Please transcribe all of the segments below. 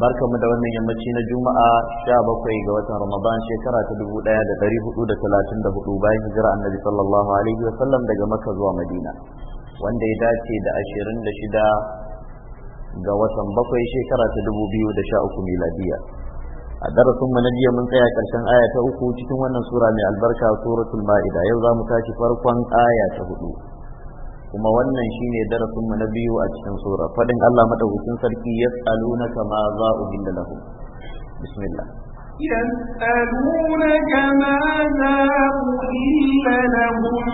barkamu da wannan yammaci na juma'a bakwai ga watan ramadan shekara ta hudu bayan hijira annabi sallallahu alaihi wa sallam daga maka zuwa madina wanda ya dace da ashirin shida ga watan bakwai shekara ta 2013 miladiya a darasin mu na jiya mun tsaya karshen aya ta uku cikin wannan sura mai albarka suratul ma'ida yau za mu tashi farkon aya ta hudu kuma wannan shine darasin mu na biyu a cikin sura fadin Allah madaukakin sarki ya yas'alunaka ma za uhilla lahum bismillah yas'alunaka ma za uhilla lahum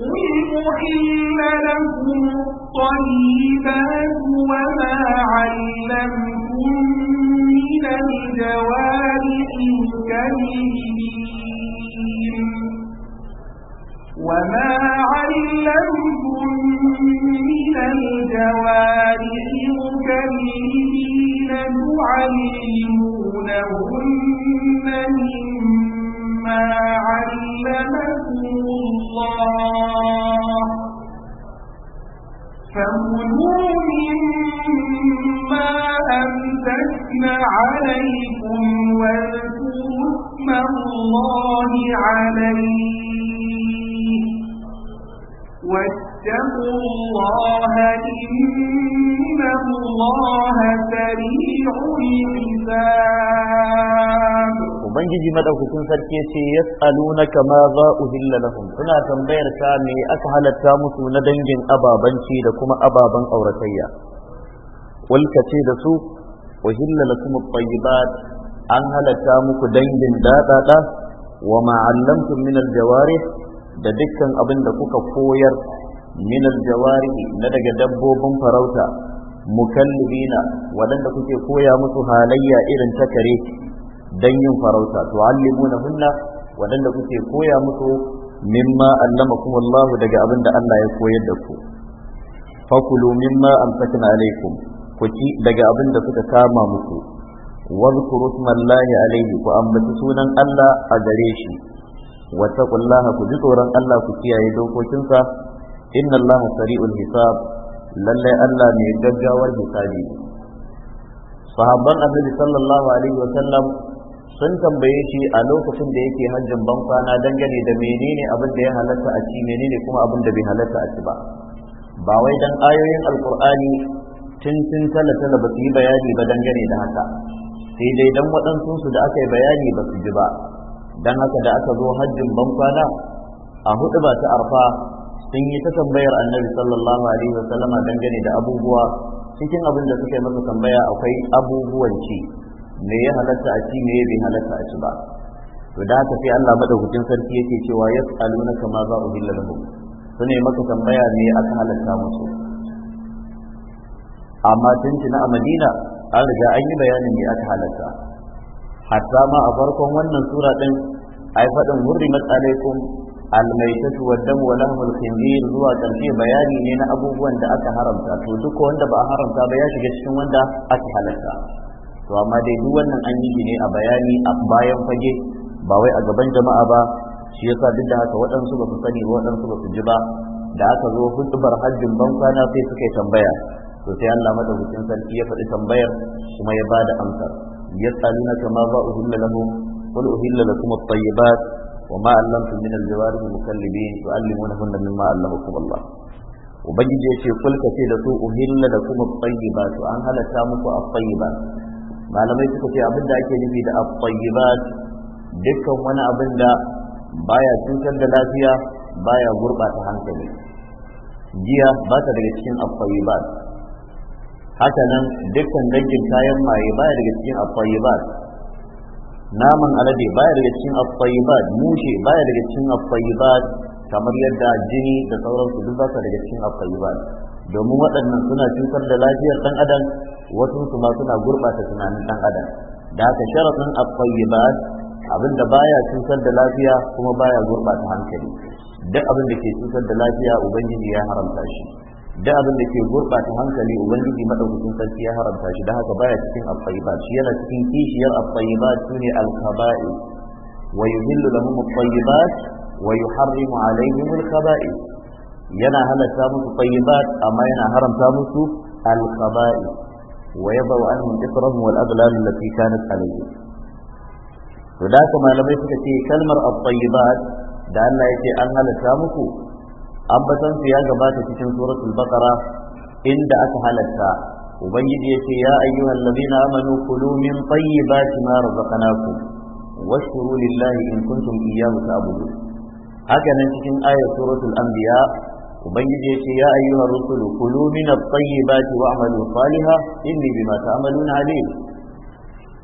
قل أحل لكم الطيبات وما علمتم من الجوارح الكريم وما علمتم من الجوارح مكلمين تعلمونهن مما علمكم الله فكلوا مما أمسكن عليكم واذكروا اسم الله عليه واتقوا الله إن الله سريع الحساب Ubangiji madaukakin sarki ce ya tsaluna kama za uhilla lahum suna tambayar ta me aka halatta musu na dangin ababanci da kuma ababen auratayya Walka ce da su uhilla lakum at an halatta muku dangin daɗaɗa wa ma'allamtum min jawari? da dukkan abin da kuka koyar min aljawarihi na daga dabbobin farauta mukallibina waɗanda kuke koya musu halayya irin ta kare dan yin farauta allimuna hunna waɗanda kuke koya musu mimma allamakum Allah daga abin da Allah ya koyar da ku fakulu mimma amsakna alaikum ku ci daga abin da suka kama muku wadhkuru ismallahi alaihi ku ambaci sunan Allah a gare shi واتقوا الله كجسورا الله كتيا يدوكو تنسى إن الله سريع الحساب للا ألا ميجبجا والحسابي صحابان النبي صلى الله عليه وسلم sun tambaye shi a lokacin da yake hajjin ban kwana dangane da menene abin da ya halatta a ci menene kuma abin da bai halatta a ci ba ba wai dan ayoyin alkur'ani tun tun tala tala ba su yi bayani ba dangane da haka sai dai dan waɗansu su da aka yi bayani ba su ji ba dan haka da aka zo hajjin bankwana a hudu ba ta arfa sun yi ta tambayar annabi sallallahu alaihi wa sallama dangane da abubuwa cikin abin da suka yi masa tambaya akwai abubuwan ci me ya halatta a ci me ya bai halatta a ci ba to da haka sai Allah madaukakin sarki yake cewa yas'alunaka kama za uhilla lahum ne maka tambaya me aka halatta musu amma na a Madina an riga an yi bayanin me aka halatta hatta ma a farkon wannan sura din ai faɗin hurrimat alaikum almaitatu wa damu wa lahmul khinzir zuwa ƙarshe bayani ne na abubuwan da aka haramta to duk wanda ba a haramta ba ya shiga cikin wanda aka halarta. to amma dai duk wannan an yi ne a bayani a bayan fage ba wai a gaban jama'a ba shi yasa duk da haka waɗansu ba su sani ba waɗansu ba su ji ba da aka zo hudubar hajjin ban kwana sai suka yi tambaya to sai Allah madaukakin sarki ya faɗi tambayar kuma ya bada amsar يسألونك ماذا أهل لهم قل أهل لكم الطيبات وما علمتم من الجوارح المكلبين تعلمونهن مما علمكم الله ubangiji ya ce kulka ce da su uhilla kuma tsayiba an halatta muku a tsayiba malamai suka ce abin da ake nufi da tsayiba dukkan wani abin baya cutar da lafiya baya gurɓata hankali giya ba daga cikin tsayiba haka nan dukkan dangin kayan maye baya daga cikin afayibat naman alade baya daga cikin afayibat tayyibat mushe baya daga cikin afayibat kamar yadda jini da sauransu duk ba daga cikin afayibat domin waɗannan suna cutar da lafiyar ɗan adam wasu su ma suna gurɓata tunanin ɗan adam da haka sharafin afayibat abin da baya cutar da lafiya kuma baya gurɓata hankali duk abin da ke cutar da lafiya ubangiji ya haramta shi da abin da ke gurɓata hankali ubangiji madaukakin sarki ya haramta shi da haka baya cikin al shi yana cikin kishiyar al-tayyibat sune al-khaba'ith wa yuhillu lahum al-tayyibat wa yuharrimu alaihim al-khaba'ith yana halatta musu tayyibat amma yana haramta musu al-khaba'ith wa yadau anhum israhum wal aghlal allati kanat alaihim to da haka malamai suka ce kalmar al-tayyibat da Allah yake an halatta muku ambatan su ya gabata cikin suratul baqara inda aka halatta ubangiji ya ce ya ayyuhal ladina amanu kulu min tayyibati ma razaqnakum washkuru lillahi in kuntum iyyahu ta'budun haka nan cikin ayat suratul anbiya ubangiji ya ce ya ayyuhar rusulu kulu min at-tayyibati wa'malu salihan inni bima ta'maluna alim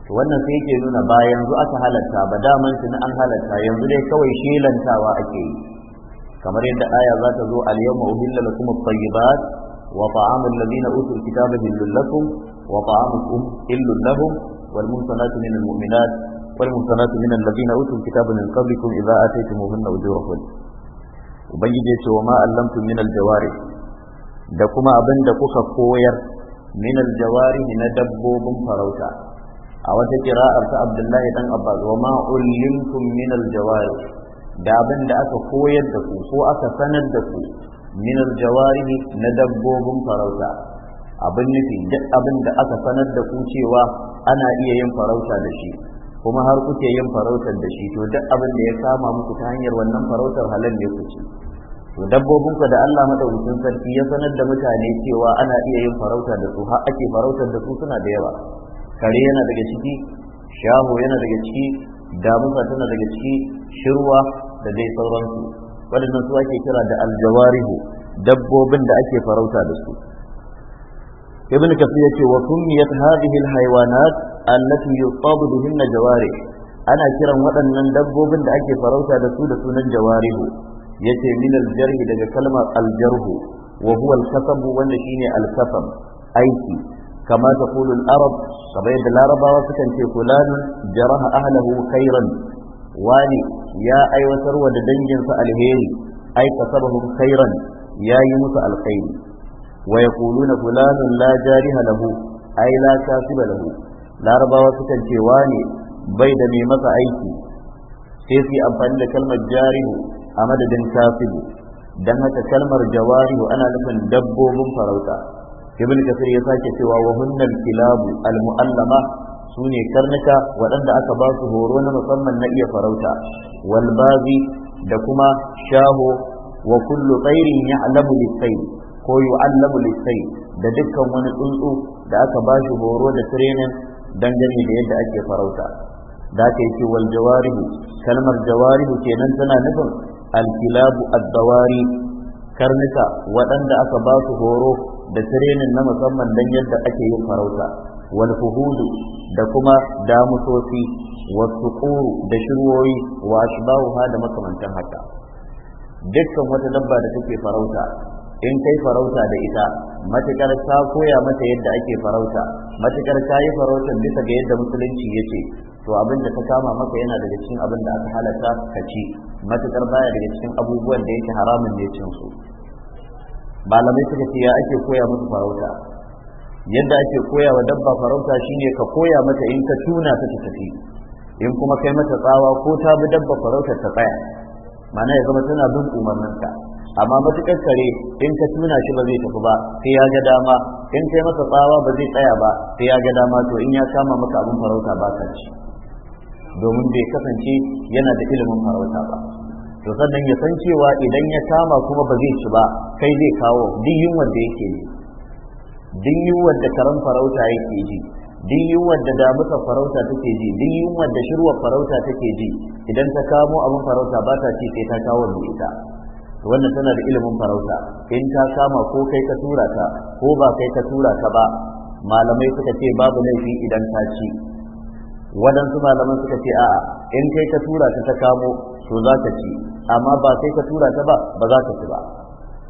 to wannan sai yake nuna ba yanzu aka halatta ba daman na an halatta yanzu dai kawai shelantawa ake yi kamar yadda aya za ta zo al-yawma uhilla lakum at-tayyibat wa ta'amul ladina utul kitaba hillul lakum wa ta'amukum hillul lahum wal munsanatu minal mu'minat wal munsanatu minal ladina utul kitaba min qablikum idza ataytumuhunna ujurahun ubangiji ya ce wa ma allamtum minal jawari da kuma abin da kuka koyar minal jawari na dabbobin farauta a wata kira'ar ta abdullahi dan abbas wa ma ullimtum minal jawari da abin da aka koyar da ku ko aka sanar da ku minar jawarihi na dabbobin farauta abin nufi duk abin da aka sanar da ku cewa ana iya yin farauta da shi kuma har kuke yin farautar da shi to duk abin da ya kama muku ta hanyar wannan farautar halal ne ku ci to dabbobin ku da Allah madaukakin sarki ya sanar da mutane cewa ana iya yin farauta da su har ake farautar da su suna da yawa kare yana daga ciki shaho yana daga ciki damusa tana daga ciki shirwa da dai sauransu waɗannan su ake kira da aljawarihu dabbobin da ake farauta da su ibn kasir yace wa kunniyat hadhihi alhayawanat allati yusabu bihinna jawarih ana kiran waɗannan dabbobin da ake farauta da su da sunan jawarihu yace min aljarhi daga kalmar aljarhu wa huwa alkasab wanda shine alkasab aiki kama ta arab kamar yadda larabawa sukan ce fulan jaraha ahlahu khairan wani ya aiwatar wa da danginsa alheri ai kasabahum khairan ya yi musu alkhairi wa yaquluna fulanun la jariha lahu ai la kasiba lahu larabawa sukan ce wane bai da mai masa aiki sai su yi amfani da kalmar jarihu a madadin kasibu dan haka kalmar jawarihu ana nufin dabbobin farauta ibn kasir ya sake cewa wa hunnal kilabu al mu'allama su ne karnuka waɗanda aka ba su horo na musamman na iya farauta walbazi da kuma shaho wa kullu tsairin ya alamu lissai ko yu'allamu lissai da dukkan wani tsuntsu da aka ba shi horo da training dangane da yadda ake farauta da aka yi wal jawarihu kalmar jawarihu kenan tana nufin alkilabu addawari karnuka waɗanda aka ba su horo da training na musamman don yadda ake yin farauta wal fuhudu da kuma damusosi wasu ƙuru da shirwoyi wa ashbahuha da makamantan haka dukkan wata dabba da take farauta in kai farauta da ita matukar ta koya mata yadda ake farauta matukar ta yi farautar bisa ga yadda musulunci ya ce to abin da ta kama maka yana daga cikin abin da aka halatta ka ci matukar baya daga cikin abubuwan da yake haramun ne cin su malamai suka ce ya ake koya musu farauta yadda ake koya wa dabba farauta shine ka koya mata in ka tuna ta ta tafi in kuma kai mata tsawa ko ta bi dabba farauta ta tsaya mana ya zama tana bin umarninta, amma matukar kare in ka tuna shi ba zai tafi ba sai ya ga dama in kai masa tsawa ba zai tsaya ba sai ya ga dama to in ya kama maka abin farauta ba ka ci domin bai kasance yana da ilimin farauta ba to sannan ya san cewa idan ya kama kuma ba zai ci ba kai zai kawo duk yunwar da yake yi duk yiwuwar da karan farauta yake ji duk yi da damuka farauta take ji duk yi da shirwa farauta take ji idan ta kamo abin farauta ba ta ce sai ta kawo da ita wannan tana da ilimin farauta in ta kama ko kai ka tura ta ko ba kai ka tura ta ba malamai suka ce babu laifi idan ta ci waɗansu malaman suka ce a'a in kai ka tura ta ta kamo to za ta ci amma ba kai ka tura ta ba ba za ta ci ba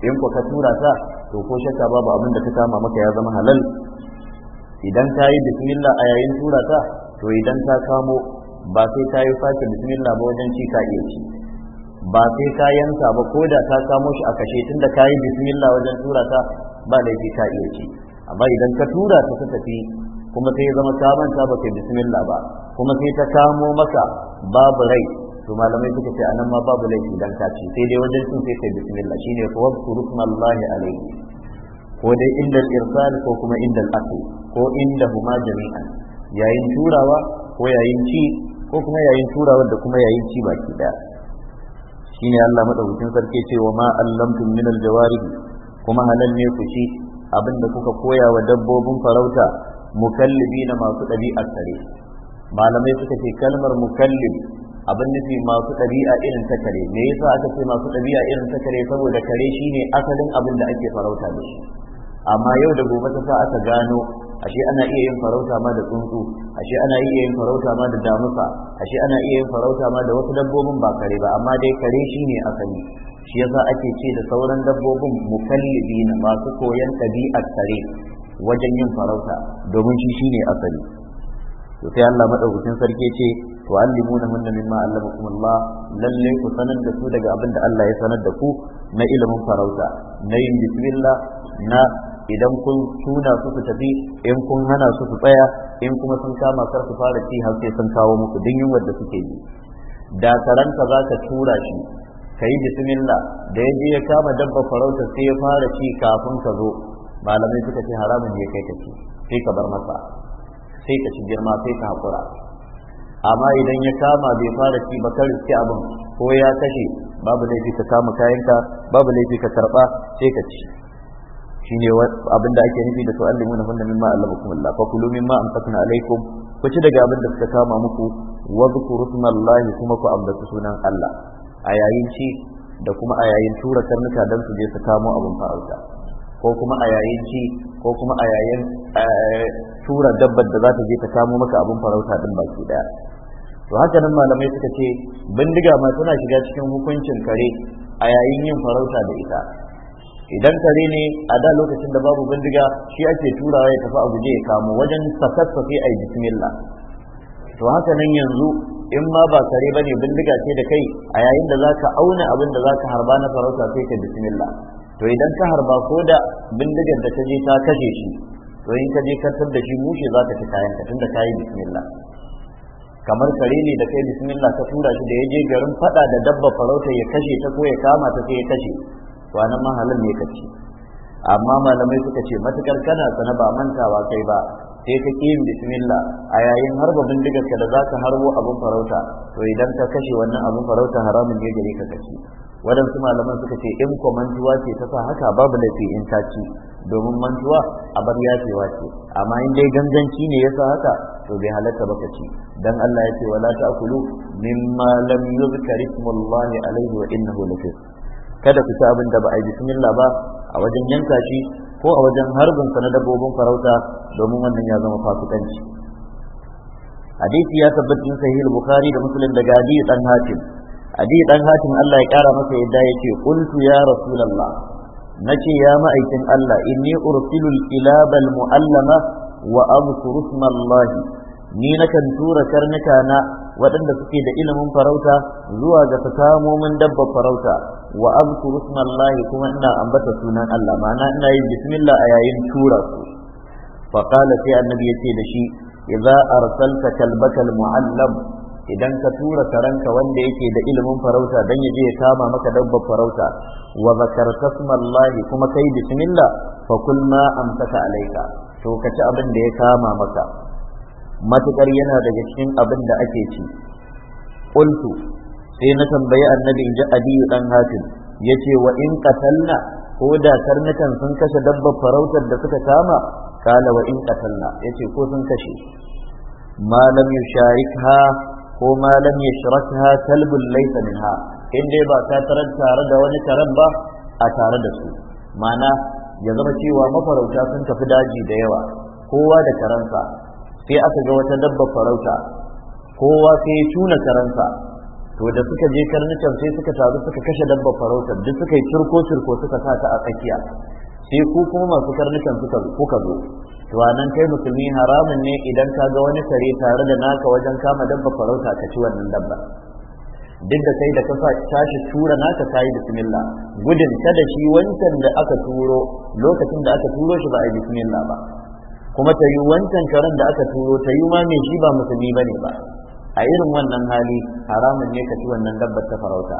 in ko ka tura ta to ko shakka babu abin da ka kama maka ya zama halal idan ka yi bismillah a yayin tura ta to idan ka kamo ba sai ka yi sake bismillah ba wajen ci ka iya ci ba sai ka yanka ba ko da ka kamo shi a kashe tun da ka yi bismillah wajen tura ta ba laifi ka iya ci amma idan ka tura ta ta tafi kuma sai ya zama ta manta ba kai bismillah ba kuma sai ta kamo maka babu rai to malamai suka ce anan ma babu laifi dan kaci ci sai dai wajen cin sai kai bismillah shine fa wazkuru smallahi alayhi ko dai inda irsal ko kuma inda al ko inda huma jami'an yayin turawa ko yayin ci ko kuma yayin turawa da kuma yayin ci baki daya shine Allah madaukakin sarki ce wa ma allamtum min al-jawarih kuma halal ne ku ci abinda kuka koya wa dabbobin farauta mukallibi na masu ɗabi'a tare malamai suka ce kalmar mukallib abin nufi masu ɗabi'a irin ta kare me yasa aka ce masu ɗabi'a irin ta kare saboda kare shine asalin abin da ake farauta da shi amma yau da gobe ta sa aka gano ashe ana iya yin farauta ma da tsuntsu ashe ana iya yin farauta ma da damusa ashe ana iya yin farauta ma da wasu dabbobin ba kare ba amma dai kare shine asali shi yasa ake ce da sauran dabbobin mukallibina masu koyan ɗabi'ar kare wajen yin farauta domin shi shine asali Sosai sai Allah madaukakin sarki ce To tu'allimunahunna mimma allamakum Allah lalle ku sanar da su daga abin da Allah ya sanar da ku na ilimin farauta na yin bismillah na idan kun tuna su su tafi in kun hana su su tsaya in kuma sun kama kar su fara ci har sai sun kawo muku din yunwar da suke yi da karanta za ka tura shi ka yi bismillah da ya je ya kama dabba farauta sai ya fara ci kafin ka zo malamai suka ce haramun ya kai ka ci sai ka bar masa sai ka ci girma sai ka haƙura amma idan ya kama bai fara ci ba kar riske abin ko ya kashe babu laifi ka kama kayanka babu laifi ka karba sai ka ci shine abin da ake nufi da su Allah na hunna mimma allabakum Allah fa kulu mimma amsakna alaikum ku ci daga abin da suka kama muku wa zkuru kuma ku ambata sunan Allah a yayin ci da kuma a yayin tura karnuka dan su je su kamo abin farauta ko kuma a yayin ci ko kuma a yayin eh, tura dabbar da za ta je ta kamo maka abin farauta din baki daya to haka nan malamai suka ce bindiga ma tana shiga cikin hukuncin kare a yayin yin farauta da ita idan kare ne a da lokacin da babu bindiga shi ake turawa ya tafi a guje ya kamo wajen sakassafe a yi bismillah to haka nan yanzu in ma ba kare bane bindiga ce da kai a yayin da zaka auna abin da zaka harba na farauta sai ka bismillah to idan ka harba ko da bindigar da ka je ta kashe shi to in ka je ka da shi mushe zaka ci kayan ka tunda kayi bismillah kamar kare ne da kai bismillah ka tura shi da ya je garin fada da dabba farauta ya kashe ta ko ya kama ta sai ya kashe to anan ma halin ne kace amma malamai suka ce matukar kana sana ba mantawa kai ba sai ka yin bismillah a yayin harba ka da zaka harbo abin farauta to idan ka kashe wannan abin farauta haramun ne gare ka kace waɗansu malaman suka ce in ko mantuwa ce ta sa haka babu laifi in ta domin mantuwa a bar yafewa ce amma in dai ganganci ne ya sa haka to bai halatta ba ka ci dan Allah ya ce wala ta'kulu mimma lam yuzkar ismullahi alaihi wa innahu lafis kada ku ci abin da ba a yi bismillah ba a wajen yanka shi ko a wajen harbin sa na dabbobin farauta domin wannan ya zama fasikanci hadisi ya tabbatin sahih bukhari da muslim daga adi dan hatim adi dan hatim Allah ya kara masa yadda yake qultu ya rasulullah nace ya ma'aikin Allah inni ursilul ilabal mu'allama wa absuru ni ni nakan tura karnuka na waɗanda suke da ilimin farauta zuwa ga ta kamo min farauta wa absuru kuma ina ambata sunan Allah ma'ana ina yin bismillah a yayin tura su fa qala sai annabi yace da shi idza arsalta kalbaka almuallam idan ka tura karanka wanda yake da ilimin farauta dan ya je ya kama maka dabbar farauta wa zakarta kuma kai bismillah fa kul ma amsaka alayka to ka ci abin da ya kama maka matukar yana daga cikin abin da ake ci qultu sai na tambayi annabi inji adiyu dan hatim yace wa in qatalna ko da karnukan sun kashe dabbar farautar da suka kama kala wa in qatalna yace ko sun kashe ma lam yusharikha ko ma lam yashrakha kalbun laysa minha in dai ba ta tarar tare da wani taran ba a tare da su mana ya zama cewa mafarauta sun tafi daji da yawa kowa da karansa sai aka ga wata dabba farauta kowa sai tuna karansa to da suka je karnukan sai suka taru suka kashe dabba farauta, duk suka yi cirko cirko suka sa ta a tsakiya sai eh, ku kuma masu karnukan suka kuka zo to anan kai musulmi haramun ne idan ka ga wani kare tare da naka wajen kama dabba farauta ka ci wannan dabba duk da kai da ka tashi tura naka kayi bismillah gudun kada shi wancan da aka turo lokacin da aka turo shi ba a bismillah ba kuma ta wancan karen da aka turo ta ma mai shi ba musulmi bane ba a irin wannan hali haramun ne ka ci wannan dabbar ta farauta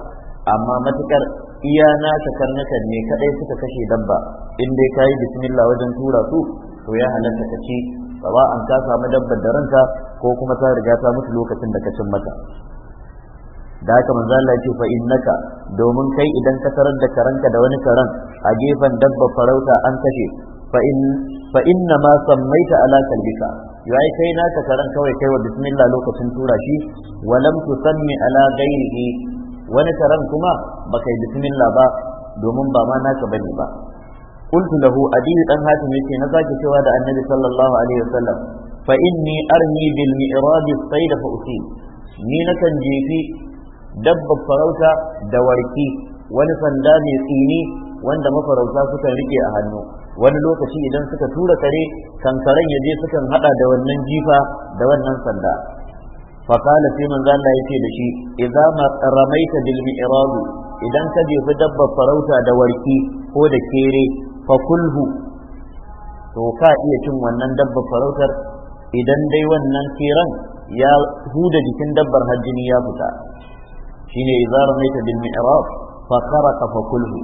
amma matukar iya na karnukan ne kadai suka kashe dabba in dai kayi bismillah wajen tura su to ya halatta ka ci sawa an ka samu dabbar da ranka ko kuma ta riga ta mutu lokacin da ka cin mata da haka manzo Allah ya fa innaka domin kai idan ka tarar da karanka da wani karan a gefen dabba farauta an kashe fa in fa inna ma sammaita ala kalbika yayi kai naka karan kawai kai wa bismillah lokacin tura shi lam tusanni ala ghairihi wani taron kuma ba kai bismillah ba domin ba ma naka bane ba qultu lahu adi dan hatim yake na zaki cewa da annabi sallallahu alaihi wasallam fa inni arni bil mi'rad as ni na kan jefi dabba farauta da warki wani sanda mai tsini wanda mafarauta suka rike a hannu wani lokaci idan suka tura kare kankaren ya je sukan haɗa da wannan jifa da wannan sanda faƙala sai manzo Allah ya ce da shi idza ma ramaita bil mi'rad idan ka jefi dabbar farauta da warki ko da kere fa kulhu to ka iya cin wannan dabbar farautar idan dai wannan kiran ya huda jikin dabbar har jini ya fita shine idza ramaita bil mi'rad fa kharaqa fa kulhu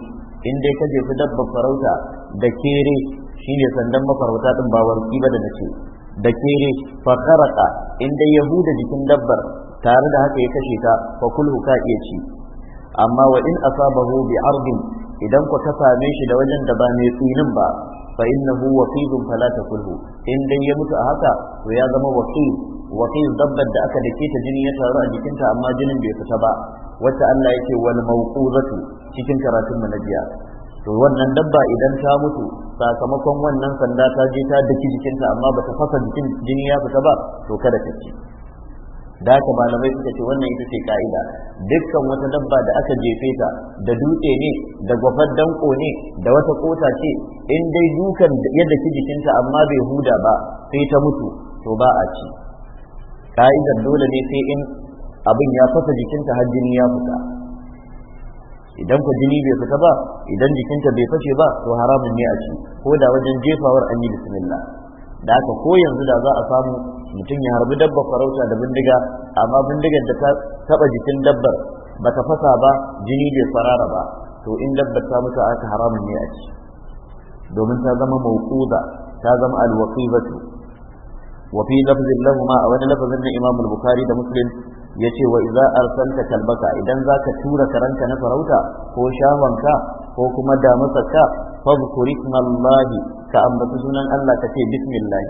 in dai ka jefi dabbar farauta da kere shine sandan mafarauta din ba warki ba da nace da kere fa kharaqa inda yahuda jikin dabbar tare da haka ya kashe ta fa kulhu ka iya ci amma wa in asabahu bi ardin idan ku ta same shi da wajen da ba mai tsinin ba fa innahu waqidun fala takulhu in dai ya mutu a haka to ya zama waqi waqi dabbar da aka dake ta jini ya taru a jikinta amma jinin bai fita ba wacce Allah yake wal mawquzatu cikin karatun mu na jiya to wannan dabba idan ta mutu sakamakon wannan sanda ta je ta daki jikinta amma ba ta fasa jikin jini ya fita ba to kada ta ci da haka malamai suka ce wannan ita ce ka'ida dukkan wata dabba da aka jefe ta da dutse ne da gwafar danko ne da wata kota ce in dai dukan ya daki jikinta amma bai huda ba sai ta mutu to ba a ci ka'idar dole ne sai in abin ya fasa jikinta har jini ya fita idan ku jini bai fita ba idan jikinta bai fashe ba to haramun ne a ci ko da wajen jefawar an yi bismillah da haka ko yanzu da za a samu mutum ya harbi dabbar farauta da bindiga amma bindigar da ta taba jikin dabbar ba ta fasa ba jini bai farara ba to in dabbar ta mutu aka haramun ne a ci domin ta zama mawquda ta zama alwaqibatu wa fi lafzin lahumma a wani lafazin Imam al-Bukhari da Muslim ya ce wa iza arsalta kalbaka idan za ka tura karanka na farauta ko shawanka ko kuma damusarka fadhkuri Allahi ka ambaci sunan Allah ka ce bismillah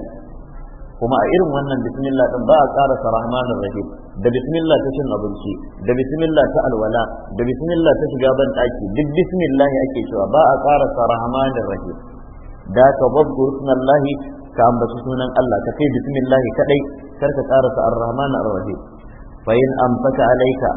kuma a irin wannan bismillah din ba a karasa rahmanir rahim da bismillah ta cin abinci da bismillah ta alwala da bismillah ta shiga ban daki duk bismillah ake cewa ba a karasa rahmanir rahim da ka fadhkuri Allahi ka ambaci sunan Allah ka ce bismillah kadai karka karasa ar-rahman ar-rahim fa in amsaka alayka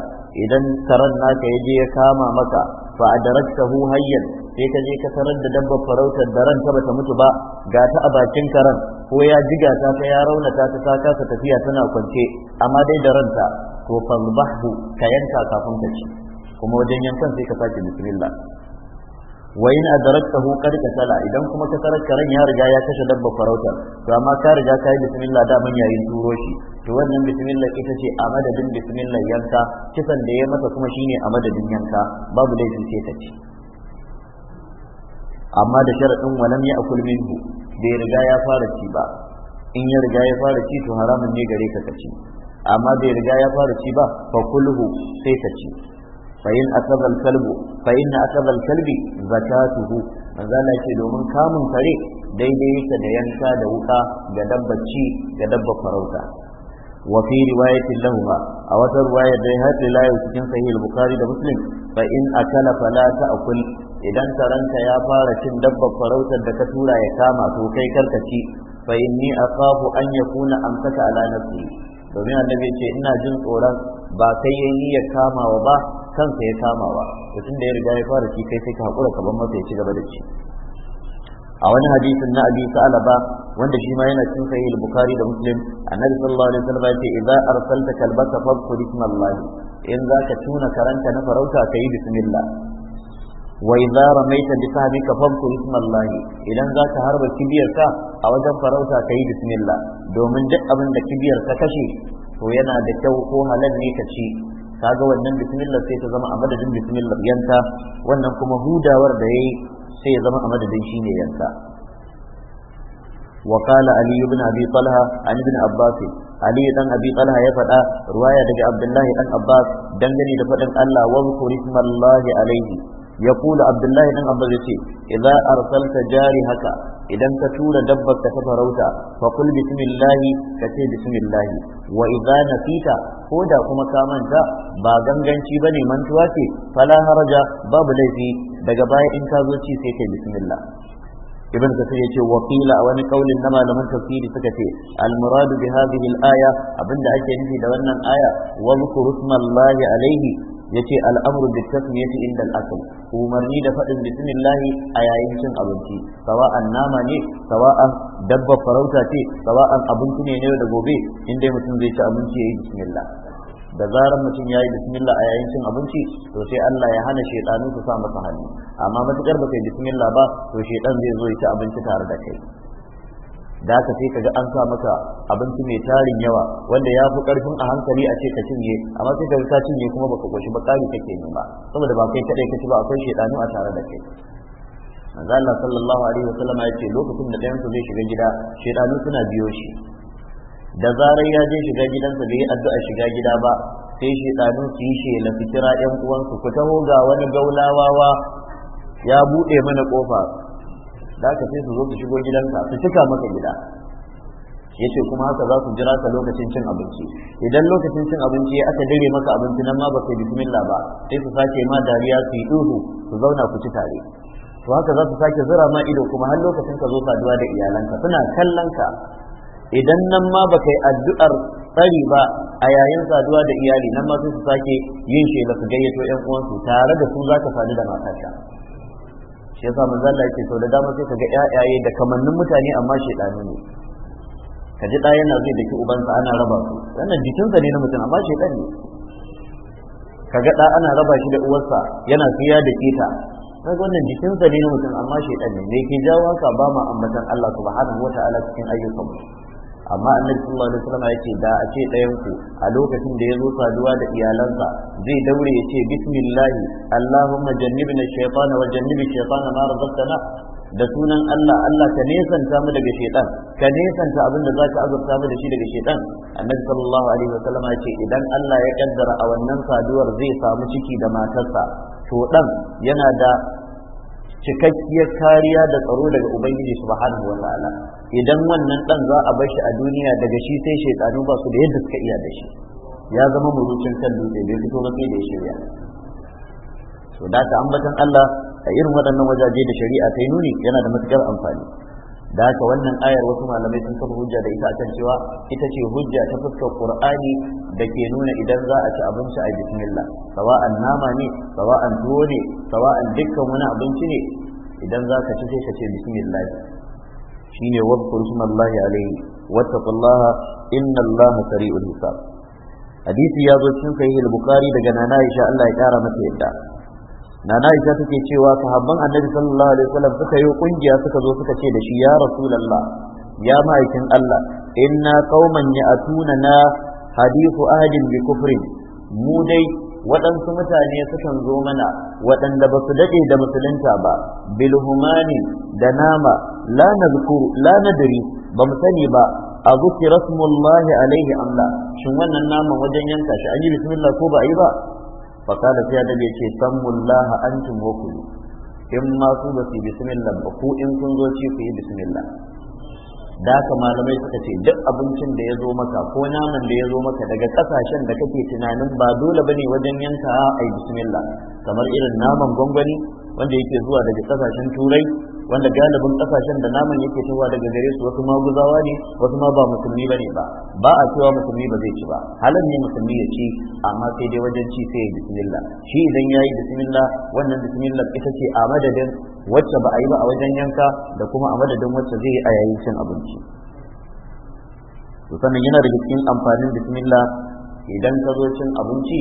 idan karen naka yaje ya kama maka fa adraktahu hayyan sai ka je ka sanar da dabbar farautar da ranta bata mutu ba ga ta a bakin karan ko ya ji ta ta ya raunata ta ta kasa tafiya tana kwance amma dai da ranta to fazbahu ka yanka kafin ka ci kuma wajen yankan sai ka sake bismillah wa in adraktahu qad kasala idan kuma ka tarar ran ya riga ya kashe dabba farauta to amma ka riga ka yi bismillah da man yayin turo shi to wannan bismillah ita ce a madadin bismillah yanka kisan da ya masa kuma shine a madadin yanka babu laifin sai ta ci. amma da sharadin wa lam ya'kul minhu bai riga ya fara ci ba in ya riga ya fara ci to haramun ne gare ka ka ci amma bai riga ya fara ci ba fa kulhu sai ta ci fa'in Asabar kalbu fa'in asabal kalbi zakatuhu manzo domin kamun kare daidai yake da yanka da wuka da dabbar ci ga dabbar farauta wa fi riwayatin lahuma a wata riwayar da ya haɗe layu cikin sahih bukhari da muslim fa in akala fala ta'kul idan taranka ya fara cin dabbar farautar da ka tura ya kama to kai ka ci fa a akhafu an yakuna amsaka ala nafsi domin annabi ce ina jin tsoron ba kai yayi ya kamawa ba kansa ya kama ba to tun da ya riga ya fara ci kai sai ka hakura ka bar masa ya ci gaba da ci a wani hadisin na abi sa'alaba wanda shi ma yana cikin sahih al-bukhari da muslim annabi sallallahu alaihi wasallam ya ce idza arsalta kalbaka fadhkur ismallahi in zaka tuna karanta na farauta kai bismillah wa idza ramaita bi sahbika fadhkur ismallahi idan zaka harba kibiyarka a wajen farauta kai bismillah domin duk abin da kibiyarka kashe to yana da kyau ko halal ne ka ci kaga wannan bismillah sai ta zama a madadin bismillah wannan kuma hudawar da yayi sai ya zama a madadin shine yanka وقال علي بن ابي طلحه عن ابن عباس Ali dan abi طلحه ya faɗa riwaya daga abdullahi dan abbas dangane da faɗin Allah wa zkur ismallahi alaihi ya kula abdullahi dan abba zai ce idza arsalta jari haka idan ka tura dabbar ka ta farauta fa kul bismillahi ka ce bismillahi wa idza nafita ko da kuma ka manta ba ganganci bane mantuwa ce fala haraja babu laifi daga baya in ka zo ci sai kai bismillah ibn kasir yace wakila a wani qaulin na da man tafsiri suka ce al bi hadhihi aya abinda ake nufi da wannan aya wa zkuru alaihi. yace al'amru bi tasmiyati inda al-asl umarni da fadin bismillah a yayin cin abinci sawa'an nama ne sawa'an dabba farauta ce sawa'an abinci ne ne da gobe in mutum zai ci abinci yayi bismillah da zarar mutum yayi bismillah a yayin cin abinci to sai Allah ya hana shaytanu su sa masa hannu amma matukar ba kai bismillah ba to shaytan zai zo ya ci abinci tare da kai da ce sai kaga an sa maka abinci mai tarin yawa wanda ya fi karfin a hankali a ce ka cinye amma sai ka ka cinye kuma baka koshi ba kari kake nema saboda ba kai kadai kaci ba akwai shedanu a tare da kai manzo Allah sallallahu alaihi wasallam ya ce lokacin da ɗayan zai shiga gida shedanu suna biyo shi da zarar ya je shiga gidansa bai yi addu'a shiga gida ba sai shedanu su yi shela su kira ƴan uwansu ku taho ga wani gaulawawa ya buɗe mana kofa da aka sai su zo su shigo gidanka su cika maka gida ya ce kuma haka za ku jira ka lokacin cin abinci idan lokacin cin abinci ya aka dare maka abinci nan ma baka sai bismillah ba sai su sake ma dariya su yi duhu su zauna ku ci tare to haka za su sake zura ma ido kuma har lokacin ka zo saduwa da iyalanka suna kallon ka idan nan ma baka yi addu'ar tsari ba a yayin saduwa da iyali nan ma sai su sake yin shela su gayyato yan uwansu tare da su za ka sadu da matarka shi yasa manzo Allah yake sau da dama sai kaga ƴaƴaye da kamannin mutane amma shedanu ne ka ji ɗaya yana zai ki ubansa ana raba su wannan jikinsa ne na mutum amma shedan ne ka ga ana raba shi da uwarsa yana siya da keta kaga wannan jikinsa ne na mutum amma shedan ne me ke jawo haka ba ma ambatan Allah subhanahu wataala cikin ayyukanmu amma annabi sallallahu alaihi wasallam yake da a ce ɗayan ku a lokacin da ya zo saduwa da iyalansa zai daure ya ce bismillah allahumma jannibna shaytana wa jannibi shaytana ma razaqtana da sunan Allah Allah ka nesanta mu daga shaytan ka nesanta abin da zaka azurta mu da shi daga shaytan annabi sallallahu alaihi wasallam yake idan Allah ya kaddara a wannan saduwar zai samu ciki da matarsa to dan yana da cikakkiyar kariya da tsaro daga ubangiji subhanahu wa ta'ala idan wannan dan za a bar shi a duniya daga shi sai shaytanu ba su da yadda suka iya da shi ya zama murucin kan dutse bai fito ba sai da ya shirya to da ta ambatan Allah a irin waɗannan wajaje da shari'a ta yi nuni yana da matukar amfani da haka wannan ayar wasu malamai sun kafa hujja da ita akan cewa ita ce hujja ta fuskar qur'ani da ke nuna idan za a ci abinci a bismillah sawa'an nama ne sawa'an tuwo ne sawa'an dukkan wani abinci ne idan za ka ci sai ka ce bismillah shine wadkur sunallahi alaihi wattaqullaha inna sari'ul hisab hadisi ya zo cikin sahih al-bukhari daga nana Aisha Allah ya kara mata yadda nana Aisha take cewa sahabban annabi sallallahu alaihi wasallam suka yi kungiya suka zo suka ce da shi ya rasulullah ya ma'aikin Allah inna qauman ya'tuna na hadithu ahadin bi kufrin mu dai waɗansu mutane sukan zo mana waɗanda ba su daɗe da musulunta ba bilhumani da nama la nadkuru la ba mu sani ba a zuki rasmullahi alaihi amla shin wannan naman wajen yanka shi an yi bismillah ko ba a yi ba fakala sai da bai ce sammullaha antum wakulu in ma su ba su bismillah ba ku in kun zo ci ku yi bismillah da haka malamai suka ce duk abincin da ya zo maka ko naman da ya zo maka daga kasashen da kake tunanin ba dole bane wajen yanka a yi bismillah kamar irin naman gwangwani wanda yake zuwa daga kasashen turai wanda galibin kasashen da naman yake tawa daga gare su wasu maguzawa ne wasu ma ba musulmi ba ne ba ba a cewa musulmi ba zai ci ba halin ne musulmi ya ci amma sai dai wajen ci sai ya bismillah shi idan ya yi bismillah wannan bismillah ita ce a madadin wacce ba a yi ba a wajen yanka da kuma a madadin wacce zai yi a yayin cin abinci to sannan yana da cikin amfanin bismillah idan ka zo cin abinci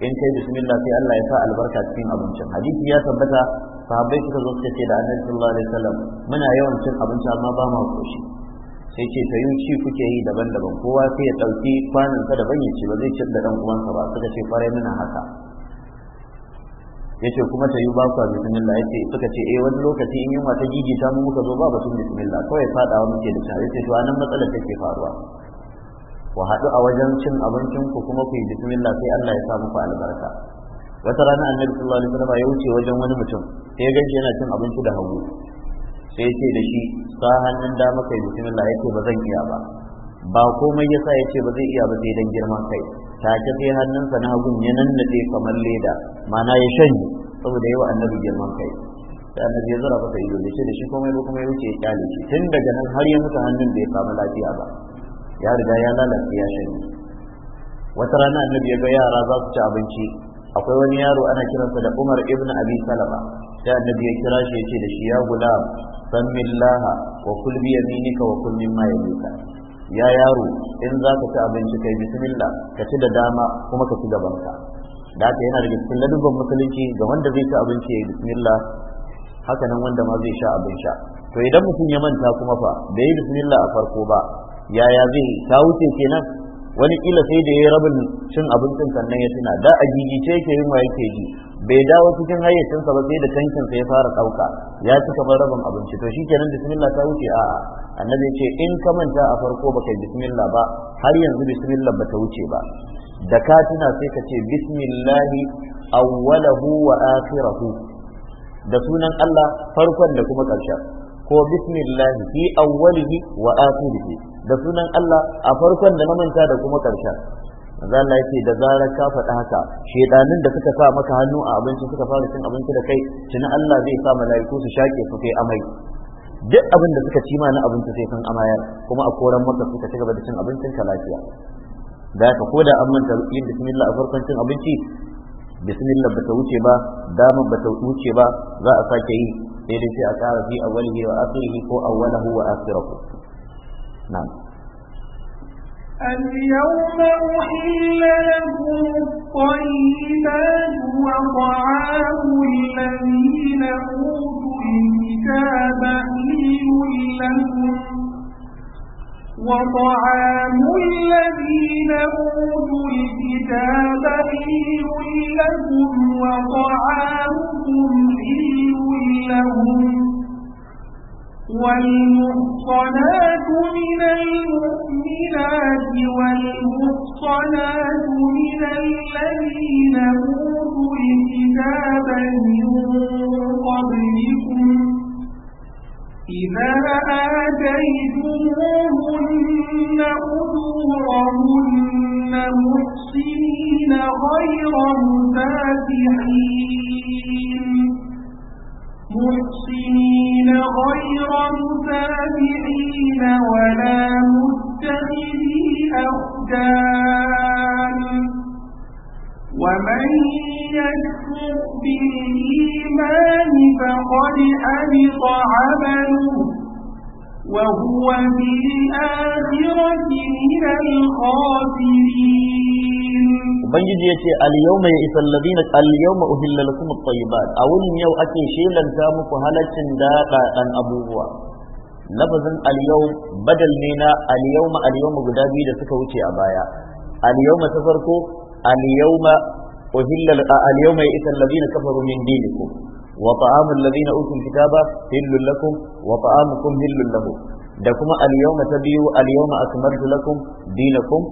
in kai bismillah sai Allah ya sa albarka cikin abincin hadisi ya tabbata sahabbai suka zo suka ce da annabi sallallahu alaihi wasallam muna yawan cin abinci amma ba mu koshi sai ce ta yi ci kuke yi daban-daban kowa sai ya ɗauki sa daban ya ce ba zai ci da ɗan uwansa ba suka ce kwarai muna haka ya ce kuma ta yi ba ku bismillah ya ce suka ce eh wani lokaci in yunwa ta ta mu muka zo ba batun bismillah kawai wa muke da tare sai to anan matsalar take faruwa ku haɗu a wajen cin abincin ku kuma ku yi bismillah sai Allah ya sa muku albarka wata rana annabi sallallahu alaihi wasallam ya wuce wajen wani mutum sai ya ganshi yana cin abinci da hagu sai ya ce da shi sa hannun da maka yi, bismillah yace ba zan iya ba ba komai yasa yace ba zai iya ba sai dan girman kai Ta take sai hannunsa na hagun ya nannade kamar leda mana ya shanye saboda yawa annabi girman kai sai annabi ya zura masa ido ya ce da shi komai ba kuma ya wuce ya kyale shi tun daga nan har ya mutu hannun bai samu lafiya ba ya riga ya lalace ya shanye wata rana annabi ya ga yara za su ci abinci akwai wani yaro ana kiransa da Umar ibn Abi Salama sai annabi ya kira shi yace da shi ya gulam sammillah wa kul bi yaminika wa kul mimma yamika ya yaro in za ka ci abinci kai bismillah ka ci da dama kuma ka ci gabanka da ka yana da cikin ladubban musulunci ga wanda zai ci abinci ya yi bismillah haka nan wanda ma zai sha abin sha to idan mutum ya manta kuma fa bai yi bismillah a farko ba yaya zai ta wuce kenan wani kila sai da ya yi rabin cin abincin sannan ya tuna da a gigice yake yin wa yake ji bai dawo cikin hayyacinsa ba sai da tankin sa ya fara ɗauka ya ci kamar rabin abinci to shi kenan bismillah ta wuce a'a annabi ya ce in ka manta a farko baka bismillah ba har yanzu bismillah ba ta wuce ba da ka tuna sai ka ce bismillah awwalahu wa akhirahu da sunan Allah farkon da kuma ƙarshen ko bismillahi fi awwalihi wa akhirihi da sunan Allah a farkon da na manta da kuma ƙarshen manzo Allah yace da zarar ka faɗi haka shedanin da suka sa maka hannu a abinci suka fara cin abinci da kai tuni Allah zai sa mala'iku su shaƙe su kai amai duk abin da suka ci ma na abinci sai sun amayar kuma a koran maka suka ci gaba da cin abincin ka lafiya da haka ko da an manta yin bismillah a farkon cin abinci bismillah ta wuce ba dama ta wuce ba za a sake yi sai dai sai a ƙara fi awwalihi wa akhirihi ko awwalahu wa akhirahu نعم اليوم أحل لهم الطيبات وطعام الذين أوتوا الكتاب حل لهم وطعام الذين أوتوا الكتاب حل لهم وطعامهم حل لهم والمحصنات من المؤمنات والمحصنات من الذين أوتوا الكتاب من قبلكم إذا آتيتموهن أجورهن محصنين غير مفاتحين مُحْسِنِينَ غير مسافحين ولا متخذي أخدان ومن يكفر بالإيمان فقد أَبِطَ عمله وهو بالآخرة من الخاسرين ubangiji ya ce al ya isa alladhina al-yawma uhilla lakum at-tayyibat a wurin yau ake shelanta muku halaccin daɗaɗan abubuwa lafazin al badal ne na al-yawma al-yawma guda biyu da suka wuce a baya al-yawma ta farko al-yawma uhilla al-yawma ya isa alladhina kafaru min dinikum wa ta'amu alladhina utul kitaba hillul lakum wa ta'amukum hillul lahum da kuma al-yawma ta biyu al-yawma akmaltu lakum dinakum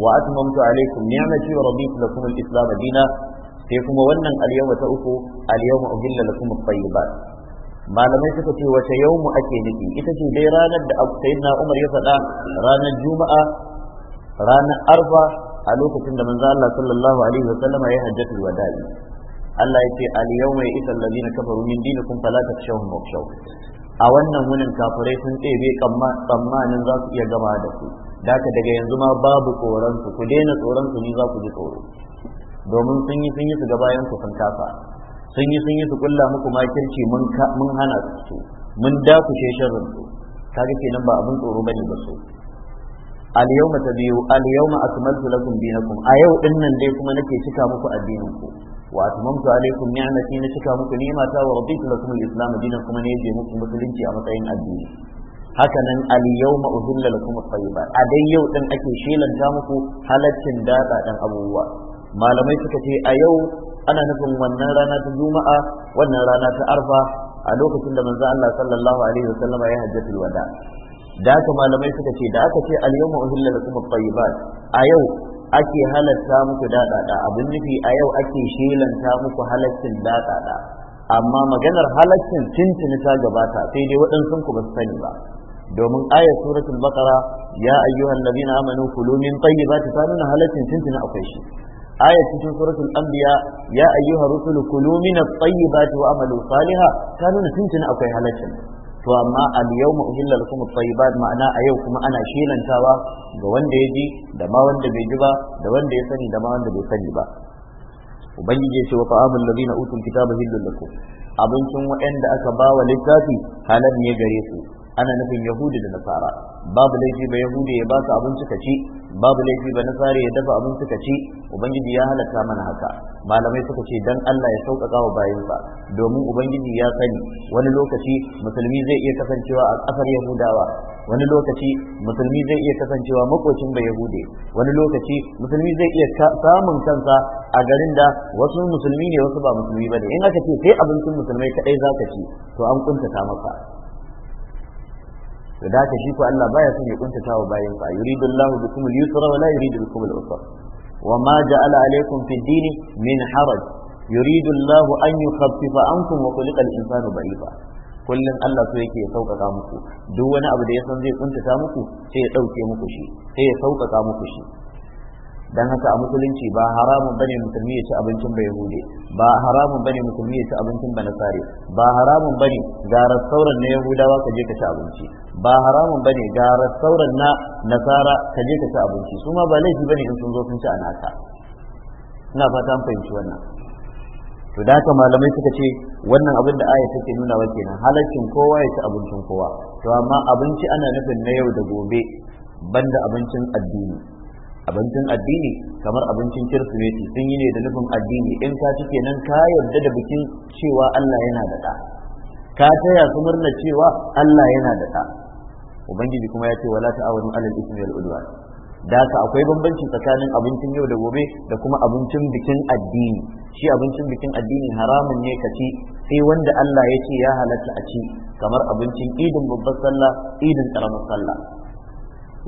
wa atmamtu alaikum ni'mati cewa raditu lakum al-islam dinan sai kuma wannan al-yawma ta uku al-yawma uhilla lakum at-tayyibat malamai suka ce wace yawmu ake nufi ita ce dai ranar da abu umar ya faɗa ranar juma'a ranar arfa a lokacin da Manzala sallallahu alaihi wa sallama ya hajjatul daɗi. Allah ya ce al-yawma ya'isa allazina kafaru dina dinikum fala takshawhum wakshaw a wannan wunin kafirai sun tsebe tsammanin za su iya gama da su da ka daga yanzu ma babu tsoron su ku daina tsoron su ni za ku ji tsoro domin sun yi sun yi su ga bayan sun kafa sun yi sun yi su kulla muku makirci mun hana su mun dakushe sharrin su kaga kenan ba abin tsoro bane ba su al yawma tabiyu al yawma akmaltu lakum dinakum a yau din nan dai kuma nake cika muku addinin ku wa atmamtu alaykum ni'mati na cika muku ni'mata wa raditu lakum al-islam dinan kuma ne je muku musulunci a matsayin addini haka nan al-yawma uhilla kuma at-tayyibat a dai yau din ake shelanta muku halaccin dada dan abubuwa malamai suka ce a yau ana nufin wannan rana ta juma'a wannan rana ta arfa a lokacin da manzo Allah sallallahu alaihi wasallam ya hajjatul wada da haka malamai suka ce da aka ce al-yawma uhilla lakum at-tayyibat a yau ake halatta muku dadada abin nufi a yau ake shelanta muku halaccin dadada amma maganar halaccin tuntuni ta gabata sai dai waɗansu ku ba su sani ba domin ayat suratul baqara ya ayyuhan ladina amanu kulu min tayyibati fa nuna halaccin tuntuna akwai shi ayat cikin suratul anbiya ya ayyuhar rusul kulu min at-tayyibati wa amalu salihah ta nuna tuntuna akwai halaccin to amma al yawma uhilla lakum at-tayyibat ma'ana a yau kuma ana shelantawa ga wanda ya ji da ma wanda bai ji ba da wanda ya sani da ma wanda bai sani ba ubangiji ya ce wa ta'amul ladina utul kitaba hillul lakum abincin waɗanda aka ba wa littafi halal ne gare su ana nufin yahudi da nasara babu laifi ba yahudi ya su abinci ka ci babu laifi ba nasara ya dafa abinci ka ci ubangiji ya halatta mana haka malamai suka ce dan Allah ya sauƙaƙa wa bayinsa domin ubangiji ya sani wani lokaci musulmi zai iya kasancewa a ƙasar yahudawa wani lokaci musulmi zai iya kasancewa makocin ba yahude wani lokaci musulmi zai iya samun kansa a garin da wasu musulmi ne wasu ba musulmi ba ne in aka ce sai abincin musulmai kaɗai za ka ci to an kuntata maka to da haka shi ko Allah baya son ya kuntata wa bayin sa yuridu Allahu bikum al-yusra wa la yuridu bikum al-usra wa ma ja'ala alaykum fi ad-din min haraj yuridu Allahu an yukhaffifa ankum ba'i khuliqa kullum Allah so yake ya sauƙaƙa muku duk wani abu da ya san zai kuntata muku sai ya ɗauke muku shi sai ya sauƙaƙa muku shi dan haka a musulunci ba haramun bane musulmi ya ci abincin ba yahudi ba haramun bane musulmi ya ci abincin ba nasari ba haramun bane ga rastauran na yahudawa ka je ka ci abinci ba haramun bane ga rastauran na nasara ka je ka ci abinci su ma ba laifi bane in sun zo sun ci a naka ina fata an fahimci wannan to da haka malamai suka ce wannan abin da aya take nuna wa kenan halaccin kowa ya ci abincin kowa to amma abinci ana nufin na yau da gobe banda abincin addini abincin addini kamar abincin kirsimeti sun yi ne da nufin addini in ka ci kenan ka yarda da bikin cewa Allah yana da ɗa ka taya su murna cewa Allah yana da ɗa ubangiji kuma ya ce wala ta'awunu alal ismi wal udwan da ka akwai bambanci tsakanin abincin yau da gobe da kuma abincin bikin addini shi abincin bikin addini haramun ne ka ci sai wanda Allah ya ce ya halatta a ci kamar abincin idin babbar sallah idin karamar sallah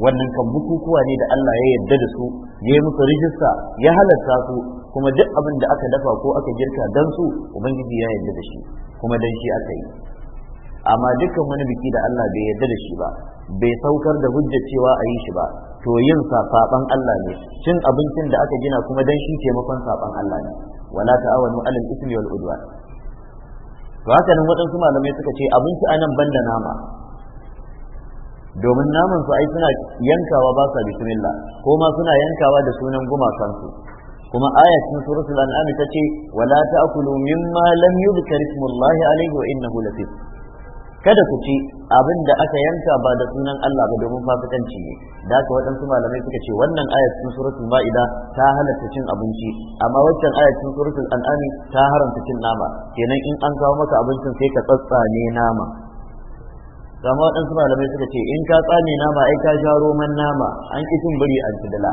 wannan kan bukukuwa ne da Allah ya yarda da su ya yi musu rijista ya halarta su kuma duk abin da aka dafa ko aka girka dan su ubangiji ya yarda da shi kuma dan shi aka yi amma dukkan wani biki da Allah bai yarda da shi ba bai saukar da hujja cewa a yi shi ba to yin safaban Allah ne cin abincin da aka gina kuma dan shi taimakon saban Allah ne wala ta'awanu alal ismi wal udwan to haka nan waɗansu malamai suka ce abinci anan banda nama domin naman su ai suna yankawa ba sa bismillah ko ma suna yankawa da sunan gumakansu kuma aya suratul an'am ta ce wala ta'kulu mimma lam yuzkar ismullahi alayhi wa innahu latif kada ku ci abin da aka yanka ba da sunan Allah ba domin fasikanci ne da ka waɗansu malamai suka ce wannan aya cikin suratul ma'ida ta halatta cin abinci amma waccan aya suratul an'am ta haramta cin nama kenan in an kawo maka abincin sai ka ne nama zama waɗansu malamai suka ce in ka tsame nama ai ka sha roman nama an ƙi cin biri an ci dala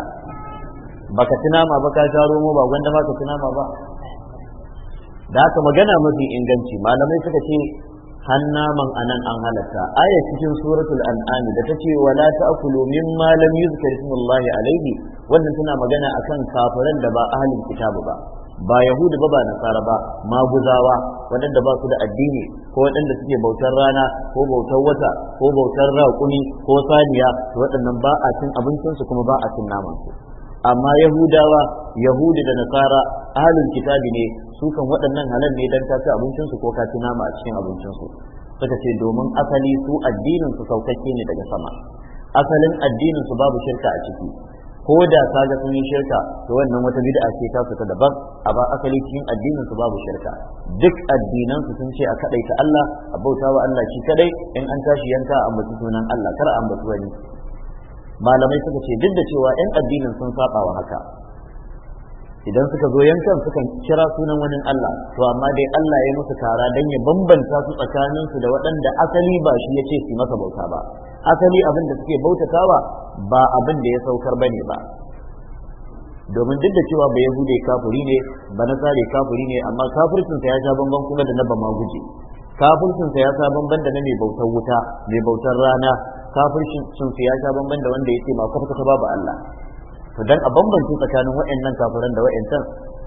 baka ci nama ba ka sha romo ba gwanda ba ka ci nama ba da haka magana mafi inganci malamai suka ce han naman anan an halatta aya cikin suratul an'am da ta ce wala ta'kulu mimma lam yuzkar ismullahi alaihi wannan tana magana akan kafiran da ba ahlul kitabu ba ba yahudu ba ba nasara ba maguzawa waɗanda ba su da addini ko waɗanda suke bautar rana ko bautar wata ko bautar raƙumi ko saniya to waɗannan ba a cin abincinsu kuma ba a cin namansu amma yahudawa yahudu da nasara ahlul kitabi ne su kan waɗannan halal ne dan ka ci abincinsu ko ka ci nama a cikin abincinsu suka ce domin asali su addininsu su saukakke ne daga sama asalin addinin su babu shirka a ciki ko da ka ga sun yi shirka to wannan wata bid'a ce ta su ta daban amma asali cikin addinin su babu shirka duk addinan su sun ce a ta Allah a bauta wa Allah shi kadai in an tashi yanka a ambaci sunan Allah kar a ambaci wani malamai suka ce duk da cewa yan addinin sun saba wa haka idan suka zo yankan sukan kira sunan wani Allah to amma dai Allah ya musu kara dan ya bambanta su tsakanin su da waɗanda asali ba shi yace ce su masa bauta ba asali abin da suke bautatawa ba abin da ya saukar bane ba domin duk da cewa ba yahude kafiri ne ba nasare kafiri ne amma sa ya sha bamban kuma da na ba maguje sa ya sha bamban da na mai bautar wuta mai bautar rana sa ya sha bamban da wanda ya ce kwata ba Allah to dan a bambance tsakanin waɗannan kafiran da waɗancan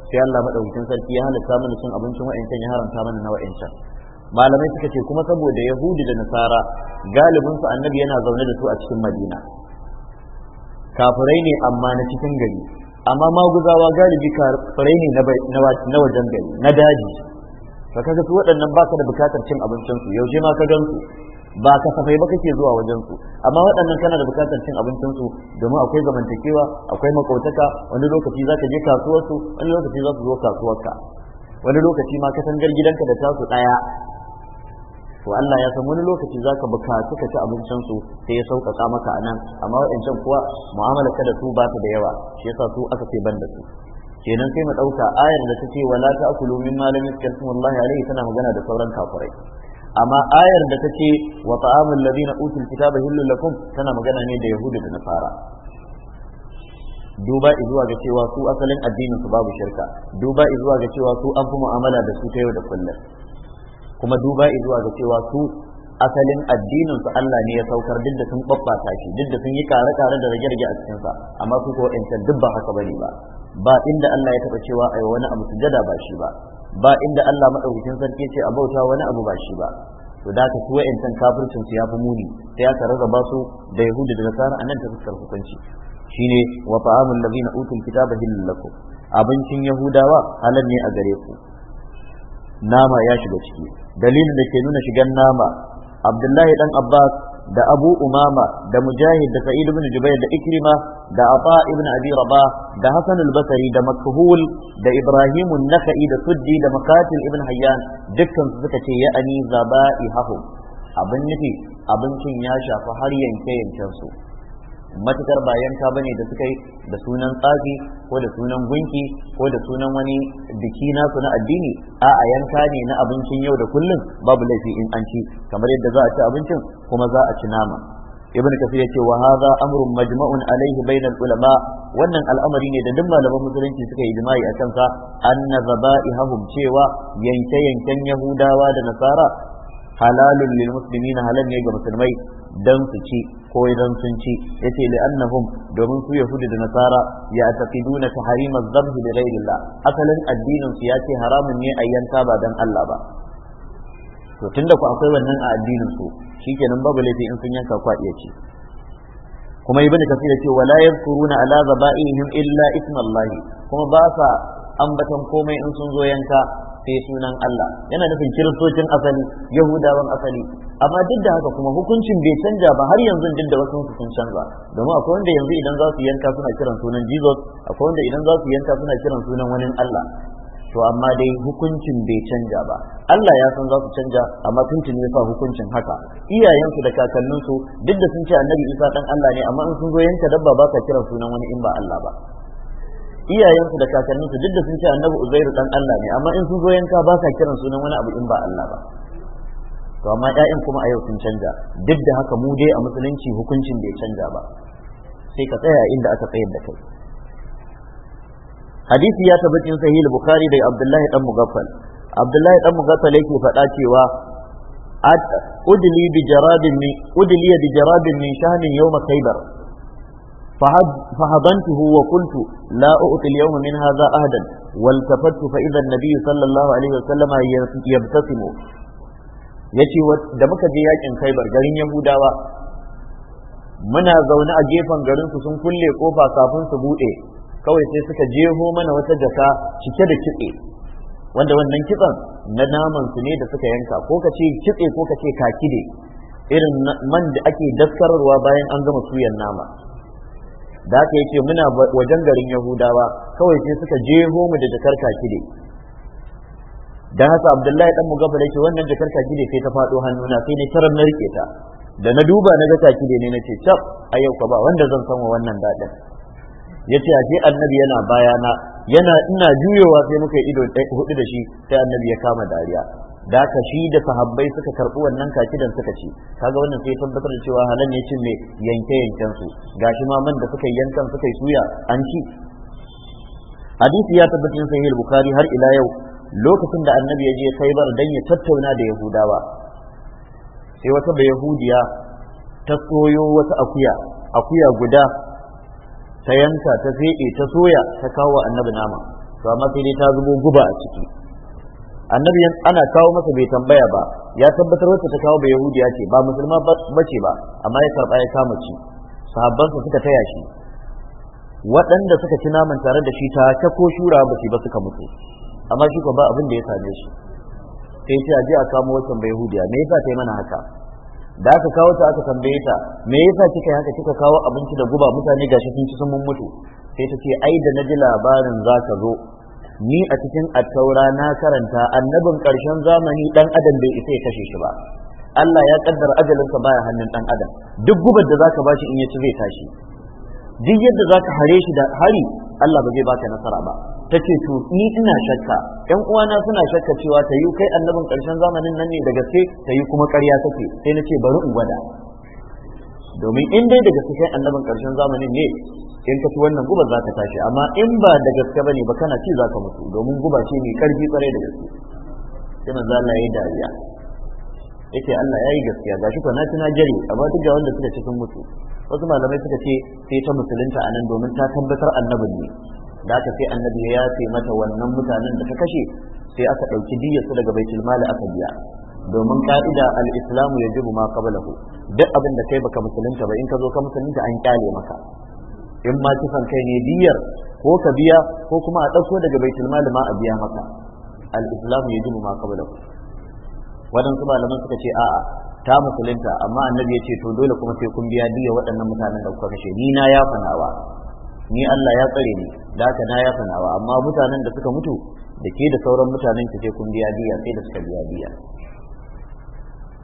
sai Allah madaukakin sarki ya halatta mana cin abincin waɗancan ya haramta mana na waɗancan malamai suka ce kuma saboda yahudi da nasara galibin su annabi yana zaune da su a cikin madina kafirai ne amma na cikin gari amma maguzawa galibi kafirai ne na wajen gari na daji to kaga su waɗannan ba da bukatar cin abincin su yaushe ma ka gan su ba kasafai ba kake zuwa wajen su amma waɗannan kana da bukatar cin abincin su domin akwai zamantakewa akwai makautaka wani lokaci za ka je kasuwar su wani lokaci za su zo kasuwarka wani lokaci ma katangar gidanka da tasu ɗaya to Allah ya san wani lokaci za ka bukaci ka ci abincin su sai ya sauƙaƙa maka anan amma waɗancan kuwa mu'amala ka da su ba ta da yawa shi yasa su aka ce ban da su kenan sai mu ɗauka ayar da ta ce wala ta akulu min malamin kasmullahi alaihi tana magana da sauran kafirai amma ayar da take wa ta'amul ladina utul kitaba hillul lakum tana magana ne da yahudu da nasara duba izuwa ga cewa su asalin addinin su babu shirka duba izuwa ga cewa su an fi mu'amala da su ta yau da kullum kuma duba izuwa ga cewa su asalin addinin su Allah ne ya saukar duk da sun babbata shi duk da sun yi kare-kare da rage-rage a cikin sa amma su ko in duk ba haka bane ba ba inda Allah ya taba cewa ai wani a sujada ba shi ba ba inda Allah madaukakin sarki ce a bauta wani abu ba shi ba to da ka kuwa yancan kafircin su fi muni sai aka rarraba su da yahudu da nasara anan ta fuskar hukunci shine wa fa'amul ladina utul kitaba lakum abincin yahudawa halal ne a gare ku nama ya shiga ciki dalilin da ke nuna shigan nama abdullahi dan abbas da abu umama da mujahid da sa'id ibn jubair da ikrima da ata ibn abi rabah da hasan al-basri da makhul da ibrahim an da suddi da makatil ibn hayyan dukkan su suka ce ya'ani hahu. abin nufi abincin ya shafi har yanke yankensu matukar ba yanka bane da suka yi da sunan tsafi ko da sunan gunki ko da sunan wani biki nasu na addini a a yanka ne na abincin yau da kullum babu laifi in an ci kamar yadda za a ci abincin kuma za a ci nama ibn ya ce wa hadha amrun majma'un alayhi bayna ulama wannan al'amari ne da duk malaman musulunci suka yi jima'i a kansa anna zaba'ihum cewa yanke yanken yahudawa da nasara halalun lil muslimina halal ne ga musulmai dan su ci ko idan sun ci yace li annahum domin su yahudu da nasara ya taqiduna ta harima zabhi bi ghairillah asalin addinin su yace haramun ne ayyanta ba dan Allah ba to tunda ku akwai wannan a addinin su shikenan babu laifi in sun yanka ku iya ci kuma ibn kasir yace wala yakuruna ala zaba'ihim illa ismallahi kuma ba sa ambatan komai in sun zo yanka sai sunan Allah yana nufin kiristocin asali yahudawan asali amma duk da haka kuma hukuncin bai canja ba har yanzu duk da wasu sun canza domin akwai wanda yanzu idan za su yanka suna kiran sunan Jesus akwai wanda idan za su yanka suna kiran sunan wani Allah to amma dai hukuncin bai canja ba Allah ya san za su canja amma tuntun ya sa hukuncin haka iyayensu da kakanninsu duk da sun ce annabi Isa dan Allah ne amma in sun zo yanka dabba ba ka kiran sunan wani in ba Allah ba iyayensu da kakanninsu duk da sun ce annabi uzairu dan Allah ne amma in sun zo yanka ba sa kiran sunan wani abu in ba Allah ba to amma ƴaƴan kuma a yau sun canja duk da haka mu dai a musulunci hukuncin bai canja ba sai ka tsaya inda aka tsayar da kai hadisi ya tabbata cikin sahih bukhari da abdullahi dan mugaffal abdullahi dan mugaffal yake faɗa cewa udli bi jarabin min udli bi jarabin min shahmin yawm khaybar فهضنته وقلت لا أؤتي اليوم من هذا أهدا والتفت فإذا النبي صلى الله عليه وسلم يبتسم yace da muka je yakin Khaibar garin Yahudawa muna zaune a gefen garinsu sun kulle kofa kafin su kawai sai suka jeho mana wata jaka cike da kitse wanda wannan kitsen na naman su ne da suka yanka ko ka ce kitse ko ka ce kakide irin man da ake daskararwa bayan an gama suyan nama da aka yake muna wajen garin yahudawa kawai sai suka je mu da jakar kaki ne dan haka abdullahi dan mugafar yake wannan jakar kaki ne sai ta fado hannuna sai ne na narke ta da na duba na ga kaki ne ce cap a yau ka ba wanda zan san wa wannan dadin yace ashe annabi yana bayana yana ina juyowa sai muka yi ido eh, hudu da shi sai annabi ya kama dariya da ka shi da sahabbai suka karɓi wannan kakidan suka ci kaga wannan sai tabbatar da cewa halal ne cin mai yanke yanken su gashi ma man da suka yankan suka suya an ci hadisi ya tabbatar sahih bukhari har ila yau lokacin da annabi ya je Khaibar dan ya tattauna da Yahudawa sai wata bai Yahudiya ta soyo wata akuya akuya guda ta yanka ta feɗe ta soya ta kawo annabi nama to amma sai dai ta zubo guba a ciki annabi ana kawo masa bai tambaya ba ya tabbatar wacce ta kawo ba yahudiya ce ba musulma ba ce ba amma ya karɓa ya kama ci sa suka taya shi waɗanda suka ci naman tare da shi ta ta ko shura ba ba suka mutu amma shi ba abin da ya same shi sai ce a je a kawo wancan bai yahudiya me yasa ta yi mana haka da aka kawo ta aka tambaye ta me yasa kika yi haka kika kawo abinci da guba mutane gashi sun ci sun mutu sai ta ce ai da na ji labarin za ka zo ni a cikin attaura na karanta annabin ƙarshen zamani ɗan adam bai isa ya kashe shi ba Allah ya kaddara ajalinsa baya hannun ɗan adam duk gubar da zaka bashi in ci zai tashi duk yadda zaka hare shi da hari Allah ba zai baka nasara ba tace ce to ni ina shakka ƴan uwana suna shakka cewa tayi kai annabin ƙarshen zamanin nan ne da gaske tayi kuma ƙarya take sai na ce bari in gwada domin in dai daga cikin annaban karshen zamanin ne in ka ci wannan guba za ka tashi amma in ba da gaske ne ba kana ci za ka mutu domin guba ce mai karfi tsare da gaske sai manzo Allah ya dariya yace Allah yayi gaskiya gashi ko na ci na jari amma duk ga wanda suka ci sun mutu wasu malamai suka ce sai ta musulunta anan domin ta tabbatar annabin ne da aka sai annabi ya yafe mata wannan mutanen da ta kashe sai aka ɗauki su daga baitul mali aka biya domin ka'ida al-islamu jiru ma qablahu duk abin kai baka musulunta ba in ka zo ka musulunta an kyale maka in ma kisan kai ne diyar ko ka biya ko kuma a ɗauko daga baitul mali ma a biya maka al-islamu jiru ma qablahu waɗansu malaman suka ce a'a ta musulunta amma annabi ya ce to dole kuma sai kun biya biya waɗannan mutanen da kuka kashe ni na ya fanawa ni Allah ya tsare ni da haka na ya fanawa amma mutanen da suka mutu da ke da sauran mutanen ki sai kun biya biya sai da suka biya biya.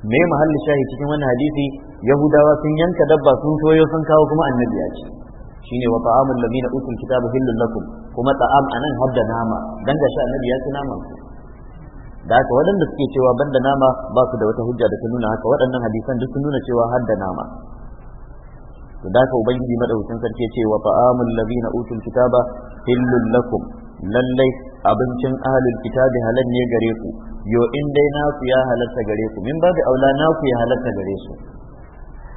me mahalli shahi cikin wannan hadisi yahudawa sun yanka dabba sun soyo sun kawo kuma annabi ya ce shine wa ta'amul ladina utul kitaba hillun lakum kuma ta'am anan hadda nama dan ga sha annabi ya ci nama da haka waɗanda suke cewa banda nama ba su da wata hujja da ta nuna haka waɗannan hadisan duk sun nuna cewa hadda nama to da haka ubangiji madaukakin sarki ce wa ta'amul ladina utul kitaba hillun lakum lallai abincin ahlul kitabi halal ne gare ku yo in dai naku ya halatta gare ku min babu aula naku ya halatta gare su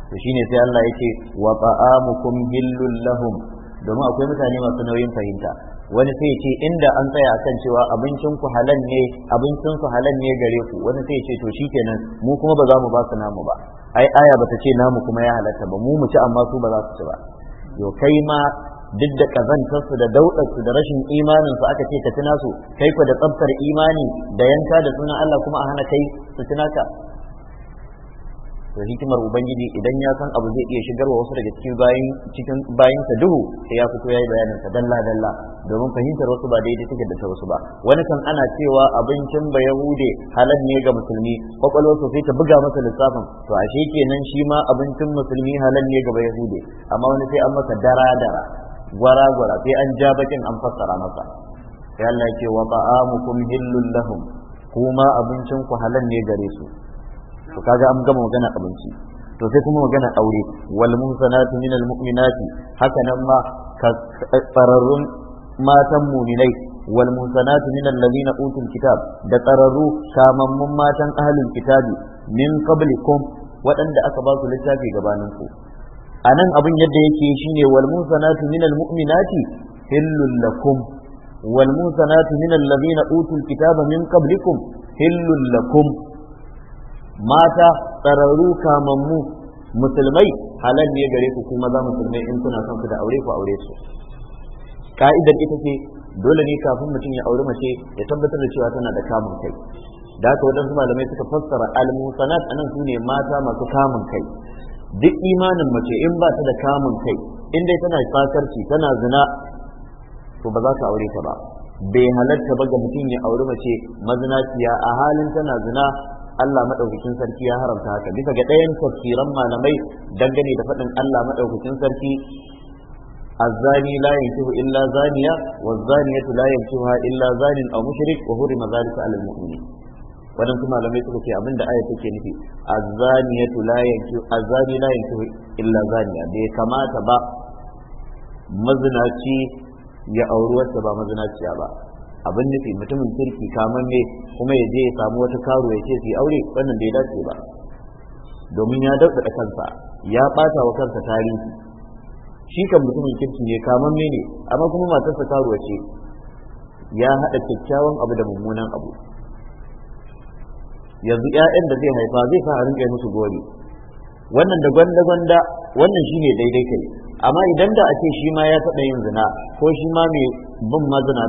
to shine sai Allah yake wa ta'amukum hillul lahum domin akwai mutane masu nauyin fahimta wani sai ce inda an tsaya akan cewa abincin ku halal ne abincin ku halal ne gare ku wani sai ce to shikenan mu kuma ba za mu ba su namu ba ai aya bata ce namu kuma ya halatta ba mu mu ci amma su ba za su ci ba yo kai ma duk da kazantarsu da daudarsu da rashin imanin su aka ce ka tuna su kai ku da tsabtar imani da yanka da sunan Allah kuma a hana kai su tuna ka to hikimar ubangiji idan ya san abu zai iya shigar wa wasu daga cikin bayin cikin bayinsa duhu sai ya fito yayi bayanin sa dalla dalla domin fahimtar wasu ba daidai take da ta wasu ba wani kan ana cewa abincin ba yahude halal ne ga musulmi kwakwalwar sai ta buga masa lissafin to ashe kenan shi ma abincin musulmi halal ne ga yahude amma wani sai an masa dara dara gwara gwara sai an ja bakin an fassara masa sai Allah ya wa ta'amukum hillul lahum kuma abincin ku halal ne gare su to kaga an gama magana abinci to sai kuma magana aure wal muhsanatu minal mu'minati haka nan ma eh, tsararrun matan muminai wal muhsanatu minal ladina utul kitab da tsararru kamammun matan ahlul kitabi min qablikum waɗanda aka ba su littafi gabanin ku Anan abin yadda yake shine wal musanatu minal mu'minati hillul lakum wal musanatu minal ladina utul kitaba min qablikum hillul lakum mata tsararru kamammu musulmai halal ne gare ku kuma za musulmai in kuna son su da aure ku aure su ka'idar ita ce dole ne kafin mutum ya auri mace ya tabbatar da cewa tana da kamun kai da haka waɗansu malamai suka fassara al-musanat anan su ne mata masu kamun kai duk imanin mace in ba ta da kamun kai in dai tana sakarci tana zina to ba za ka aure ta ba bai halatta ba ga mutum ya auri mace mazinaciya a halin tana zina Allah madaukakin sarki ya haramta haka bisa ga ɗayan tafsiran malamai dangane da faɗin Allah madaukakin sarki الزاني لا ينكح إلا زانية والزانية لا ينكحها إلا زان أو مشرك وهرم ذلك على المؤمنين Wannan kuma malamai suka ce abin da aya take nufi azaniyatu la yanki azani la yanki illa zaniya bai kamata ba mazinaci ya auri wacce ba mazinaciya ba abin nufi mutumin kirki kamar ne kuma ya je ya samu wata karo ya ce su yi aure wannan bai dace ba domin ya da kansa ya ɓata wa kansa tarihi shi kan mutumin kirki ne kamar ne amma kuma matarsa karuwa ce ya haɗa kyakkyawan abu da mummunan abu yanzu ƴaƴan da zai haifa zai sa a rinƙa musu gori wannan da gwanda-gwanda wannan shine daidai kai amma idan da a shi ma ya taɓa yin zina ko shi ma mai bin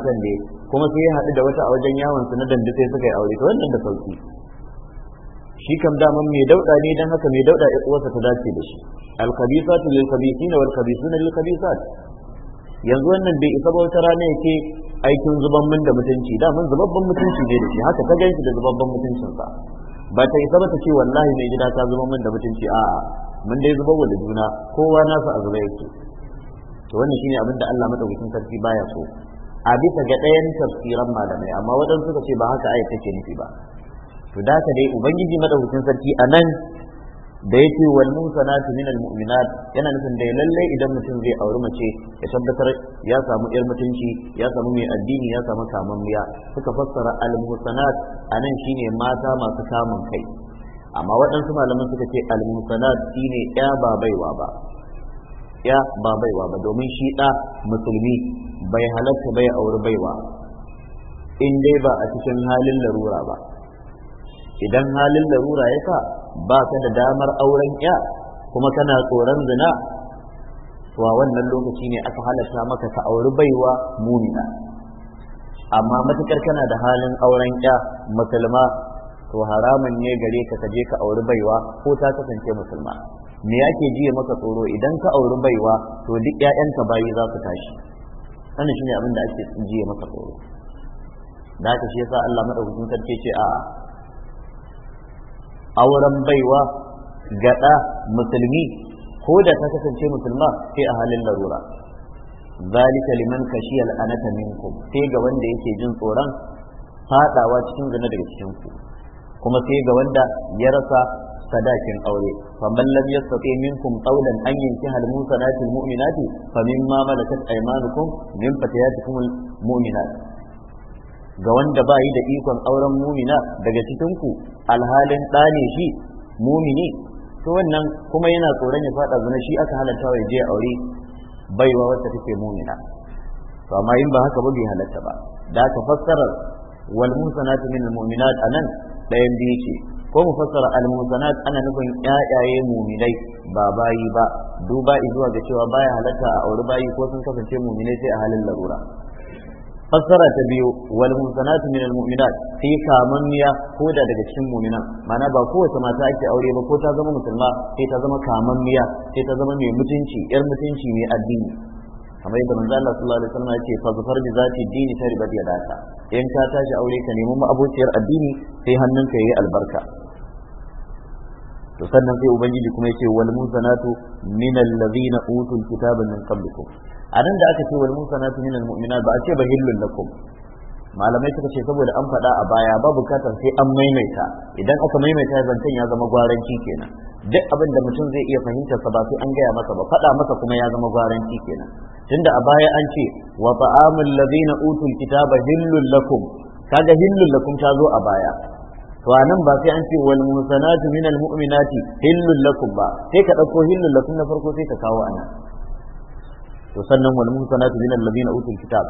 kan ne kuma sai ya haɗu da wata a wajen yawon su na dandu sai suka yi aure to wannan da sauki shi kam daman mai dauɗa ne dan haka mai dauɗa ya uwarsa ta dace da shi alkabisatu lil kabisina wal kabisuna lil kabisat yanzu wannan bai isa ba wata rana yake aikin zuban min da mutunci da mun zubabban mutunci ne da shi haka ta ganshi da zubabban sa ba ta isa ba ta ce wallahi mai gida ta zuban min da mutunci a'a mun dai zubar da juna kowa nasa a zuba yake to wannan shine abin da Allah madaukakin sarki baya so a bisa ga ɗayan tafsiran malamai amma wadansu suka ce ba haka ayat take nufi ba to da ka dai ubangiji madaukakin sarki anan da yake wal musanatu min al mu'minat yana nufin da lalle idan mutum zai auri mace ya tabbatar ya samu yar mutunci ya samu mai addini ya samu kaman suka fassara al musanat anan shine mata masu kamun kai amma waɗansu malaman suka ce al musanat shine ya ba baiwa ba ya ba baiwa ba domin shi da musulmi bai halatta bai auri baiwa in dai ba a cikin halin larura ba idan halin larura ya sa ba ka da damar auren ya kuma kana tsoron zina Wa wannan lokaci ne aka halatta maka ka auri baiwa mumina amma matukar kana da halin auren ya musulma to haramun ne gare ka kaje ka auri baiwa ko ta kasance musulma me yake jiya maka tsoro idan ka auri baiwa to duk ƴaƴanka bayi za su tashi wannan shine abin da ake jiya maka tsoro da haka shi yasa Allah madaukakin sarki ce a auren baiwa gada musulmi ko da ta kasance musulma sai a halin larura zalika liman kashiyal anata minkum sai ga wanda yake jin tsoron fadawa cikin zina daga cikin ku kuma sai ga wanda ya rasa sadakin aure faman lam yastati minkum qawlan an yankiha al musanatil mu'minati famimma malakat aymanukum min fatiyatikum al mu'minat ga wanda ba yi da ikon auren mumina daga cikinku alhalin ɗa shi mumini to wannan kuma yana tsoron ya faɗa zuna shi aka halatta wa je aure baiwa wacce take mumina to amma in ba haka ba bai halatta ba da aka fassara wal musanat min al mu'minat anan ɗayan biyu ce ko mu fassara al musanat ana nufin ƴaƴaye muminai ba bayi ba duba zuwa ga cewa baya halatta a aure bayi ko sun kasance muminai sai a halin larura fassara ta biyu wal muhsanatu minal mu'minat sai kamanniya ko da daga cikin mu'minan mana ba kowace mata ake aure ba ko ta zama musulma sai ta zama kamanniya sai ta zama mai mutunci yar mutunci mai addini kamar yadda manzo Allah sallallahu alaihi wasallam yake fazfar bi zati dini ta riba da ta in ka tashi aure ka nemi abokiyar addini sai hannunka yayi albarka to sannan sai ubangiji kuma yake wal musanatu min alladhina utul kitaba min qablikum a nan da aka ce wal musanatu min al mu'minat ba a ce ba hillul lakum malamai suka ce saboda an faɗa a baya ba bukatar sai an maimaita idan aka maimaita zancen ya zama gwaranci kenan duk abin da mutum zai iya fahimtar sa ba sai an gaya masa ba faɗa masa kuma ya zama gwaranci kenan tunda a baya an ce wa ta'amul ladina utul kitaba hillul lakum kaga hillul lakum ta zo a baya to anan ba sai an ce wal musanatu minal mu'minati hillul lakum ba sai ka dauko hillul lakum na farko sai ka kawo anan to sannan wal muhsanatu min alladhina utul kitab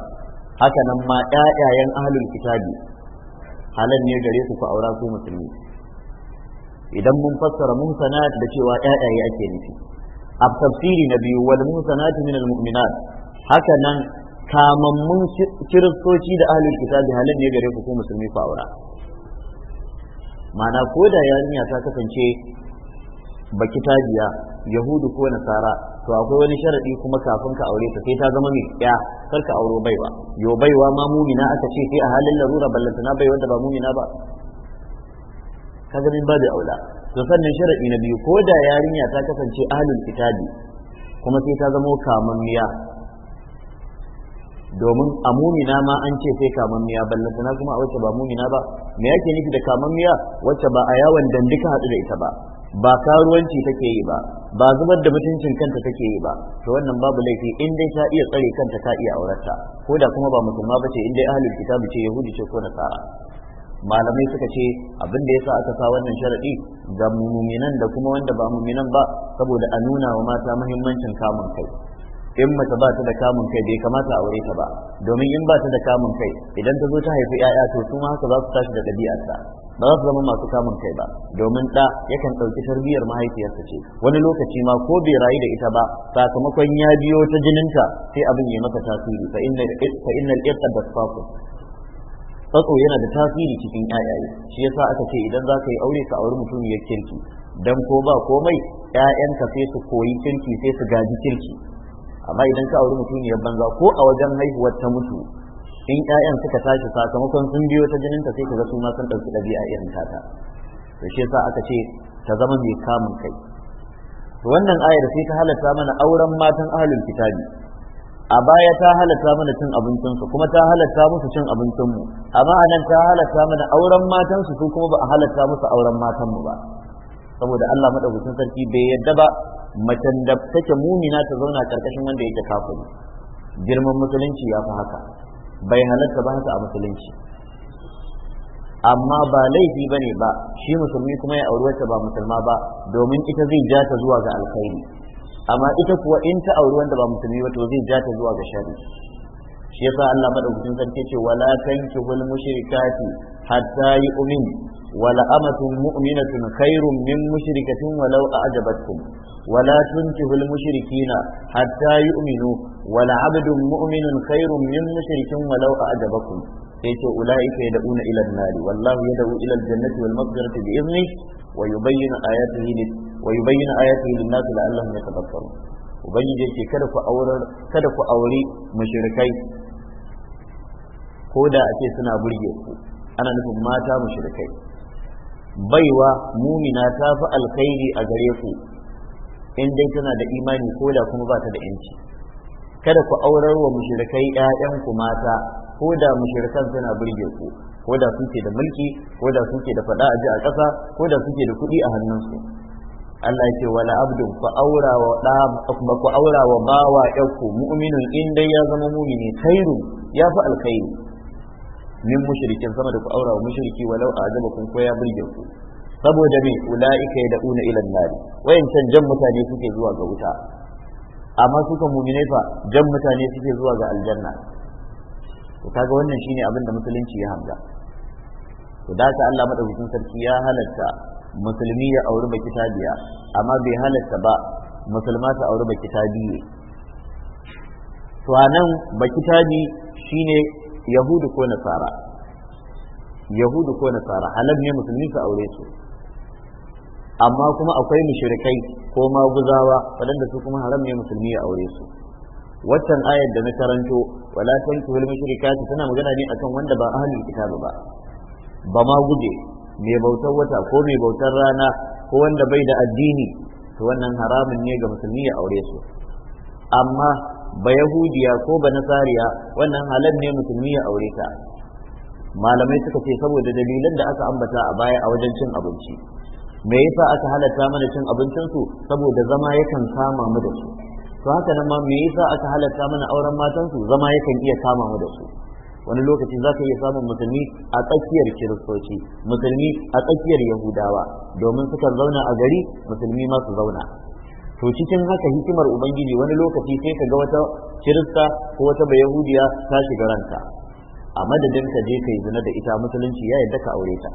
haka nan ma ƴaƴayen ahlul kitabi ne gare ku aura su musulmi idan mun fassara muhsanat da cewa ƴaƴaye ake nufi a na biyu wal muhsanatu min al mu'minat haka nan kamammun kiristoci da ahlul kitabi ne gare ku ku musulmi ku aura Mana ko da yarinya ta kasance baki yahudu ko nasara to akwai wani sharadi kuma kafin ka aure ta sai ta zama mai ya kar ka auro baiwa yo baiwa ma mumina aka ce sai a halin larura ballanta na baiwa da ba mumina ba ka ga min da aula to sannan sharadi na biyu ko da yarinya ta kasance ahlul kitabi kuma sai ta zama kamammiya domin a mumina ma an ce sai kamammiya na kuma a wacce ba mumina ba me yake nufi da kamammiya wacce ba a yawon dandika haɗu da ita ba ba karuwanci take yi ba ba zubar da mutuncin kanta take yi ba to wannan babu laifi in dai ta iya tsare kanta ta iya aurarta ko da kuma ba musulma ba ce in dai ahlul kitabu ce yahudi ce ko nasara malamai suka ce abin da yasa aka sa wannan sharadi ga muminan da kuma wanda ba muminan ba saboda a nuna wa mata muhimmancin kamun kai in mace ba ta da kamun kai bai kamata a aure ta ba domin in ba ta da kamun kai idan ta zo ta haifi 'ya'ya to su ma haka za su tashi da ɗabi'arsa ba za su zama masu kamun kai ba domin ɗa yakan ɗauki tarbiyyar mahaifiyarsa ce wani lokaci ma ko bai rayu da ita ba sakamakon ya biyo ta jininta sai abin ya masa tasiri fa innal irqa dasfaku tsatso yana da tasiri cikin ƴaƴaye shi yasa aka ce idan za ka yi aure ka auri mutum ya kirki dan ko ba komai ƴaƴanka sai su koyi kirki sai su gaji kirki amma idan ka auri mutum ya banza ko a wajen haihuwar ta mutu in ƴaƴan suka tashi sakamakon sun biyo ta jininta sai ka ga su ma sun ɗauki ɗabi'a irin tata to shi yasa aka ce ta zama mai kamun kai wannan ayar sai ta halatta mana auren matan ahlul kitabi a baya ta halatta mana cin abincinsu kuma ta halatta musu cin abincinmu amma anan ta halatta mana auren matansu su kuma ba a halatta musu auren matanmu ba saboda Allah madaukakin sarki bai yadda ba macen da take mumina ta zauna karkashin wanda yake kafiri girman musulunci ya fi haka bai halatta ba haka a musulunci amma ba laifi ba ne ba shi musulmi kuma ya auri wacce ba musulma ba domin ita zai ja ta zuwa ga alkhairi amma ita kuwa in ta auri wanda ba musulmi ba to zai ja ta zuwa ga shari shi yasa Allah madaukakin sarki ce wala tankihul mushrikati hatta yu'min wala amatu mu'minatun khairum min mushrikatin walau a'jabatkum ولا تنكه المشركين حتى يؤمنوا ولعبد مؤمن خير من مشرك ولو أعجبكم yace ulaika yad'una ila an-nari wallahu yad'u ila al-jannati wal maghfirati bi idnihi wa yubayyinu ayatihi lin wa yubayyinu ayatihi lin-nasi la'allahum yatafakkarun ubangiji yace kada ku kada ku aure mushrikai ko da ake suna burge ana nufin mata mushrikai baiwa mumina ta fi alkhairi a gare ku in dai tana da imani ko da kuma ba ta da yanci kada ku aurar wa mushrikai ku mata ko da mushrikan suna burge ku ko da suke da mulki ko da suke da fada a ji a ƙasa ko da suke da kuɗi a hannunsu Allah ce wala abdun fa aura wa da ku aura wa bawa ƴarku mu'minin in dai ya zama mu'mini khairu ya fi alkhairi. min mushrikin sama da ku aura wa mushriki walau a ajabakum ko ya burge ku saboda me ula'ika ya da'una ilan nari wayancan jan mutane suke zuwa ga wuta amma suka mumine fa jan mutane suke zuwa ga aljanna to kaga wannan shine abin da musulunci ya hanga to da ka Allah madaukakin sarki ya halatta musulmi ya auri baki tabiya amma bai halatta ba musulma ta auri baki tabiye to anan baki tabi shine yahudu ko nasara yahudu ko nasara halal ne musulmi su aure su amma kuma akwai mushrikai ko maguzawa waɗanda su kuma haram ne musulmi ya aure su waccan ayar da na karanto wala tankihul mushrikati tana magana ne akan wanda ba ahlul kitab ba ba ma guje mai bautar wata ko mai bautar rana ko wanda bai da addini to wannan haramun ne ga musulmi ya aure su amma ba yahudiya ko ba nasariya wannan halal ne musulmi ya aure ta malamai suka ce saboda dalilan da aka ambata a baya a wajen cin abinci me yasa aka halatta mana cin abincinsu saboda zama yakan kama mu da su to haka nan ma me yasa aka halatta mana auren matansu zama yakan iya kama mu da su wani lokaci za ka iya samun musulmi a tsakiyar kiristoci musulmi a tsakiyar yahudawa domin sukan zauna a gari musulmi ma su zauna to cikin haka hikimar ubangiji wani lokaci sai ka ga wata kirista ko wata yahudiya ta shiga ranta a madadin ka je ka yi zina da ita musulunci ya yadda ka aure ta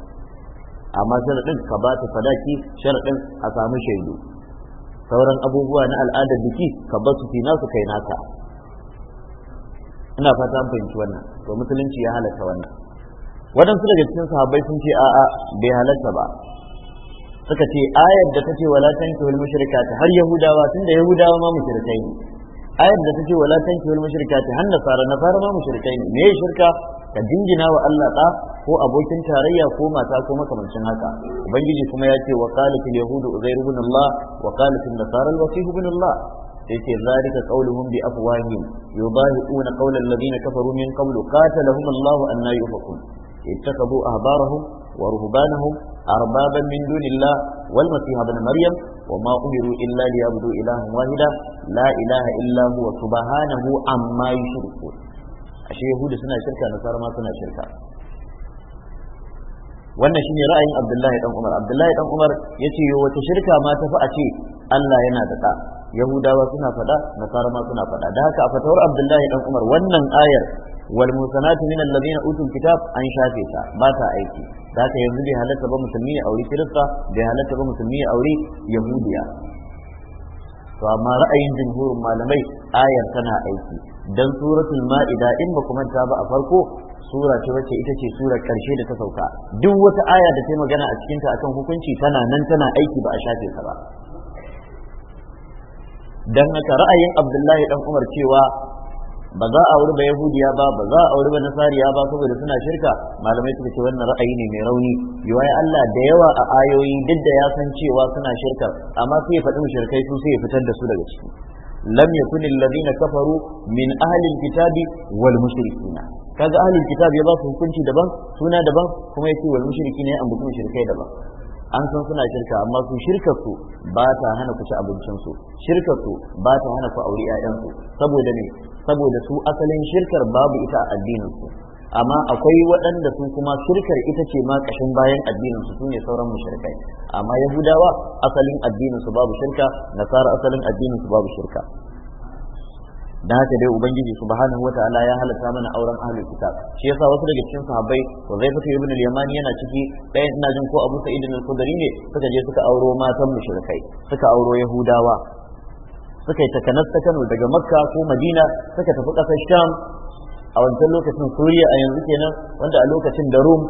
amma sharaɗin ka ba ta sadaki sharaɗin a samu shaidu sauran abubuwa na al'adar biki ka ba su fina su kai naka ina fata an fahimci wannan to musulunci ya halatta wannan waɗansu daga cikin sahabbai sun ce a'a bai halatta ba suka ce ayar da ta ce wala tanki wal mushrikata har yahudawa tunda yahudawa ma mushrikai ne ayar da take wala tanki wal mushrikati hanna sara na fara ma mushrikai ne me shirka ka dingina wa Allah da ko abokin tarayya ko mata ko makamancin haka ubangiji kuma ya ce wa qalat al yahudu uzair ibn Allah wa qalat an nasara al wasih ibn Allah yace zalika qauluhum bi afwahihim yudahiquna qawla alladhina kafaru min qablu qatalahum Allah an yufakun ittakabu ahbarahum ورهبانهم أربابا من دون الله والمسيح ابن مريم وما أمروا إلا ليعبدوا إلها واحدا لا إله إلا هو سبحانه عما يشركون ashe yahudu suna shirka nasara ma suna shirka wannan shine ra'ayin abdullahi dan umar abdullahi dan umar yace yo wata shirka ma tafi a ce Allah yana da da yahudawa suna fada nasara ma suna fada da haka a fatawar abdullahi dan umar wannan ayar wal musanatu min allazina utul kitab an shafe ta bata aiki da ka yanzu bai halatta ba musulmi ya auri kirista bai ba musulmi auri yahudiya to amma ra'ayin jumhurin malamai ayar tana aiki dan suratul ma'ida in ba kuma ta ba a farko sura ce wacce ita ce surar karshe da ta sauka duk wata aya da ta magana a cikinta akan hukunci tana nan tana aiki ba a shafe ta ba dan haka ra'ayin abdullahi dan umar cewa ba za a auri ba yahudiya ba ba za a auri ba nasariya ba saboda suna shirka malamai suka ce wannan ra'ayi ne mai rauni yiwaye Allah da yawa a ayoyi duk da ya san cewa suna shirka amma sai ya faɗi shirkai su sai ya fitar da su daga ciki lam yakun alladhina kafaru min ahli alkitabi wal mushrikin kaga ahli alkitabi ya ba su hukunci daban suna daban kuma yace wal mushrikin ne an buƙi shirkai daban an san suna shirka amma su shirka su ba ta hana ku ci abincin su shirka su ba ta hana ku auri ƴaƴan su saboda ne saboda su asalin shirkar babu ita a addininsu amma akwai waɗanda su kuma shirkar ita ce ma ƙashin bayan addininsu su ne sauran mushrikai amma yahudawa asalin addininsu babu shirka nasara asalin addininsu babu shirka da haka dai ubangiji subhanahu wataala ya halatta mana auren ahlul kitab shi yasa wasu daga cikin sahabbai Hudzaifah ibn al-Yamani yana ciki ɗaya ina jin ko Abu Sa'id al-Khudri ne suka je suka auro matan mushrikai suka auro Yahudawa suka yi takanas ta Kano daga Makka ko Madina suka tafi ƙasar Sham a wancan lokacin Suriya a yanzu kenan wanda a lokacin da Rum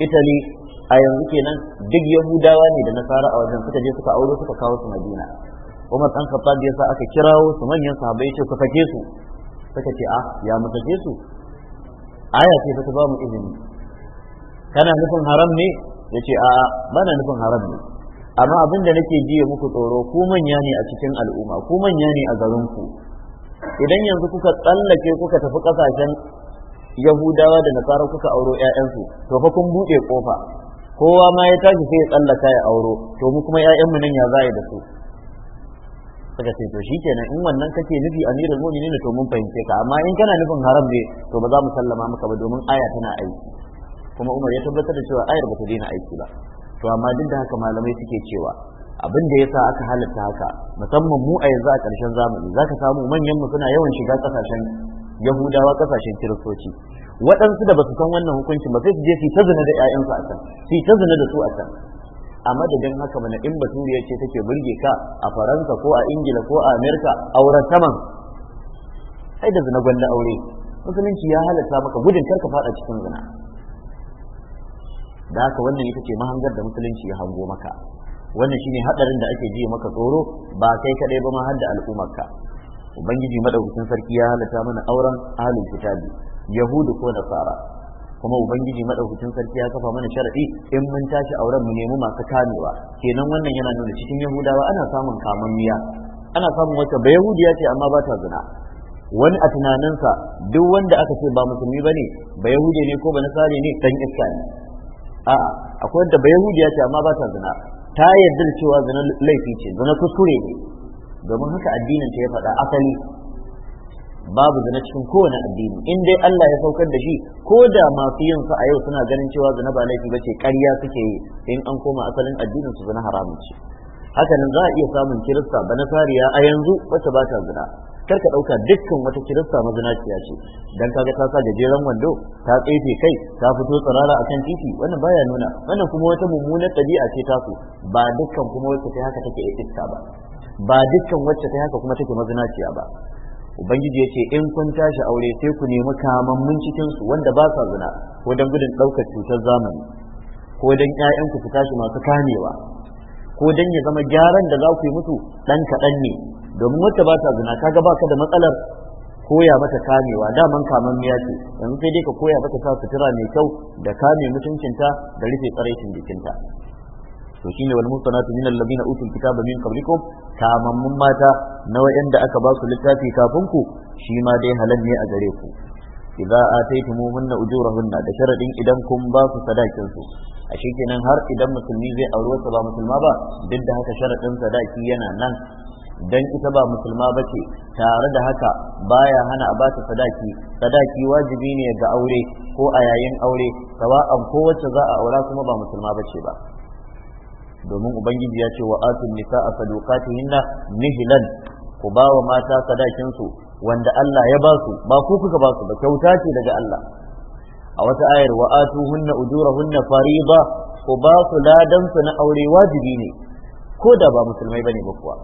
Italy a yanzu kenan duk Yahudawa ne da Nasara a wajen suka je suka auro suka kawo su Madina Umar dan Khattab yasa aka kirawo su manyan sahabbai ce ku sake su suka ce a ah, ya mu sake su aya ce ta ba mu izini kana nufin haram ne yace a bana nufin haram ne amma abin da nake jiya muku tsoro ku manya ne a cikin al'umma ku manya ne a garinku idan yanzu kuka tsallake kuka tafi kasashen yahudawa da nasara kuka auro 'ya'yansu to fa kun buɗe kofa kowa ma ya tashi sai ya tsallaka ya auro to mu kuma 'ya'yanmu nan ya za da su suka ce to shikenan in wannan kake nufi amirul mu'minin to mun fahimce ka amma in kana nufin haram ne to ba za mu sallama maka ba domin aya tana aiki kuma Umar ya tabbatar da cewa ayar ba ta daina aiki ba to amma duk da haka malamai suke cewa abin da yasa aka halatta haka musamman mu a yanzu a ƙarshen zamani zaka samu manyan suna yawan shiga kasashen yahudawa kasashen kiristoci waɗansu da basu san wannan hukuncin ba sai su je su ta zina da ƴaƴansu a can su ta zina da su a can a madadin haka mana in baturiya ce take burge ka a faransa ko a ingila ko a amerika auren saman sai da zina gwanda aure musulunci ya halatta maka gudun karka fada cikin zina da haka wannan ita ce mahangar da musulunci ya hango maka wannan shine hadarin da ake ji maka tsoro ba kai kadai ba ma har da al'ummarka ubangiji madaukakin sarki ya halatta mana auren ahlul kitabi yahudu ko nasara kuma ubangiji madaukakin sarki ya kafa mana sharadi in mun tashi auren mu nemi masu kamewa kenan wannan yana nuna cikin yahudawa ana samun kamammiya ana samun wata ba yahudiya ce amma ba ta zina wani a tunaninsa duk wanda aka ce ba musulmi bane ba yahudi ne ko ba nasare ne dan iska ne a'a akwai wanda bai ya ce amma ba ta zina ta yarda da cewa zina laifi ce zina kuskure ne domin haka addinin ta ya faɗa asali babu zina cikin kowane addini in dai Allah ya saukar da shi ko da masu yin sa a yau suna ganin cewa zina ba laifi ba ce, ƙarya suke yi in an koma asalin addinin su zina haramun ce haka nan za a iya samun kirista ba nasariya a yanzu wacce ba ta zina kar ka ɗauka dukkan wata kirista mazinaciya ce don kaga ta sa gajeren wando ta tsefe kai ta fito tsirara akan titi wannan baya nuna wannan kuma wata mummunar ɗabi'a ce ta su ba dukkan kuma wacce ta haka take iska ba ba dukkan wacce ta haka kuma take mazinaciya ba ubangiji ya ce in kun tashi aure sai ku nemi kamammun cikin su wanda ba sa zina ko dan gudun ɗaukar cutar zamani ko dan ƴaƴanku su tashi masu kamewa ko dan ya zama gyaran da za ku yi musu ɗan kaɗan ne domin wacce ba ta zina kaga baka da matsalar koya mata kamewa daman kaman miya ce yanzu sai dai ka koya mata sa sutura mai kyau da kame mutuncinta da rufe tsaraicin jikinta to shine wal na min alladhina utul kitaba min qablikum kamammun mata na wayanda aka ba su littafi kafin ku shi ma dai halal ne a gare ku idza ataytumuhunna ujurahunna da sharadin idan kun ba su sadakin su a kenan har idan musulmi zai auri wata ba musulma ba duk da haka sharadin sadaki yana nan dan ita ba musulma bace tare da haka baya hana a bata sadaki sadaki wajibi ne ga aure ko a yayin aure sawa'an ko wacce za a aura kuma ba musulma bace ba domin ubangiji ya ce wa atun nisa'a na nihlan ku ba wa mata sadakin su wanda Allah ya ba su ba ku kuka ba su ba kyauta ce daga Allah a wata ayar wa hunna ujurahunna fariba ku ba su ladan su na aure wajibi ne ko da ba musulmai bane ba kuwa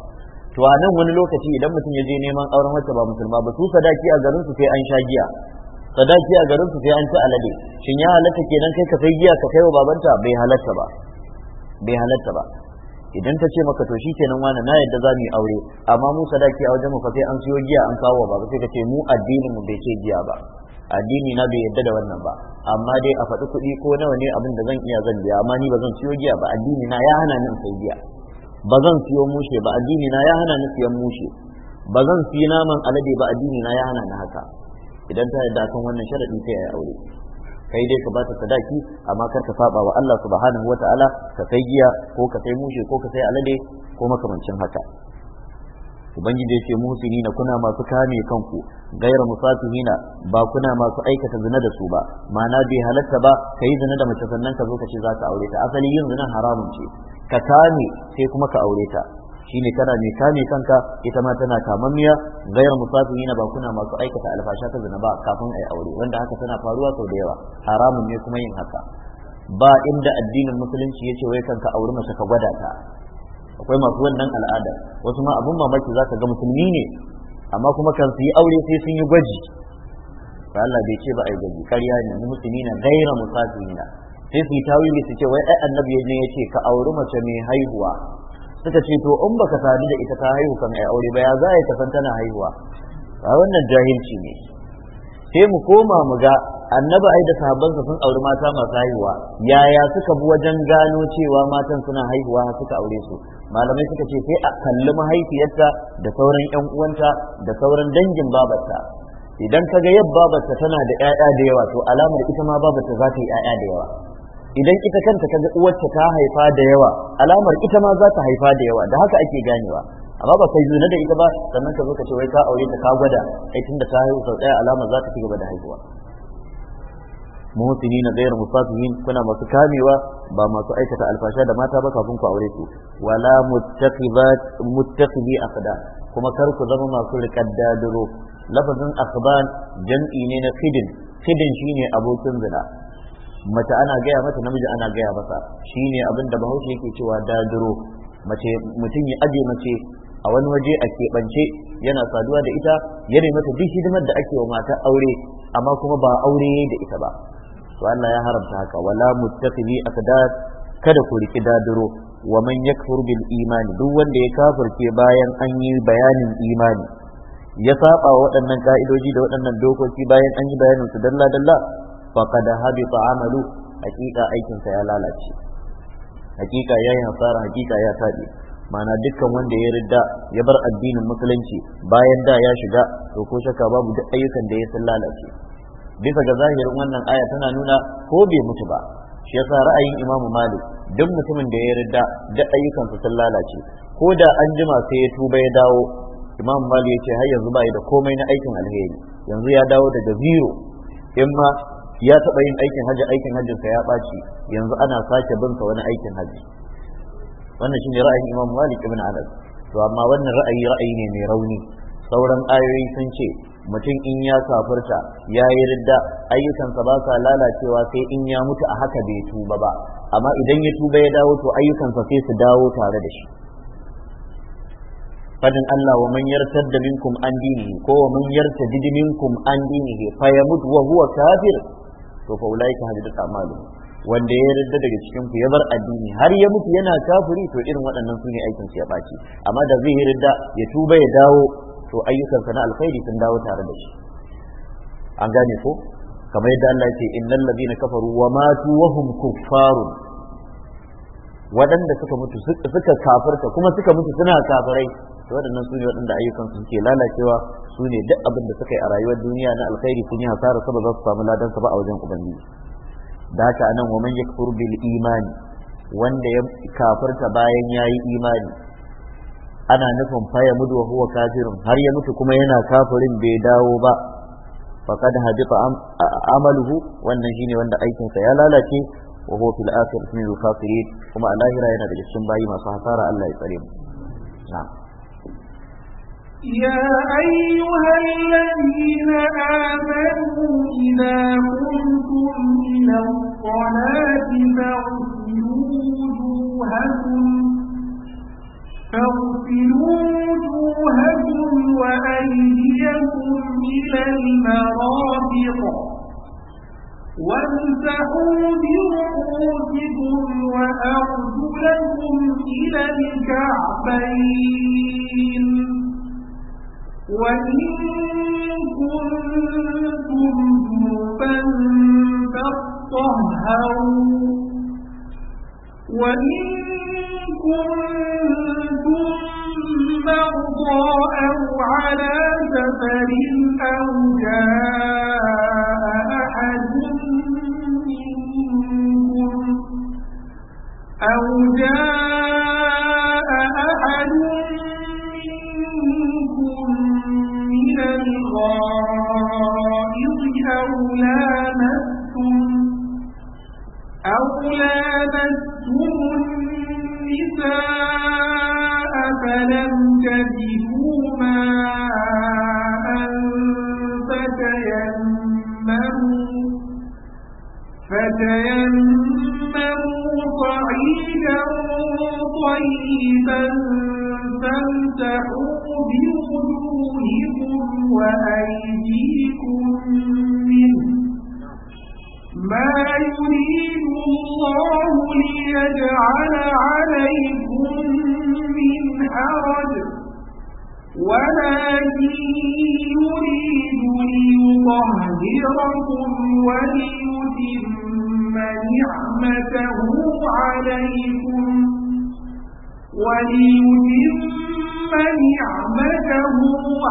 to a nan wani lokaci idan mutum ya je neman auren wacce ba musulma ba su sadaki a garinsu su sai an sha giya sadaki a garinsu su sai an ci alade shin ya halatta kenan kai ka sai giya ka kai wa babanta bai halatta ba bai halatta ba idan ta ce maka to shi shikenan wani na yadda za mu yi aure amma mu sadaki a wajen mu fa sai an siyo giya an kawo wa baba sai ka ce mu addinin mu bai ce giya ba addini na bai yadda da wannan ba amma dai a faɗi kuɗi ko nawa ne abin da zan iya zan biya amma ni ba zan siyo giya ba addini na ya hana ni in sai giya ba zan siyo mushe ba addini na ya hana ni siyan mushe ba zan siyi naman alade ba addini na ya hana ni haka idan ta yarda kan wannan sharadi sai ayi aure kai dai ka ba ta sadaki amma kar ka saba wa Allah subhanahu wataala ka kai giya ko ka kai mushe ko ka kai alade ko makamancin haka ubangiji ya ce muhsini na kuna masu kame kanku gaira musafihina ba kuna masu aikata zina da su ba ma'ana bai halatta ba ka yi zina da mace sannan ka zo ka ce za ka aure ta asali yin zina haramun ce ka kame sai kuma ka aure ta shine kana mai kame kanka ita ma tana kamammiya gaira musafihina ba kuna masu aikata alfasha ta zina ba kafin a yi aure wanda haka tana faruwa sau da yawa haramun ne kuma yin haka ba inda addinin musulunci ya ce wai kanka auri mace ka gwada ta akwai masu wannan al'ada wasu ma abun mamaki za ka ga musulmi ne amma kuma kan su yi aure sai sun yi gwaji ba Allah bai ce ba a yi gwaji ƙarya ne musulmi na gaira na sai su yi tawili su ce wai ai annabi ya je ya ce ka auri mace mai haihuwa suka ce to in baka sadu da ita ta haihu kan ai aure ba ya za a yi kasan tana haihuwa ba wannan jahilci ne sai mu koma mu ga annabi ai da sahabbansa sun auri mata masu haihuwa yaya suka bi wajen gano cewa matan suna haihuwa suka aure su malamai suka ce sai a kalli mahaifiyarta da sauran yan uwanta da sauran dangin babarta idan kaga yab babarta tana da ƴaƴa da yawa to alamar ita ma babarta za ta yi ƴaƴa da yawa idan ita kanta kaga uwarta ta haifa da yawa alamar ita ma za ta haifa da yawa da haka ake ganewa amma ba kai zuna da ita ba sannan ka zo ka ce wai ka aure ta ka gwada ai tunda ta haihu sau ɗaya alamar za ta ci gaba da haihuwa na ghayr musafihin kuna masu kamewa ba masu aikata alfasha da mata ba kafin ku aure su wala muttaqibat muttaqibi aqda kuma kar ku zama masu riƙaddadiro lafazin akhban jam'i ne na khidin khidin shine abokin zina mace ana gaya mata namiji ana gaya masa shine abin da bahaushe yake cewa dadiro mace mutum ya aje mace a wani waje a keɓance yana saduwa da ita ya mata duk hidimar da ake wa mata aure amma kuma ba aure da ita ba to Allah ya haramta haka wala muttaqini akdad kada ku riki dadiro wa man yakfur bil imani duk wanda ya kafirce bayan an yi bayanin imani ya saba waɗannan ka'idoji da waɗannan dokoki bayan an yi bayanin su dalla dalla faqad habita amalu hakika aikin sa ya lalace hakika yayi hasara hakika ya tabi mana dukkan wanda ya ridda ya bar addinin musulunci bayan da ya shiga to ko shakka babu duk ayyukan da ya sun lalace bisa ga zahirin wannan aya tana nuna ko bai mutu ba shi yasa ra'ayin imamu malik duk mutumin da ya yarda da ayyukansa sun lalace ko da an jima sai ya tuba ya dawo imamu malik ya ce har yanzu ba da komai na aikin alheri yanzu ya dawo daga zero in ma ya taɓa yin aikin hajji aikin hajjinsa ya ɓaci yanzu ana sake binsa wani aikin hajji wannan shine ra'ayin imamu malik ibn anas to amma wannan ra'ayi ra'ayi ne mai rauni sauran ayoyi sun ce mutum in ya kafirta ya yi ridda ayyukansa ba sa lalacewa sai in ya mutu a haka bai tuba ba amma idan ya tuba ya dawo to ayyukansa sai su dawo tare da shi fadin Allah wa man yartadda minkum an dinihi ko wa man yartadid minkum an dinihi fa yamut wa huwa kafir to fa ulaika hadidat amalu wanda ya yarda daga cikinku ya bar addini har ya mutu yana kafiri to irin waɗannan su ne aikin su ya ɓaci amma da zai yarda ya tuba ya dawo to ayyukansa na alkhairi sun dawo tare da shi an gane ko kamar yadda Allah ce innal ladina kafaru wa matu wa hum kuffarun waɗanda suka mutu suka kafirta kuma suka mutu suna kafirai to waɗannan su ne waɗanda ayyukansu suke lalacewa sune duk abin da suka yi a rayuwar duniya na alkhairi sun yi hasara saboda su samu ladan ba a wajen ubangiji da haka anan wa man yakfur bil imani wanda ya kafirta bayan yayi imani ana nufin faya mudu wa huwa kafirun har ya mutu kuma yana kafirin bai dawo ba faqad hadifa amaluhu wannan shine wanda aikin sa ya lalace wa huwa fil akhirati min kafirin kuma a lahira yana da cikin bayi masu hasara Allah ya tsare mu na'am يا أيها الذين آمنوا إذا قمتم إلى الصلاة فاغسلوا وجوهكم أغسلوا وجوهكم وأيديكم إلى المرافق وامسحوا برؤوسكم وأرجلكم إلى الكعبين وإن كنتم جنبا فاطهروا وإن كنتم مرضى أو على سفر أو جاء أحد منكم أو جاء أحد منكم من الغائط أو لامستم أو لامستم أفلم فلم تجدوا ماء فتيمموا فتيمموا صعيدا طيبا فامتحوا بوجوهكم وأيديكم منه ما يريد الله ليجعل عليكم ولكن يريد ليطهركم وليتم نعمته عليكم وليتم نعمته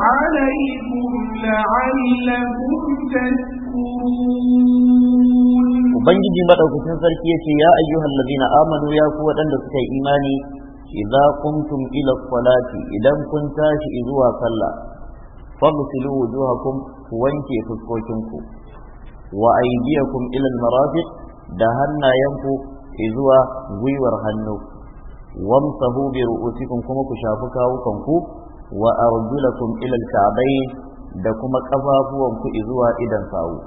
عليكم لعلكم تشكرون Ubangiji madaukakin sarki ya ce ya ayyuhan ladina amanu ya ku waɗanda suka yi imani idza qumtum ila salati idan kun tashi zuwa sallah faghsilu wujuhakum ku wanke fuskokinku wa aydiyakum ila da hannayenku zuwa gwiwar hannu wamsahu bi ru'usikum kuma ku shafi kawukanku wa arjulakum ila alka'bayn da kuma kafafuwanku zuwa idan sawu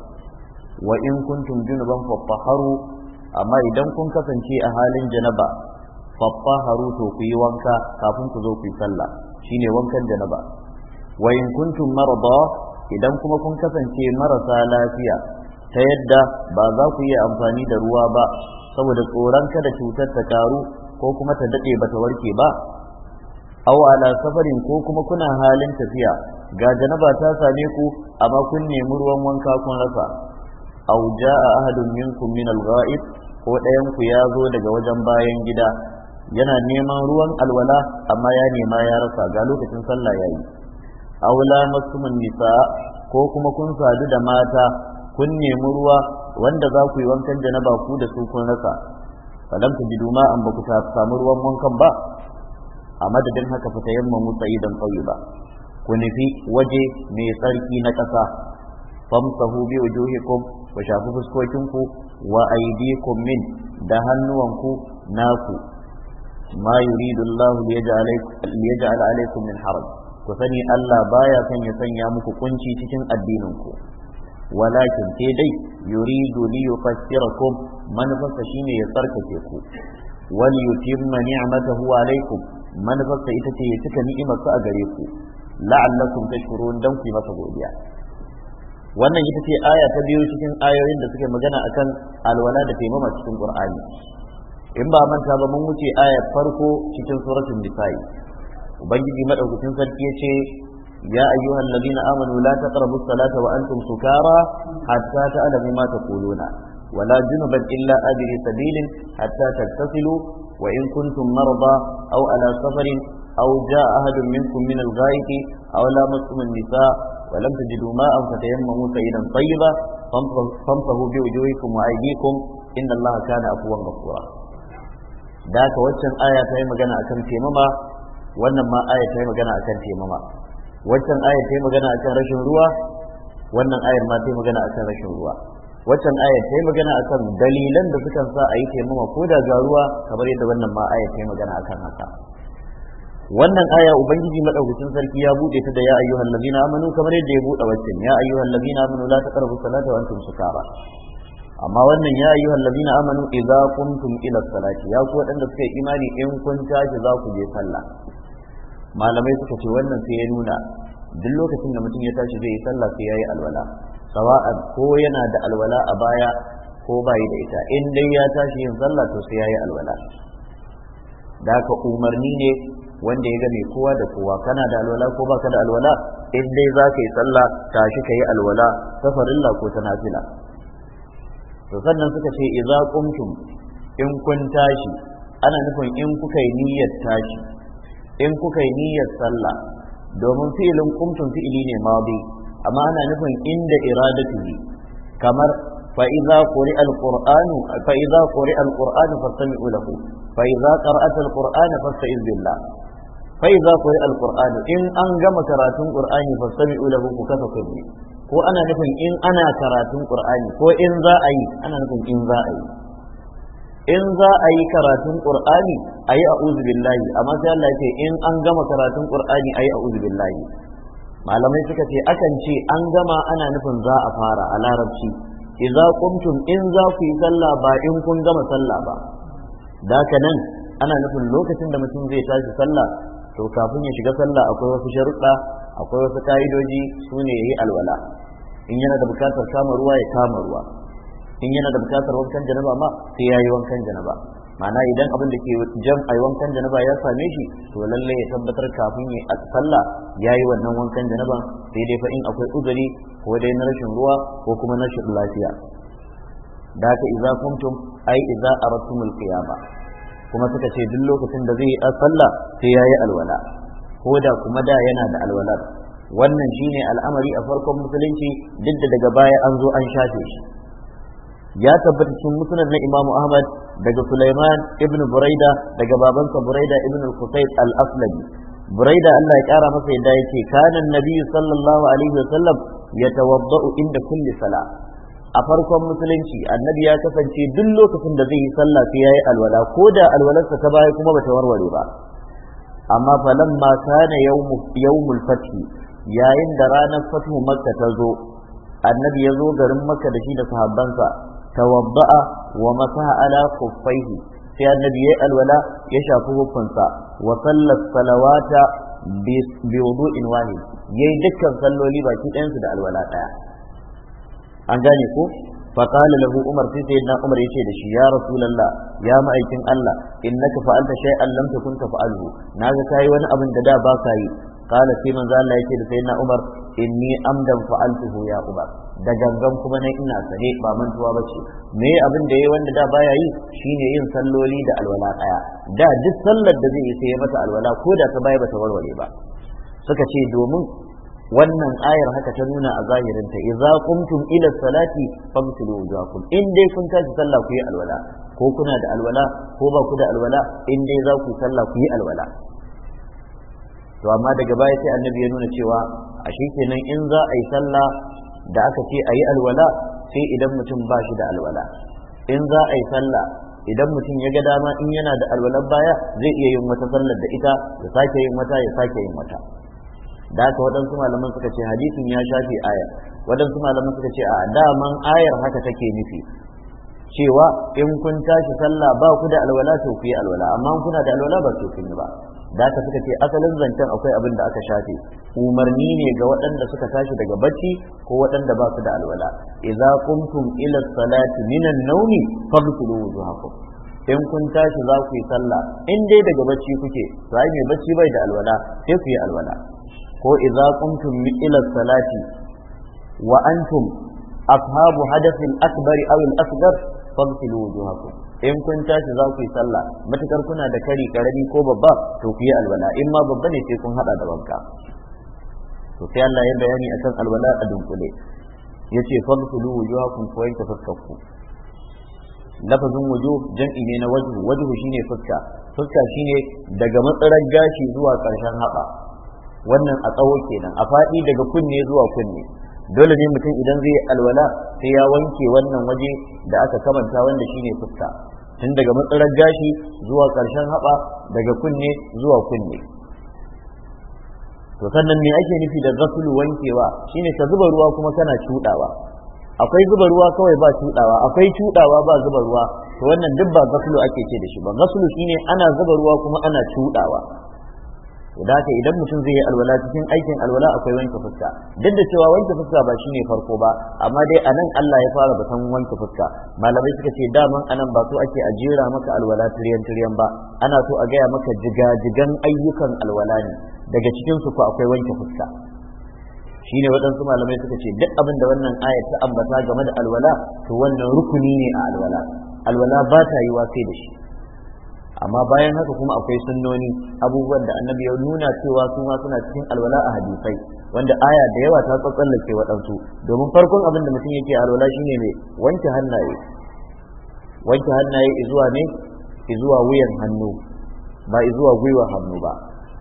wa in kuntum junuban fattaharu amma idan kun kasance a halin janaba Haru to ku yi wanka kafin ku zo ku yi sallah shine wankan da na ba wa in kuntum marada idan kuma kun kasance marasa lafiya ta yadda ba za ku yi amfani da ruwa ba saboda tsoron kada cutar ta karu ko kuma ta dade ta warke ba aw ala safarin ko kuma kuna halin tafiya ga janaba ta same ku amma kun nemi ruwan wanka kun rasa aw jaa ahadun minkum min al-gha'ib ko ɗayan ku ya zo daga wajen bayan gida yana neman ruwan alwala amma ya nema ya rasa ga lokacin sallah ya yayi aula masumun nisa ko kuma kun sadu da mata kun nemi ruwa wanda za ku yi wankan da ba ku da su kun rasa ku bi duma an baku samu ruwan wankan ba a madadin haka fa tayammamu sayidan ba, ku nufi waje mai tsarki na ƙasa famsahu bi wujuhikum wa shafu ku wa aidikum min da hannuwanku naku ma yuridu Allah liyaj'al alaykum min haraj ku sani Allah baya son ya sanya muku kunci cikin addinin ku walakin sai dai yuridu li yufassirakum manufarsa shine ya tsarkake ku wal yutimma ni'matahu alaykum manufarsa ita ce ya cika ni'imarsa a gare ku la'allakum tashkurun dan ku masa godiya wannan ita ce aya ta biyu cikin ayoyin da suke magana a kan alwala da taimama cikin qur'ani in ba manta ba mun wuce aya farko cikin suratul nisa'i ubangiji madaukakin sarki ya ce ya ayyuha alladhina amanu la taqrabu as-salata wa antum sukara hatta ta'lamu ma taquluna wala junuban illa abiri sabilin hatta tattasilu wa in kuntum marda aw ala safarin aw jaa ahadun minkum min al-ghaibi aw la masum nisa wa lam tajidu ma'an fatayammamu sayyidan tayyiba fantahu bi wujuhikum wa aydikum inna allaha kana afuwan ghafura da haka waccan aya ta yi magana akan taimama wannan ma aya ta yi magana akan taimama waccan aya ta yi magana akan rashin ruwa wannan ayar ma ta yi magana akan rashin ruwa waccan aya ta yi magana akan dalilan da sukan sa a yi taimama ko da ga ruwa kamar yadda wannan ma aya ta yi magana akan haka wannan aya ubangiji madaukakin sarki ya bude ta da ya ayyuhan ladina amanu kamar yadda ya bude waccan ya ayyuhan ladina amanu la taqrabu salata wa antum sukara amma wannan ya yi hallazina amanu idza kuntum ila salati ya ku waɗanda suka yi imani in kun tashi za ku je sallah malamai suka ce wannan sai ya nuna duk lokacin da mutum ya tashi zai yi sallah sai ya yi alwala sawa'a ko yana da alwala a baya ko bai da ita in dai ya tashi yin sallah to sai ya yi alwala da ka umarni ne wanda ya gane kowa da kowa kana da alwala ko baka da alwala in dai za ka yi sallah tashi ka yi alwala safarin ko ta nafila to sannan suka ce idza kumtum, in kun tashi ana nufin in kuka yi niyyar tashi in kuka yi niyyar sallah domin fi'ilin qumtum fi'ili ne madi amma ana nufin inda iradatihi kamar فإذا قرئ القرآن فإذا قرئ القرآن فاستمعوا له فإذا قرأت القرآن فاستعذ بالله فإذا قرئ القرآن إن أنجم قراءة القرآن ku له كتب ko ana nufin in ana karatun qur'ani ko in za a yi ana nufin in za a yi in za a yi karatun qur'ani a yi a billahi amma sai Allah ce in an gama karatun qur'ani a yi a billahi malamai suka ce akan ce an gama ana nufin za a fara a larabci idza qumtum in za ku yi sallah ba in kun gama sallah ba daka nan ana nufin lokacin da mutum zai tashi sallah to kafin ya shiga sallah akwai wasu sharuɗa akwai wasu ka'idoji su ne yi alwala in yana da bukatar kama ruwa ya kama ruwa in yana da bukatar wankan janaba ma sai yayi wankan janaba ma'ana idan abin da ke jan a wankan janaba ya same shi to lallai ya tabbatar kafin ya sallah yi wannan wankan janaba sai dai fa in akwai uzuri ko dai na rashin ruwa ko kuma na rashin lafiya da ka iza kuntum ai iza aratumul qiyama kuma suka ce duk lokacin da zai yi sallah sai yayi alwala ko da kuma da yana da alwalar wannan shine al'amari a farkon musulunci duk da daga baya an zo an shafe shi ya tabbata cikin musnad na Imam Ahmad daga Sulaiman ibn Buraida daga babansa Buraida ibn al-Qusayt al-Aslami Buraida Allah ya kara masa yadda yake kana Nabi sallallahu alaihi wasallam yatawadda'u inda kulli sala a farkon musulunci annabi ya kasance duk lokacin da zai yi sallah sai yayi alwala ko da alwalarsa ta baya kuma bata warware ba amma ma kana yawmul fathi yayin da ranar fathu makka ta zo annabi ya zo garin makka da shi da sahabbansa tawadda'a wa masaha ala kuffaihi sai annabi ya alwala ya shafi hukunsa wa sallat salawata bi wudu'in wahid yayi dukkan salloli baki ɗayansu da alwala ɗaya an gane ko فقال له عمر في سيدنا عمر يشي دشي يا رسول الله يا مأيكين الله إنك فعلت شيئا لم تكن تفعله ناغا كاي وانا أبن ددا باكاي قال في من ذا الله يشي سيدنا عمر إني أمدا فعلته يا عمر da gangan kuma na ina sane ba mantuwa ba ce me abin da yayi wanda da baya yi shine yin salloli da alwala daya da duk sallar da zai yi sai ya mata alwala ko da ta baya bata warware ba suka ce domin wannan ayar haka ta nuna a zahirin ta idza qumtum ila salati famsilu wujuhakum in dai kun tashi sallah ku yi alwala ko kuna da alwala ko ba ku da alwala in dai za ku sallah ku yi alwala to amma daga baya sai annabi ya nuna cewa a kenan in za a yi sallah da aka ce a yi alwala sai idan mutum ba shi da alwala in za a yi sallah idan mutum ya ga dama in yana da alwalar baya zai iya yin wata sallar da ita ya sake yin wata ya sake yin wata da haka waɗansu malaman suka ce hadisin ya shafi aya waɗansu malaman suka ce a daman ayar haka take nufi cewa in kun tashi sallah ba ku da alwala to ku yi alwala amma in kuna da alwala ba to kun yi ba da haka suka ce asalin zancen akwai abin da aka shafe umarni ne ga waɗanda suka tashi daga bacci ko waɗanda ba su da alwala idza qumtum ila salati minan nawmi faghsilu wujuhakum in kun tashi za ku yi sallah in dai daga bacci kuke to ai mai bacci bai da alwala sai ku yi alwala ko idza qumtum ila salati wa antum ashabu hadathin akbari aw al-asghar faghsilu wujuhakum in kun tashi za ku yi sallah matukar kuna da kari karami ko babba to ku yi alwala in ma babba ne sai kun hada da wanka to sai Allah ya bayani akan alwala a dunkule yace faghsilu wujuhakum ku yanka fuskarku lafazin wuju jam'i ne na wajhu wajhu shine fuska fuska shine daga matsarar gashi zuwa karshen haba wannan a tsawo kenan a faɗi daga kunne zuwa kunne dole ne mutum idan zai alwala sai ya wanke wannan waje da aka kamanta wanda shine fuska tun daga matsalar gashi zuwa ƙarshen haɓa daga kunne zuwa kunne to sannan me ake nufi da gasulu wankewa shine ka zuba ruwa kuma kana cuɗawa akwai zuba ruwa kawai ba cuɗawa akwai cuɗawa ba zuba ruwa to wannan duk ba gasulu ake ce da shi ba gasulu shine ana zuba ruwa kuma ana cuɗawa da haka idan mutum zai yi alwala cikin aikin alwala akwai wanke fuska duk da cewa wanke fuska ba shine farko ba amma dai anan Allah ya fara batan wanke fuska malamai suka ce daman anan ba so ake a jera maka alwala tiryan tiryan ba ana so a gaya maka jigajigan ayyukan alwala ne daga cikin su ko akwai wanke fuska shine waɗansu malamai suka ce duk abin da wannan aya ta ambata game da alwala to wannan rukuni ne a alwala alwala ba ta yi sai da shi amma bayan haka kuma akwai sunnoni abubuwan da annabi ya nuna cewa su ma suna cikin alwala a hadisai wanda aya da yawa ta tsatsallake waɗansu domin farkon abin da mutum yake alwala shine ne wanke hannaye wanke hannaye izuwa ne izuwa wuyan hannu ba izuwa gwiwa hannu ba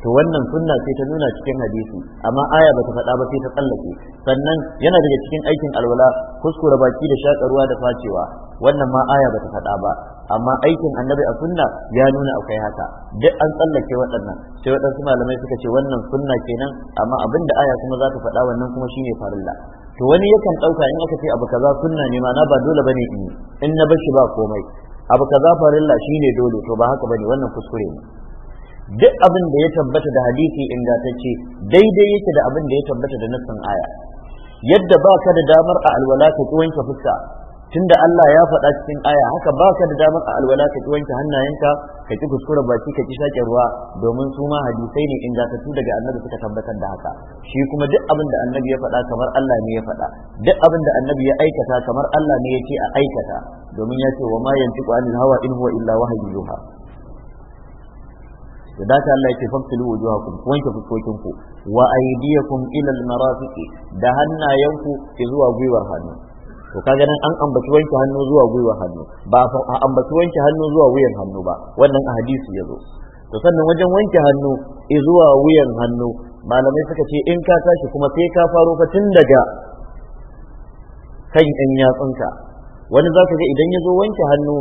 to wannan sunna sai ta nuna cikin hadisi amma aya bata faɗa ba sai ta tsallake sannan yana daga cikin aikin alwala kuskure baki da shaƙa ruwa da facewa wannan ma aya bata faɗa ba amma aikin annabi a sunna ya nuna akwai haka duk an tsallake waɗannan sai waɗansu malamai suka ce wannan sunna kenan amma abin da aya kuma za ta faɗa wannan kuma shine farilla to wani yakan ɗauka in aka ce abu kaza sunna ne ma na ba dole bane in in na bashi ba komai abu kaza farilla shine dole to ba haka bane wannan kuskure ne duk abin da ya tabbata da hadisi ingantacce daidai yake da abin da ya tabbata da nassin aya yadda ba ka da damar a alwala ka ki wanke fuska tunda Allah ya faɗa cikin aya haka ba ka da damar a alwala ka ki wanke hannayenka ka ki kuskura baki ka ki sake ruwa domin su ma hadisai ne ingantattu daga annabi suka tabbatar da haka shi kuma duk abin da annabi ya faɗa kamar Allah ne ya faɗa duk abin da annabi ya aikata kamar Allah ne ya ce a aikata domin ya ce wa ma yantiqu anil hawa in huwa illa wahyu yuha to da ka Allah yake faktilu wujuhakum ku wanke fuskokin ku wa aydiyakum ila almarafiqi da hannayenku zuwa gwiwar hannu to kaga nan an ambaci wanke hannu zuwa gwiwar hannu ba a ambaci wanke hannu zuwa wuyan hannu ba wannan a hadisi yazo to sannan wajen wanke hannu zuwa wuyan hannu malamai suka ce in ka tashi kuma sai ka faro ka tun daga kan ya yatsunka wani za ka ga idan ya zo wanke hannu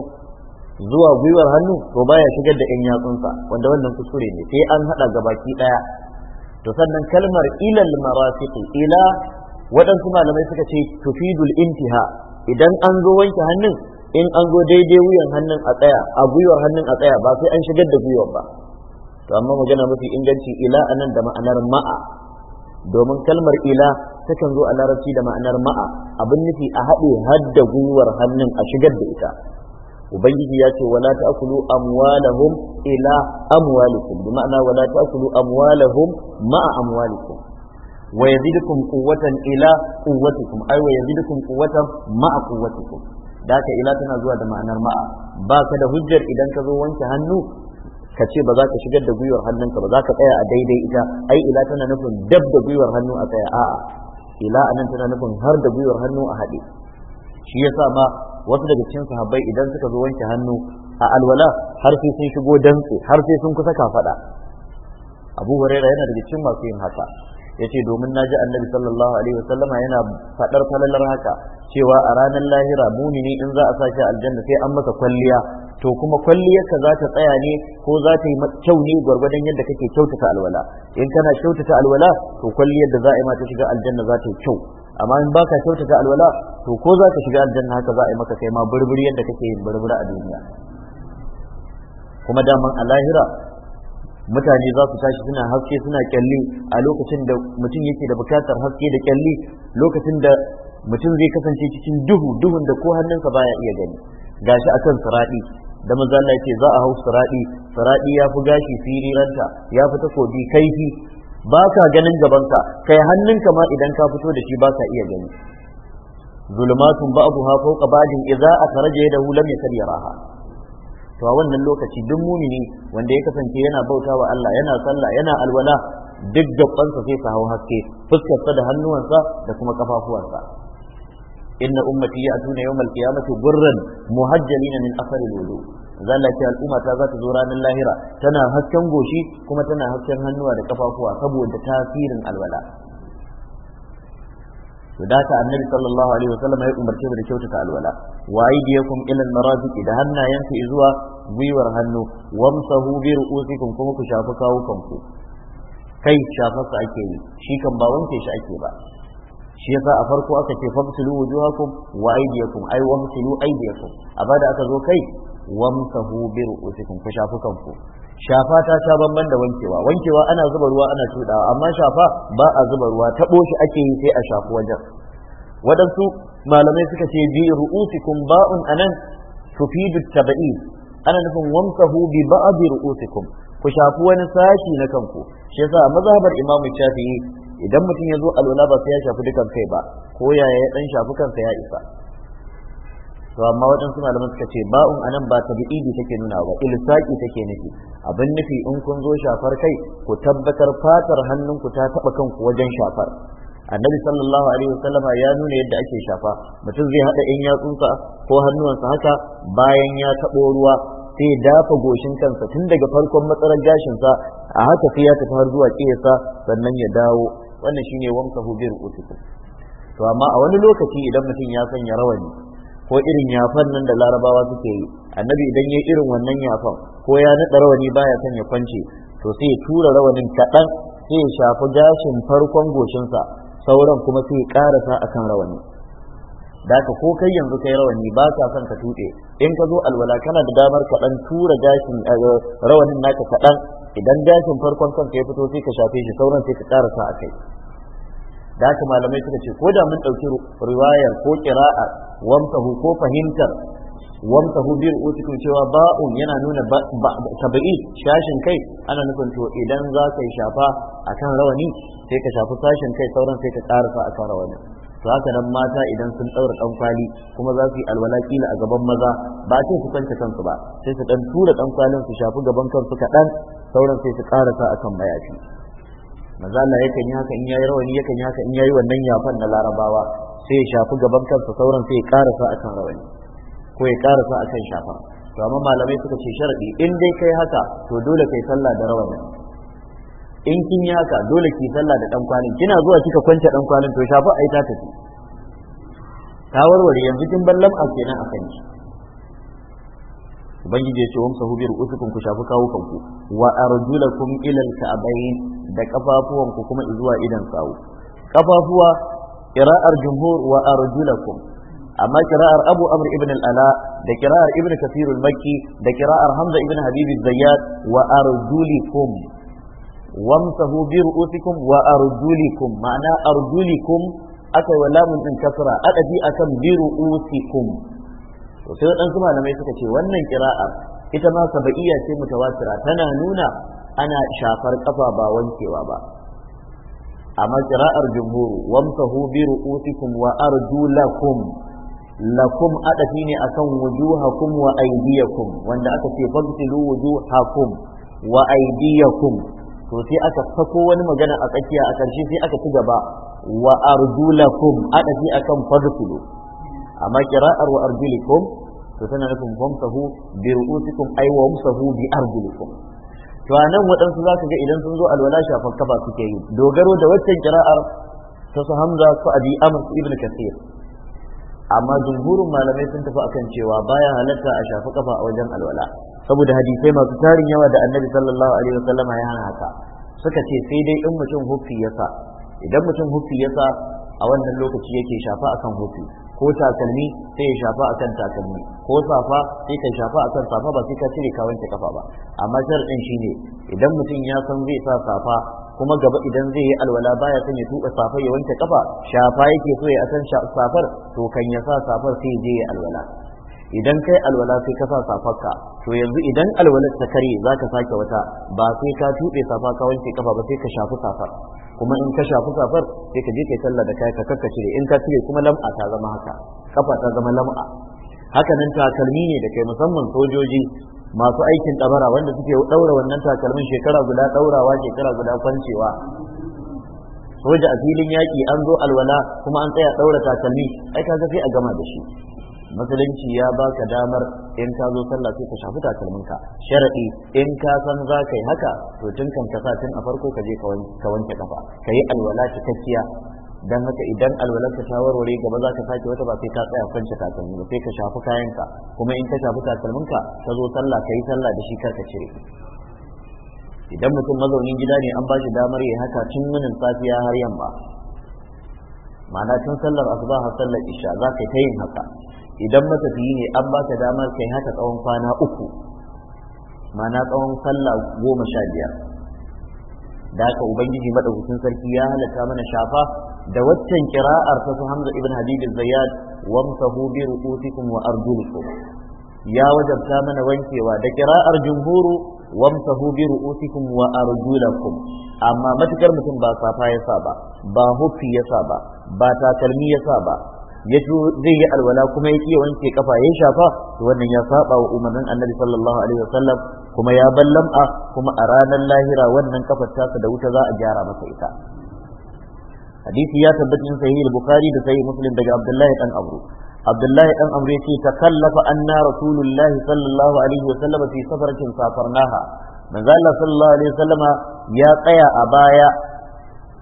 zuwa gwiwar hannu to baya shigar da 'yan yatsunsa wanda wannan kuskure ne sai an haɗa gabaki ɗaya to sannan kalmar ilal marafiqi ila waɗansu malamai suka ce tufidul intiha idan an zo wanke hannun in an zo daidai wuyan hannun a tsaya a gwiwar hannun a tsaya ba sai an shigar da gwiwar ba to amma magana mafi inganci ila anan da ma'anar ma'a domin kalmar ila takan zo a larabci da ma'anar ma'a abin nufi a haɗe hadda gwiwar hannun a shigar da ita ubangiji ya ce wala ta'kulu amwalahum ila amwalikum bi ma'ana wala ta'kulu amwalahum ma'a amwalikum wa yazidukum quwwatan ila quwwatikum ay wa yazidukum quwwatan ma'a quwwatikum da ka ila tana zuwa da ma'anar ma'a ba ka da hujjar idan ka zo wanke hannu ka ce ba za ka shigar da gwiwar hannunka ba za ka tsaya a daidai ita ai ila tana nufin dab da gwiwar hannu a tsaya a'a ila anan tana nufin har da gwiwar hannu a haɗe shi yasa ma wasu daga cikin sahabbai idan suka zo wanke hannu a alwala har sai sun shigo dantse har sai sun kusa kafada abu huraira yana daga cikin masu yin haka yace domin naji annabi sallallahu alaihi wasallama yana fadar falalar haka cewa a ranar lahira mumini in za a sashi aljanna sai an masa kwalliya to kuma kwalliyarka za ta tsaya ne ko za ta yi kyau ne gwargwadon yadda kake kyautata alwala in kana kyautata alwala to kwalliyar da za a yi ma ta shiga aljanna za ta yi kyau amma in baka kyautata alwala to ko za ka shiga aljanna haka za a yi maka kai ma burburi yadda kake yin burburi a duniya kuma daman a lahira mutane za su tashi suna haske suna kyalli a lokacin da mutum yake da bukatar haske da kyalli lokacin da mutum zai kasance cikin duhu duhun da ko hannunsa baya iya gani gashi kan siradi da manzo Allah yake za a hau siradi siradi ya fi gashi firiranta ya fi takobi kaifi ba ka ganin gabanka kai hannunka ma idan ka fito da shi ba ka iya gani zulumatun ba'dha fawqa a idza da yadahu ya karya raha. to a wannan lokaci duk mumini wanda ya kasance yana bauta wa Allah yana sallah yana alwala duk gabansa sai ka hau haske fuskarsa da hannuwansa da kuma kafafuwansa inna ummati ya'tuna yawmal qiyamati gurran muhajjalina min asari wudu' zalla ce al'umma ta za ta zo ranar lahira tana hasken goshi kuma tana hasken hannuwa da kafafuwa saboda tasirin alwala to da ta annabi sallallahu alaihi wasallam ya umarce mu da kyautata alwala wa aydiyakum ila almarafiqi da hannayenku zuwa gwiwar hannu wamsahu bi ru'usikum kuma ku shafi kawukan ku kai shafarsa ake yi shi kan ba wanke shi ake ba shi yasa a farko aka ce famsilu wujuhakum wa aydiyakum ay wamsilu aydiyakum a bada aka zo kai wamsahu bi ru'usikum ku shafi kanku shafa ta sha bamban da wankewa wankewa ana zuba ruwa ana cudawa amma shafa ba a zuba ruwa tabo shi ake yi sai a shafi wajen waɗansu malamai suka ce bi ru'usikum ba'un anan tufidu tabi'i ana nufin wamsahu bi ba'd ru'usikum ku shafi wani sashi na kanku shi yasa mazhabar imamu shafi'i idan mutum ya zo alwala ba sai ya shafi dukan kai ba ko yaya ya dan shafi kansa ya isa to amma waɗansu malaman suka ce ba'un anan ba ta ibi take nuna ba ilsaki take nufi abin nufi in kun zo shafar kai ku tabbatar fatar hannunku ta taɓa kanku wajen shafar annabi sallallahu alaihi wasallama ya nuna yadda ake shafa mutum zai haɗa yan yatsunsa ko hannuwansa haka bayan ya taɓo ruwa sai dafa goshin kansa tun daga farkon matsalar gashinsa a haka sai ya tafi har zuwa ƙesa sannan ya dawo wannan shine wanka bi ru'usikum to amma a wani lokaci idan mutum ya sanya rawani ko irin yafan nan da larabawa suke yi annabi idan ya irin wannan yafan ko ya naɗa rawani baya son ya kwance to sai ya tura rawanin kaɗan sai ya shafi gashin farkon goshinsa sauran kuma sai ya ƙarasa a kan rawani da ka ko kai yanzu kai rawani ba ka son ka tuɗe in ka zo alwala kana da damar kaɗan tura gashin eh, rawanin naka kaɗan idan gashin farkon kanka ya fito sai ka shafe shi sauran sai ka ƙarasa a kai da haka malamai suka ce ko da mun ɗauki riwayar ko ƙira'ar wamsahu ko fahimtar wamsahu bi ru'utikum cewa ba'un yana nuna tabi'i shashin kai ana nufin to idan za ka yi shafa akan rawani sai ka shafi sashin kai sauran sai ka karasa kan rawani to haka nan mata idan sun ɗaura ɗan kwali kuma za su yi alwala kila a gaban maza ba sai su kwance kansu ba sai su ɗan tura ɗan kwalin su shafi gaban kansu kaɗan sauran sai su karasa akan mayafi Mazalla Allah yakan yi haka in yayi rawani yakan yi haka in yayi wannan yafan na larabawa sai ya shafi gaban kansa sauran sai ya karasa akan rawani ko ya karasa akan shafa to amma malamai suka ce sharadi in dai kai haka to dole kai sallah da rawani in kin yi haka dole ki sallah da dan kwanin kina zuwa kika kwance dan kwanin to shafa ai ta tafi ta warware yanzu kin ballam a kenan a shi ubangiji ya ce wamsahu bi usukun ku shafi kawo kanku wa arjulakum ila al-ka'bayn da ƙafafuwanku kuma zuwa idan sawu kafafuwa ƙira'ar jumhur wa arjulakum amma ƙira'ar abu amr ibn al-ala da ƙira'ar ibn kathir al-makki da ƙira'ar hamza ibn habib az-zayyad wa arjulikum wamsahu bi ru'usikum wa arjulikum ma'ana arjulikum akai wa lamun din kasra adabi akan bi ru'usikum to sai wadansu malamai suka ce wannan ƙira'ar. ita ma sabaiya ce mutawatira tana nuna ana shafar kafa ba wankewa ba amma qira'ar jumhuru wamsahu bi ru'usikum wa arjulakum lakum adafi ne akan wujuhakum wa aydiyakum wanda aka ce fagsilu wujuhakum wa aydiyakum to sai aka sako wani magana a tsakiya a ƙarshe sai aka ci gaba wa arjulakum adafi akan fagsilu amma qira'ar wa arjulikum to tana nufin famsahu bi ru'usikum ay wa bi arjulikum to anan waɗansu za ka ga idan sun zo alwala shafar kafa suke yi dogaro da waccan kira'ar ta su hamza su abi amr su ibn kasir amma jumhurin malamai sun tafi akan cewa baya halatta a shafa kafa a wajen alwala saboda hadisai masu tarin yawa da annabi sallallahu alaihi wasallam ya hana haka suka ce sai dai in mutum hufi ya idan mutum hufi yasa a wannan lokaci yake shafa akan hufi ko takalmi sai ya shafa akan takalmi ko safa sai ka shafa akan safa ba sai ka cire ka wanke kafa ba amma shi shine idan mutum ya san zai sa safa kuma gaba idan zai yi alwala baya son ya tuka safar ya wanke kafa shafa yake so ya san safar to kan ya sa safar sai je ya alwala idan kai alwala sai ka sa safar ka, to yanzu idan alwalar ta kare zaka sake wata ba sai ka tuɓe safa ka wanke kafa ba sai ka shafi safar kuma in ka shafi safar sai ka je ka sallah da kai ka kakka cire in ka cire kuma lam'a ta zama haka kafa ta zama lam'a haka nan takalmi ne da kai musamman sojoji masu aikin ɗabara wanda suke daura wannan takalmin shekara guda daurawa shekara guda kwancewa soja a filin yaƙi an zo alwala kuma an tsaya daura takalmi ai kaga sai a gama da shi musulunci ya ba ka damar in ka zo sallah sai ka shafi takalminka sharadi in ka san za ka yi haka to tun kan ka sa tun a farko ka je ka wanke kafa ka yi alwala cikakkiya dan haka idan alwala ta warware gaba za ka sake wata ba sai ka tsaya kwance takalmin ba sai ka shafi kayanka kuma in ka shafi takalminka ka zo sallah ka yi sallah da shi karka cire idan mutum mazaunin gida ne an ba shi damar ya haka tun munin safiya har yamma Mana tun sallar asuba har sallar isha za ka ta yin haka idan matafiyi ne an ba ka damar kai haka tsawon kwana uku mana tsawon sallah goma sha biyar da haka ubangiji madaukakin sarki ya halatta mana shafa da waccan kira'ar ta su hamza ibn habib zayyad wamsahu bi ru'usikum wa arjulukum ya wajabta mana wankewa da kira'ar jumhuru wamsahu bi ru'usikum wa arjulakum amma matukar mutum ba safa ya sa ba ba hufi ya sa ba ba takalmi ya sa ba ya zai yi alwala kuma ya kiya wanke kafa ya shafa to wannan ya saba wa umarnin annabi sallallahu alaihi wasallam kuma ya ballam a kuma a ranar lahira wannan kafar tasa da wuta za a gyara masa ita hadisi ya tabbata in sahih al-bukhari da sahih muslim daga abdullahi dan amru abdullahi dan amru ya yace takallafa anna rasulullahi sallallahu alaihi wasallam fi safaratin safarnaha manzo Allah sallallahu alaihi wasallama ya tsaya a baya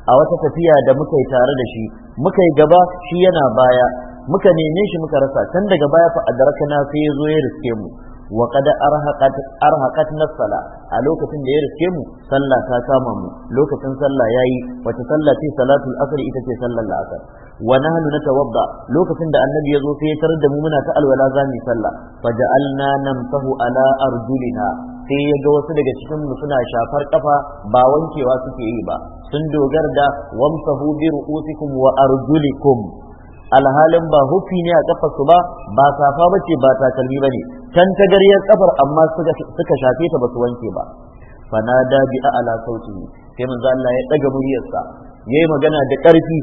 a wata tafiya da muka yi tare da shi muka yi gaba shi yana baya muka neme shi muka rasa can daga baya fa na sai ya zo ya riske mu wa qad arhaqat arhaqat nasala a lokacin da ya riske mu sallah ta kama mu lokacin sallah yayi wata sallah ce salatul asr ita ce sallar asr wa nahnu natawadda lokacin da annabi ya zo sai ya tarar da mu muna ta alwala za mu sallah faja'alna namtahu ala arjulina sai ya ga wasu daga cikin suna shafar kafa ba wankewa suke yi ba sun dogara da wamsahu bi ru'usikum wa arjulikum alhalin ba hufi ne a kafa su ba ba safa bace ba takalmi bane ta gariyar kafar amma suka shafe ta su wanke ba fanada bi a'la sautin sai manzo Allah ya daga muryarsa yayi magana da ƙarfi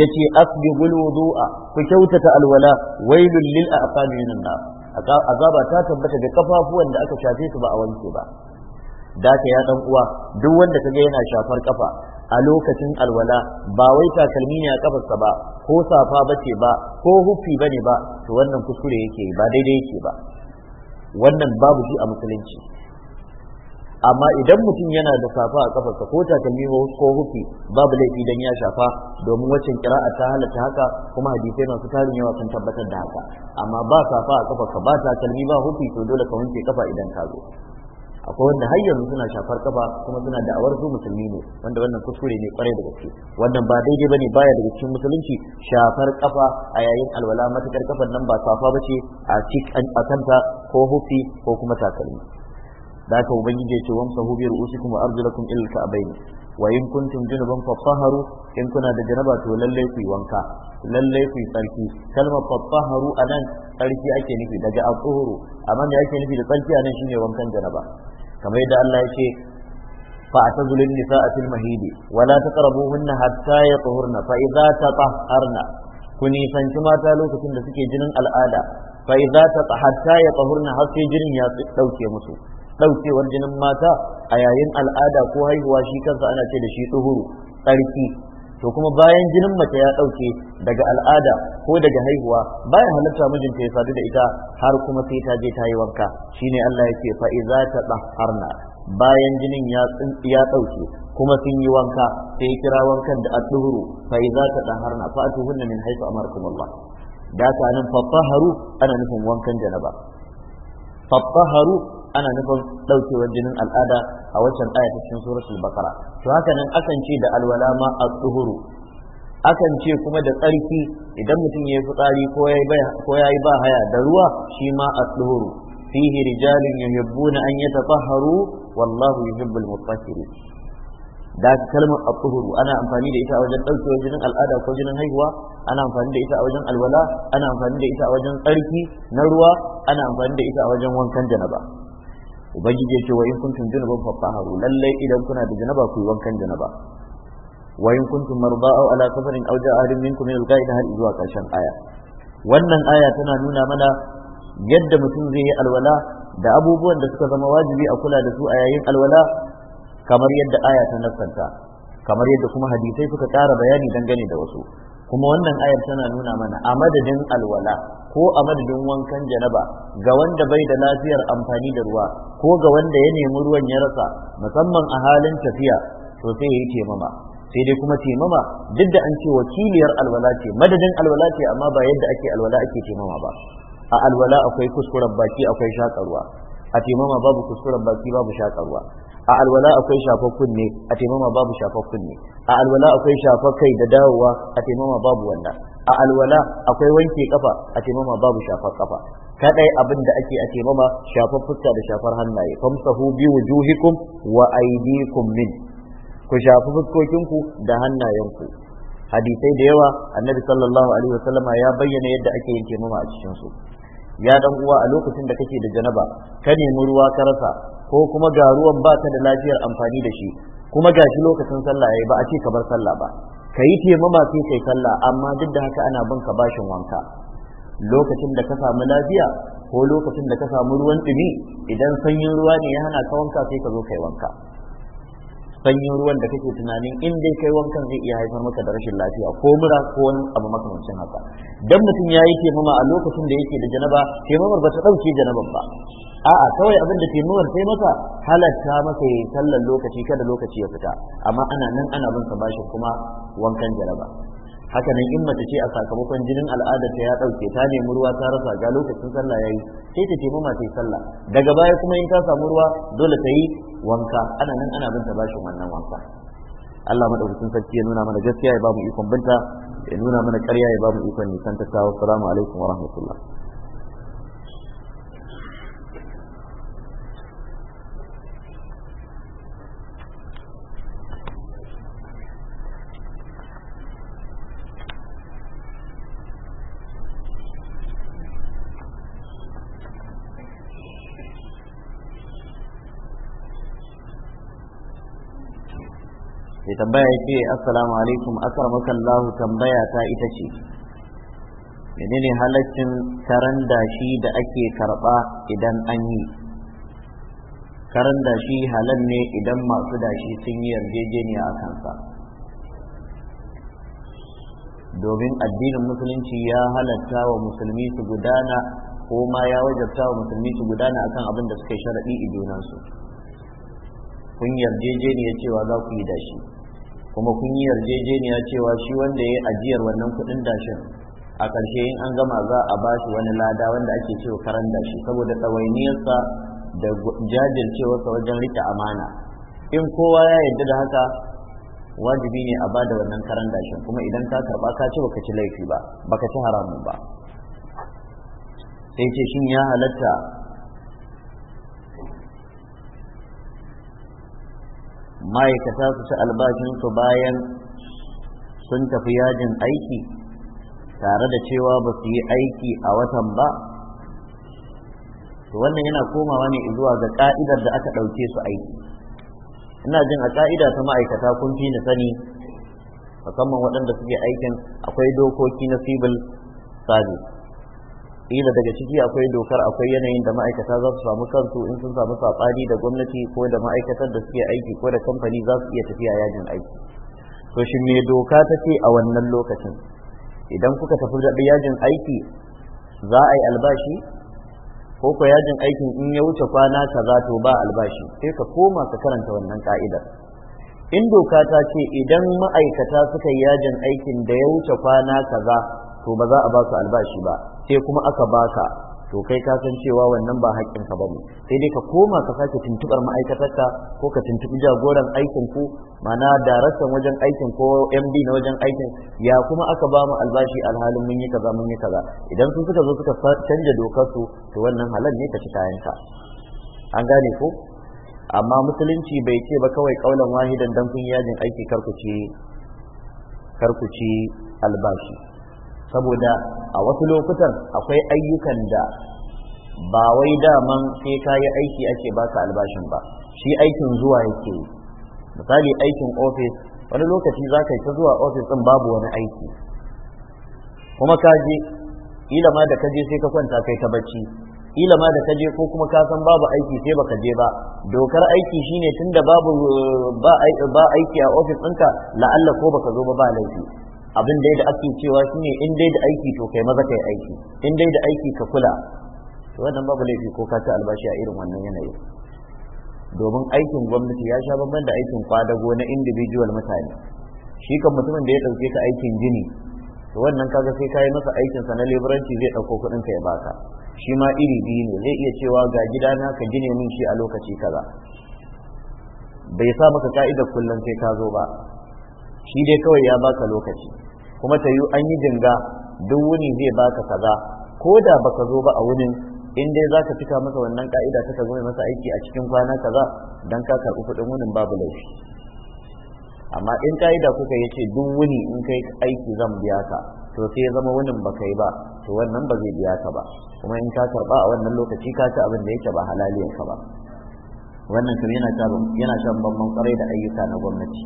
yace asbi a ku kyautata alwala wailul lil aqabi minan nar azaba ta tabbata ga kafafuwan da aka shafe su ba a wanke ba da ka ya dan uwa duk wanda kaga yana shafar kafa a lokacin alwala ba wai takalmi ne a kafarsa ba ko safa bace ba ko huffi bane ba to wannan kuskure yake ba daidai yake ba wannan babu shi a musulunci amma idan mutum yana da safa a kafarsa ko takalmi ko hufi babu laifi dan ya shafa domin waccan a ta halatta haka kuma hadisai masu tarin yawa sun tabbatar da haka amma ba safa a kafarsa ba takalmi ba hufi to dole ka wanke kafa idan ka zo akwai wanda har yanzu suna shafar kafa kuma suna da'awar su musulmi ne wanda wannan kuskure ne kwarai da gaske wannan ba daidai bane baya daga cikin musulunci shafar kafa a yayin alwala matakar kafan nan ba safa bace a cikin a kanta ko hufi ko kuma takalmi da haka ubangiji ya ce wamsahu bi ru'usikum wa arjulakum ila al-ka'bayn wa in kuntum junuban fatahharu in kuna da janaba to lalle ku wanka lalle ku tsarki kalmar fatahharu anan tsarki ake nufi daga al-tuhuru amma me ake nufi da tsarki anan shine wankan janaba kamar yadda Allah ya ce فاعتزلوا النساء في المهيد ولا تقربوهن حتى يطهرن فإذا تطهرن Ku nisanci mata lokacin da suke jinin al'ada fa idza tatahhatta yatahurna har sai jinin ya dauke musu ɗaukewar jinin mata a yayin al'ada ko haihuwa shi kansa ana ce da shi tsuhuru tsarki to kuma bayan jinin mace ya ɗauke daga al'ada ko daga haihuwa bayan halatta mijinta ya sadu da ita har kuma sai ta je ta yi wanka shine Allah ya ce fa iza ta tsaharna. bayan jinin ya ya dauke kuma sun yi wanka sai kira wankan da adduhuru fa iza ta tsaharna. fa atuhunna min haythu Allah da ta nan fa ana nufin wankan janaba fa ana nufin daukewar jinin al'ada a waccan aya ta cikin suratul baqara to haka nan akan ce da alwala ma at-tuhuru akan ce kuma da tsarki idan mutum ya yi fitsari ko ya yi ba haya da ruwa shi ma at-tuhuru fihi rijalun yuhibbuna an yatatahharu wallahu yuhibbul mutatahhirin da kalmar at-tuhuru ana amfani da ita a wajen daukewar jinin al'ada ko jinin haihuwa ana amfani da ita a wajen alwala ana amfani da ita a wajen tsarki na ruwa ana amfani da ita a wajen wankan janaba ubangiji ya ce wa in kuntum junuban fattaharu lallai idan kuna da janaba ku yi wankan janaba wa in kuntum marda aw ala safarin aw ja'a ahadun minkum min al-ghaid har zuwa karshen aya wannan aya tana nuna mana yadda mutum zai yi alwala da abubuwan da suka zama wajibi a kula da su a yayin alwala kamar yadda aya ta nassanta kamar yadda kuma hadisai suka ƙara bayani dangane da wasu kuma wannan ayar tana nuna mana a madadin alwala ko a madadin wankan janaba ga wanda bai da lafiyar amfani da ruwa ko ga wanda ya nemi ruwan ya rasa musamman a halin tafiya to sai ya yi taimama sai dai kuma taimama duk da an ce wakiliyar alwala ce madadin alwala ce amma ba yadda ake alwala ake taimama ba a alwala akwai kuskuren baki akwai shakarwa a taimama babu kuskuren baki babu shakarwa a alwala akwai shafar kunne a taimama babu shafar kunne a alwala akwai shafakai da dawowa a taimama babu wannan a alwala akwai wanke kafa a taimama babu shafar kafa kadai abin da ake a taimama shafar fuska da shafar hannaye famsahu bi wujuhikum wa aydikum min ku shafi fuskokinku da hannayenku hadisai da yawa annabi sallallahu alaihi wasallama ya bayyana yadda ake yin taimama a cikin su ya dan uwa a lokacin da kake da janaba ka nemi ruwa ka rasa ko kuma ga ruwan ba ta da lafiyar amfani da shi kuma ga shi lokacin sallah yayi ba a ce ka sallah ba ka yi taimama sai kai sallah amma duk da haka ana bin ka bashin wanka lokacin da ka samu lafiya ko lokacin da ka samu ruwan dumi idan sanyin ruwa ne ya hana ka wanka sai ka zo kai wanka sanyin ruwan da kake tunanin in dai kai wankan zai iya haifar maka da rashin lafiya ko mura ko wani abu makamancin haka dan mutum yayi taimama a lokacin da yake da janaba taimamar ba ta dauke janaban ba a'a kawai abin da taimamar sai masa halatta maka yayi sallar lokaci kada lokaci ya fita amma ana nan ana bin sa bashi kuma wankan janaba haka nan in mace ce a sakamakon jinin al'adar ta ya dauke ta nemi ruwa ta rasa ga lokacin sallah yayi sai ta ce mama yi sallah daga baya kuma in ta samu ruwa dole ta yi wanka ana nan ana binta bashin wannan wanka Allah madaukakin sarki ya nuna mana gaskiya ya bamu ikon binta ya nuna mana ƙarya ya bamu ikon nisan ta kawo assalamu alaikum wa rahmatullah sai tambaya ya ce assalamu alaikum akramaka Allah tambaya ta ita ce menene halaccin karan dashi da ake karba idan an yi karan dashi halal ne idan masu dashi sun yi yarjejeniya a kansa domin addinin musulunci ya halatta wa musulmi su gudana ko ma ya wajabta wa musulmi su gudana akan abin da suka sharaɗi idonansu kun yarjejeniya cewa za ku yi dashi kuma kun yi yarjejeniya cewa shi wanda ya ajiyar wannan kuɗin dashin a ƙarshe in an gama za a ba shi wani lada wanda ake cewa karan dashi saboda tsawainiyarsa da jajircewarsa wajen riƙe amana in kowa ya yarda da haka wajibi ne a ba da wannan karan dashin kuma idan ka karba ka ce baka ci laifi ba baka ci haramun ba sai ce shin ya halatta ma'aikata su ci albashinsu bayan sun tafi yajin aiki tare da cewa ba su yi aiki a watan ba to wannan yana komawa ne zuwa ga ka'idar da aka ɗauke su aiki ina jin a ka'ida ta ma'aikata kun fi ni sani musamman waɗanda suke aikin akwai dokoki na civil service kila daga ciki akwai dokar akwai yanayin da ma'aikata za su samu kansu in sun samu saɓani da gwamnati ko da ma'aikatar da suke aiki ko da kamfani za su iya tafiya yajin aiki to shi me doka ta ce a wannan lokacin idan kuka tafi da yajin aiki za a yi albashi ko ko yajin aikin in ya wuce kwana kaza to ba albashi sai ka koma ka karanta wannan ka'idar in doka ta ce idan ma'aikata suka yi yajin aikin da ya wuce kwana kaza to ba za a ba su albashi ba sai kuma aka baka to kai ka san cewa wannan ba haƙƙin ka bane sai dai ka koma ka sake tuntuɓar ma'aikatarka ko ka tuntuɓi jagoran aikin ku mana darasan wajen aikin ko md na wajen aikin ya kuma aka ba mu albashi alhalin mun yi kaza mun yi kaza idan su suka zo suka canja dokar su to wannan halal ne ka ci kayanka an gane ko amma musulunci bai ce ba kawai kaulan wahidan dan kun yajin aiki karkuci karkuci albashi saboda a wasu lokutan akwai ayyukan da ba wai daman sai ka yi aiki ake baka albashin ba shi aikin zuwa yake misali aikin ofis wani lokaci za ka yi zuwa ofis ɗin babu wani aiki kuma ka je ila da ka je sai ka kwanta kai ta bacci ila ma da ka je ko kuma ka san babu aiki sai baka je ba dokar aiki shine tunda babu ba aiki a ofis ɗinka la'alla ko baka zo ba ba laifi abin dai da ake cewa ne in dai da aiki to kai maza kai aiki in dai da aiki ka kula to wannan babu laifi ko ka ci albashi a irin wannan yanayi domin aikin gwamnati ya sha bamban da aikin kwadago na individual mutane shi kan mutumin da ya dauke ka aikin gini to wannan kaga sai kai masa aikin sa na leburanci zai dauko kuɗin ka ya baka shi ma iri biyu ne zai iya cewa ga gidana ka gine min shi a lokaci kaza bai sa maka ka'idar kullum sai ka zo ba shi dai kawai ya baka lokaci kuma ta yi an yi jinga duk wuni zai baka kaza ko da baka zo ba a wunin in dai za ka cika masa wannan ka'ida ta zo masa aiki a cikin kwana kaza dan ka karɓi kuɗin wunin babu laifi amma in ka'ida kuka yace duk wuni in kai aiki zan biya ka to sai ya zama wunin ba kai ba to wannan ba zai biya ka ba kuma in ka karɓa a wannan lokaci ka ci abin da yake ba halaliyar ka ba wannan kuma yana shan bamban kwarai da ayyuka na gwamnati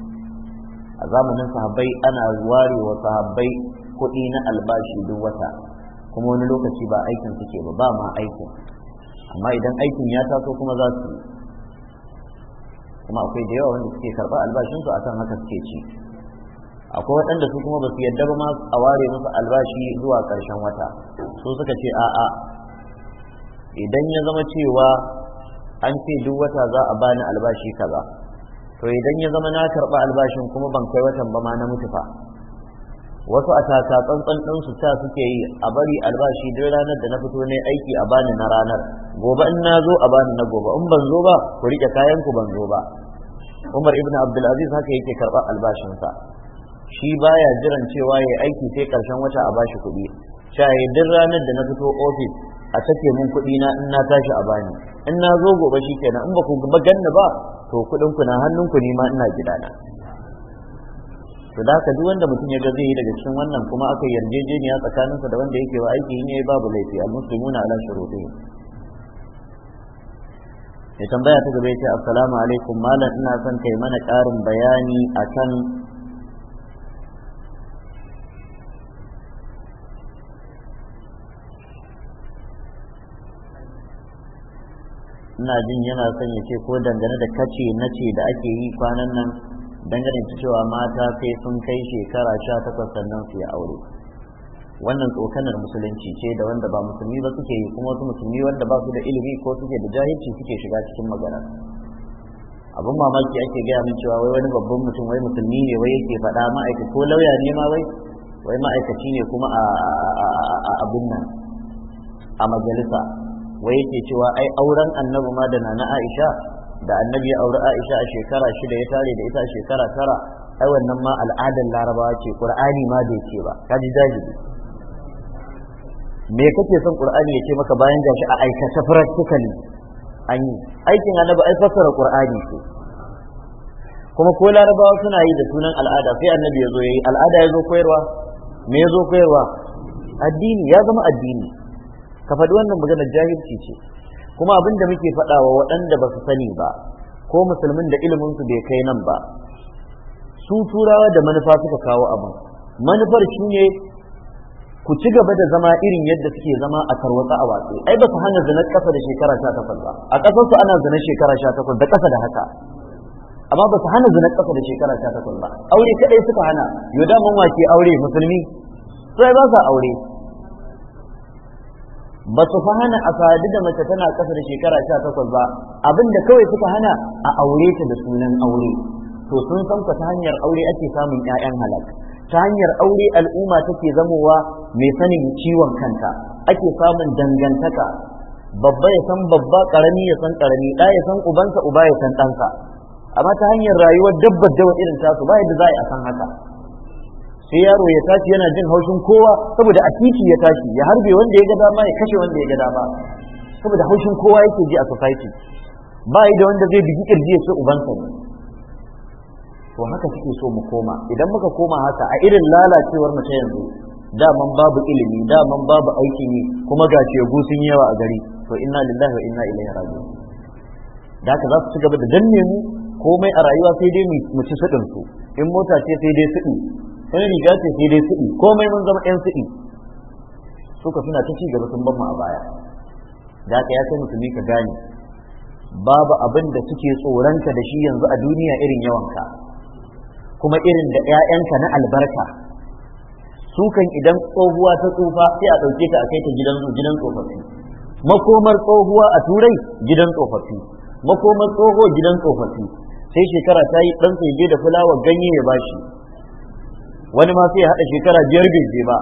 a zamanin sahabbai ana ware wa sahabbai kuɗi na albashi duk wata kuma wani lokaci ba aikin suke ba ba ma aikin amma idan aikin ya taso kuma za su kuma akwai da yawa wanda suke karɓa albashinsu akan haka suke ci akwai waɗanda su kuma ba su yadda ba ma a ware musu albashi zuwa ƙarshen wata su suka ce a'a idan ya zama cewa an ce duk wata za a bani albashi kaza to idan ya zama na karɓi albashin kuma ban kai watan ba ma na mutu fa wasu a tsantsan tsantsan su ta suke yi a bari albashi duk ranar da na fito ne aiki a bani na ranar gobe in na zo a bani na gobe in ban zo ba ku riƙe kayan ku ban zo ba umar ibn abdulaziz haka yake karɓar albashinsa shi baya jiran cewa ya aiki sai karshen wata a bashi kuɗi shaye duk ranar da na fito ofis a sake mun kuɗi na in na tashi a bani in na zo gobe shi kenan in ba ku ganna ba to kuɗin ku na hannun ku ne ma ina gidana to da ka duk wanda mutum ya ga zai yi daga cikin wannan kuma aka yarjejeniya tsakanin sa da wanda yake wa aiki ne babu laifi almuslimuna ala shurutihim ya tambaya ta gaba ya ce assalamu alaikum malam ina son kai mana karin bayani akan ina jin yana son ya ce ko dangane da kace na ce da ake yi kwanan nan dangane da cewa mata sai sun kai shekara sha takwas sannan su yi aure wannan tsokanar musulunci ce da wanda ba musulmi ba suke yi kuma wasu musulmi wanda ba su da ilimi ko suke da jahilci suke shiga cikin magana abin mamaki ake gaya min cewa wai wani babban mutum wai musulmi ne wai yake faɗa ma'aikaci ko lauya ne ma wai wai ma'aikaci ne kuma a abin nan a majalisa wai yake cewa ai auren annabi ma da nana Aisha da annabi ya auri Aisha a shekara shida ya tare da ita a shekara tara ai wannan ma al'adar larabawa ce qur'ani ma bai ce ba kaji jahili me kake son qur'ani ya ce maka bayan gashi a aikata practically an yi aikin annabi ai fassara qur'ani ce kuma ko larabawa suna yi da sunan al'ada sai annabi ya zo yayi al'ada ya zo koyarwa me ya zo koyarwa addini ya zama addini ka faɗi wannan magana jahilci ce kuma abin da muke faɗa wa waɗanda ba su sani ba ko musulmin da ilimin su bai kai nan ba su turawa da manufa suka kawo abin manufar ne ku ci gaba da zama irin yadda suke zama a tarwatsa a watsi ai ba su hana zanen ƙasa da shekara sha takwas ba a ƙasar su ana zanen shekara sha takwas da ƙasa da haka amma ba su hana zanen ƙasa da shekara sha takwas ba aure kadai suka hana yau da mun wake aure musulmi sai ba su aure ba su fa hana a sadu da mace tana kasa da shekara sha takwas ba abinda kawai suka hana a aure ta da sunan aure to sun san ta hanyar aure ake samun 'ya'yan halak ta hanyar aure al'umma take zamowa mai sanin ciwon kanta ake samun dangantaka babba ya san babba karami ya san karami ɗa ya san ubansa uba ya san ɗansa amma ta hanyar rayuwar dabbar dawa irin tasu ba yadda za a san haka sai yaro ya tashi yana jin haushin kowa saboda a titi ya tashi ya harbe wanda ya ga dama ya kashe wanda ya ga dama saboda haushin kowa yake ji a society ba da wanda zai bigi kirji ya uban ubansa ne to haka suke so mu koma idan muka koma haka a irin lalacewar mu ta yanzu daman babu ilimi daman babu aiki ne kuma ga shegu sun yawa a gari to inna lillahi wa inna ilaihi raji'un da haka za su ci gaba da danne mu komai a rayuwa sai dai mu ci suɗin su in mota ce sai dai suɗi sai riga ce sai dai suɗi komai mun zama 'yan suɗi suka suna ta ci gaba sun ban mu a baya da ka ya sai musulmi ka gane babu abin da suke tsoronka da shi yanzu a duniya irin yawanka kuma irin da 'ya'yanka na albarka Sukan idan tsohuwa ta tsufa sai a ɗauke ta a kai ta gidan gidan tsofaffi makomar tsohuwa a turai gidan tsofaffi makomar tsoho gidan tsofaffi sai shekara ta yi ɗansa ya je da fulawa ganye ya bashi wani ma sai ya haɗa shekara biyar bai je ba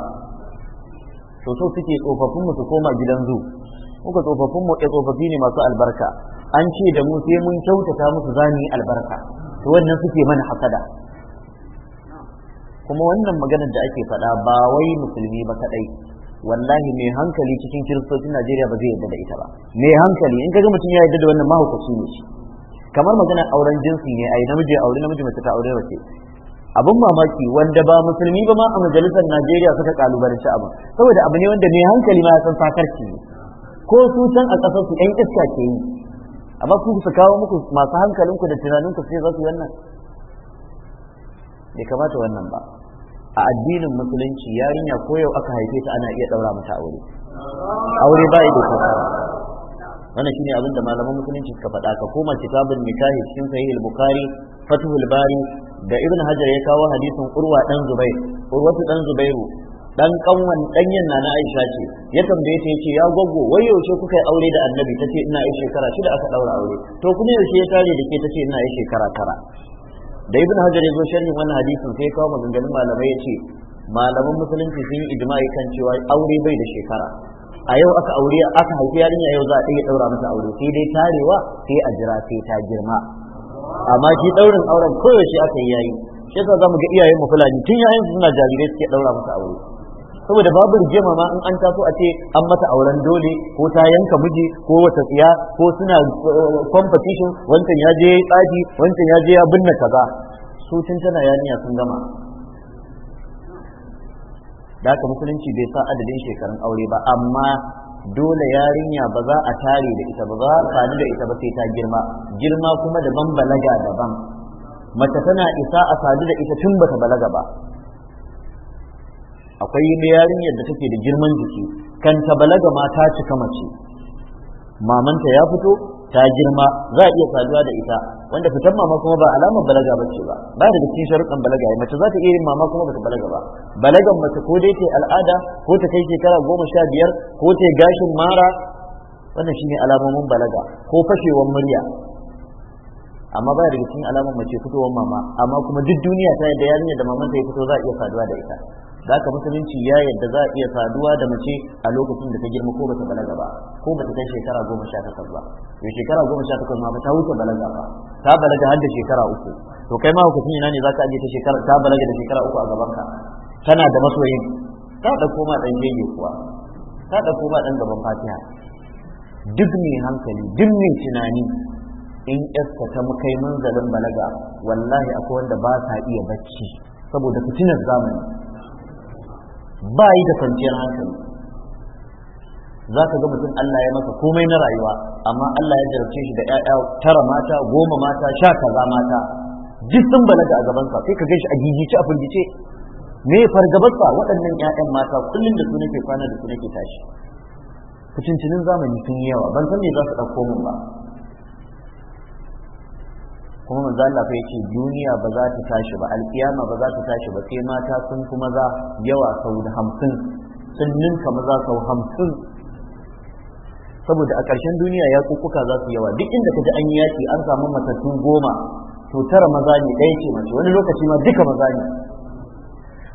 to so suke tsofaffin mu su koma gidan zu muka tsofaffin mu eh, tsofaffi ne masu albarka an ce da mu sai mun kyautata musu zani albarka to wannan suke mana hasada kuma wannan maganar da ake faɗa ba wai musulmi ba kaɗai wallahi mai hankali cikin kiristocin najeriya ba zai yarda da ita ba mai hankali in kaga mutum ya yarda da wannan mahaukaci ne shi kamar maganar auren jinsi ne ai namiji aure namiji mace ta aure mace abin mamaki wanda ba musulmi ba ma a majalisar Najeriya suka kalubalanci abin saboda abu ne wanda mai hankali ma ya san sakar ne ko su can a ƙasar su 'yan iska ke yi amma su su kawo muku masu hankalinku da tunaninku sai za su wannan bai kamata wannan ba a addinin musulunci yarinya ko yau aka haife ta ana iya daura mata aure aure ba da kuka wannan shine abin da malaman musulunci suka faɗa ka koma kitabun nikahi cikin sahih al-bukhari fathul bari da ibn hajar ya kawo hadisin urwa dan zubair dan zubairu dan kanwan danyen na na aisha ce ya tambaye ta yace ya goggo wai yaushe kuka yi aure da annabi tace ina yi shekara shida aka daura aure to kuma yaushe ya tare da ke tace ina yi shekara tara da ibn hajar ya zo sharhin wannan hadisin sai ya kawo maganganun malamai yace malaman musulunci sun yi ijma'i kan cewa aure bai da shekara a yau aka aure aka haifi yarinya yau za a iya daura masa aure sai dai tarewa sai a jira sai ta girma amma shi daurin auren koyaushe aka yi yayi shi yasa zamu ga iyayen mu fulani tun yayin su suna jarirai suke daura musu aure saboda babu rigima ma in an taso a ce an mata auren dole ko ta yanka miji ko wata tsiya ko suna eh, competition wancan ya je ya tsaji wancan ya je ya binne kaza su tun tana yaniya sun gama da haka musulunci bai sa adadin shekarun aure ba amma dole yarinya ba za a tare da ita ba za a sadu da ita ba sai ta girma girma kuma daban balaga daban mace tana isa a sadu da ita tun bata balaga ba akwai yarinyar da take da girman jiki kanta balaga ma ta cika mace mamanta ya fito ta girma za a iya saduwa da ita wanda fitar mama kuma ba alamar balaga ba ce ba ba da cikin sharuɗan balaga mace za ta iya yin mama kuma ba ta balaga ba balagan mace ko dai ta al'ada ko ta kai shekara goma sha biyar ko ta gashin mara wannan shine alamomin balaga ko fashewar murya amma ba da cikin alamar mace fitowar mama amma kuma duk duniya ta yadda yarinya da mamanta ya fito za a iya saduwa da ita da haka musulunci ya yadda za a iya saduwa da mace a lokacin da ta girma ko bata balaga ba ko bata kai shekara goma sha takwas ba to shekara goma sha takwas ma ba ta wuce balaga ba ta balaga har da shekara uku to kai ma hukumin ina ne zaka aje ta shekara ta balaga da shekara uku a gaban ka tana da masoyi ta da koma dan jege kuwa ta da koma dan gaban fatiha duk mai hankali duk mai tunani in yarsa ta kai manzalin balaga wallahi akwai wanda ba sa iya bacci saboda fitinar zamani ba yi da kwanciyar hankali za ka ga mutum Allah ya masa komai na rayuwa amma Allah ya jarabce shi da 'ya'ya, tara mata goma mata sha kaza mata duk sun balaga a gabansa sai ka gan shi a gigice a firgice me fargabarsa waɗannan 'ya'yan mata kullum da su nake kwana da su nake tashi Kucin-cinin zamani sun yi yawa ban san me za su ɗauko min ba kuma manzo Allah fa yace duniya ba za ta tashi ba alkiyama ba za ta tashi ba sai mata sun kuma za yawa sau da hamsin sun ninka maza sau hamsin saboda a ƙarshen duniya ya kukuka za su yawa duk inda ka ji an yi yaƙi an samu matattun goma to tara maza ne ɗaya ce mace wani lokaci ma duka maza ne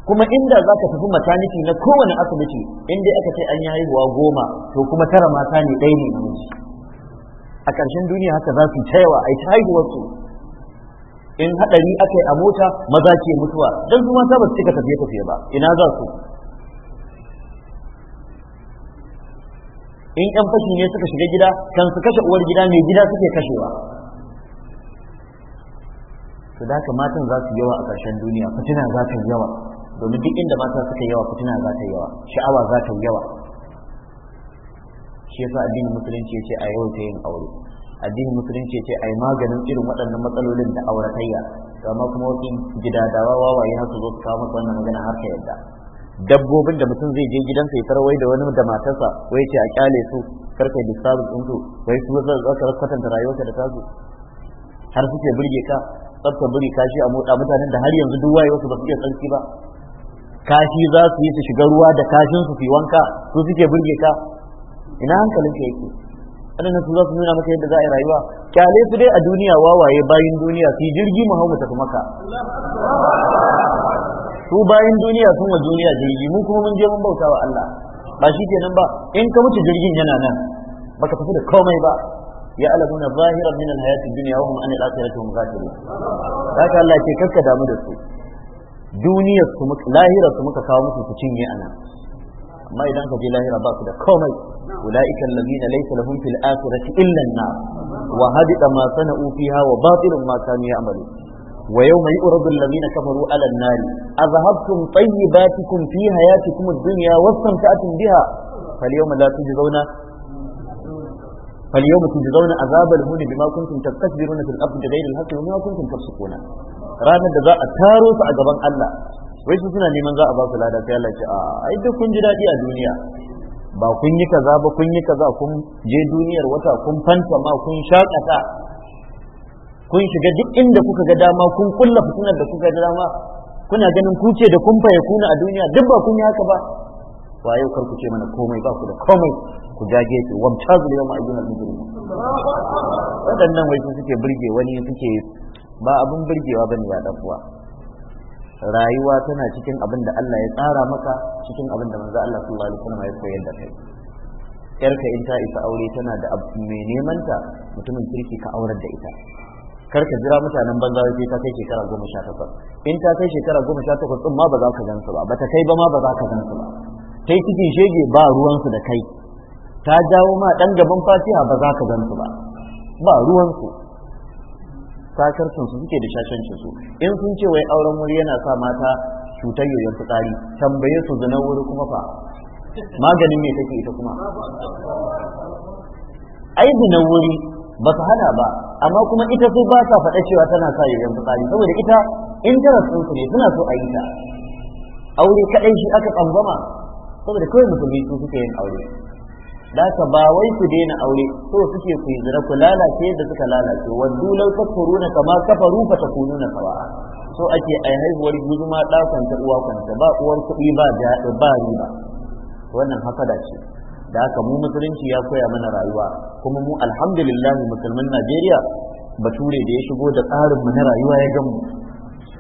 kuma inda za ka tafi mataniki na kowane asibiti inda aka ce an yi haihuwa goma to kuma tara mata ne ɗaya ne namiji a ƙarshen duniya haka za su ta yawa a yi ta haihuwarsu in hadari aka yi a mota maza ke mutuwa don su mata ba su cika tafiye tafiye ba ina za su in yan fashi ne suka shiga gida kan su kashe uwar gida mai gida suke kashewa su da matan za su yawa a ƙarshen duniya fitina za ta yawa domin duk inda mata suka yawa fitina za ta yawa sha'awa za ta yawa shi yasa addinin musulunci yace a yau ta yin aure addinin musulunci ce ai maganin irin waɗannan matsalolin da auratayya amma kuma wasu da wawa waye haka zo su kawo masa wannan magana har ka yadda dabbobin da mutum zai je gidansa ya tarwai da wani da matarsa wai ce a kyale su karka yi disturbance din su wai su zai zaka da rayuwarka da tasu har suke burge ka tsafta buri kashi a motsa mutanen da har yanzu duk wayewarsu ba su iya tsarki ba kashi za su yi su shiga ruwa da kashin su fi wanka su suke burge ka ina hankalin ka yake waɗannan su za su nuna maka yadda za a yi rayuwa kyale su dai a duniya wawaye bayin duniya su jirgi mu hau mu maka su bayin duniya sun wa duniya jirgi mun kuma mun je mun bauta wa Allah ba shi kenan ba in ka mutu jirgin yana nan baka tafi da komai ba ya alamuna zahiran min alhayati dunya wa hum an al-akhirati hum ghafilun haka Allah ke karka damu da su duniyar su muka lahirar su muka kawo musu su cinye anan amma idan ka je lahira ba su da komai ulaika allazina laysa lahum fil akhirati illa an-nar wa hadita ma sana'u fiha wa batilun ma kanu ya'malu ويوم يؤرض الذين كفروا على النار أذهبتم طيباتكم في حياتكم الدنيا واستمتعتم بها فاليوم لا تجزون فاليوم تجزون عذاب الهون بما كنتم تستكبرون في الأرض بغير الحق وما كنتم تفسقون ranar da za a taro su a gaban Allah wai su suna neman za a ba su lada sai Allah ce a ai duk kun ji daɗi a duniya ba kun yi kaza ba kun yi kaza kun je duniyar wata kun fanta ma kun shakata kun shiga duk inda kuka ga dama kun kulla fitinar da kuka ga dama kuna ganin ku ce da kun faye kuna a duniya duk ba kun yi haka ba yau kar ku ce mana komai ba ku da komai ku jage su wamtazu da yawan ayyukan mujrim wadannan wai suke burge wani suke ba abin burgewa bane ya dan uwa rayuwa tana cikin abin da Allah ya tsara maka cikin abin da manzo Allah sallallahu alaihi wasallam ya koyar da kai ka in ta isa aure tana da abu mai neman ta mutumin kirki ka aurar da ita kar ka jira mutanen banza sai ta kai shekara goma sha takwas in ta kai shekara goma sha takwas din ma ba za ka gansu ba ba ta kai ba ma ba za ka gansu ba kai cikin shege ba ruwansu da kai ta jawo ma dan gaban fatiha ba za ka gansu ba ba ruwansu sakarcin su suke da shashancin su in sun ce wai auren wuri yana sa mata cutar yoyon fitsari tambaye su zina wuri kuma fa maganin me take ita kuma ai zina wuri ba su hana ba amma kuma ita su ba sa faɗa cewa tana sa yoyon fitsari saboda ita interest ɗinsu ne suna so a yi ta aure kaɗai shi aka tsangwama saboda kawai musulmi su suke yin aure Daka ba wai ku daina aure so suke ku ku lalace da suka lalace waddu law takfuruna kama kafaru fa takununa kawa? so ake ai haihuwar guzuma da ta uwa ta ba uwar kuɗi ba da ba riba wannan haka da ce da haka mu musulunci ya koya mana rayuwa kuma mu alhamdulillah musulmin Najeriya bature da ya shigo da tsarin mu na rayuwa ya gamu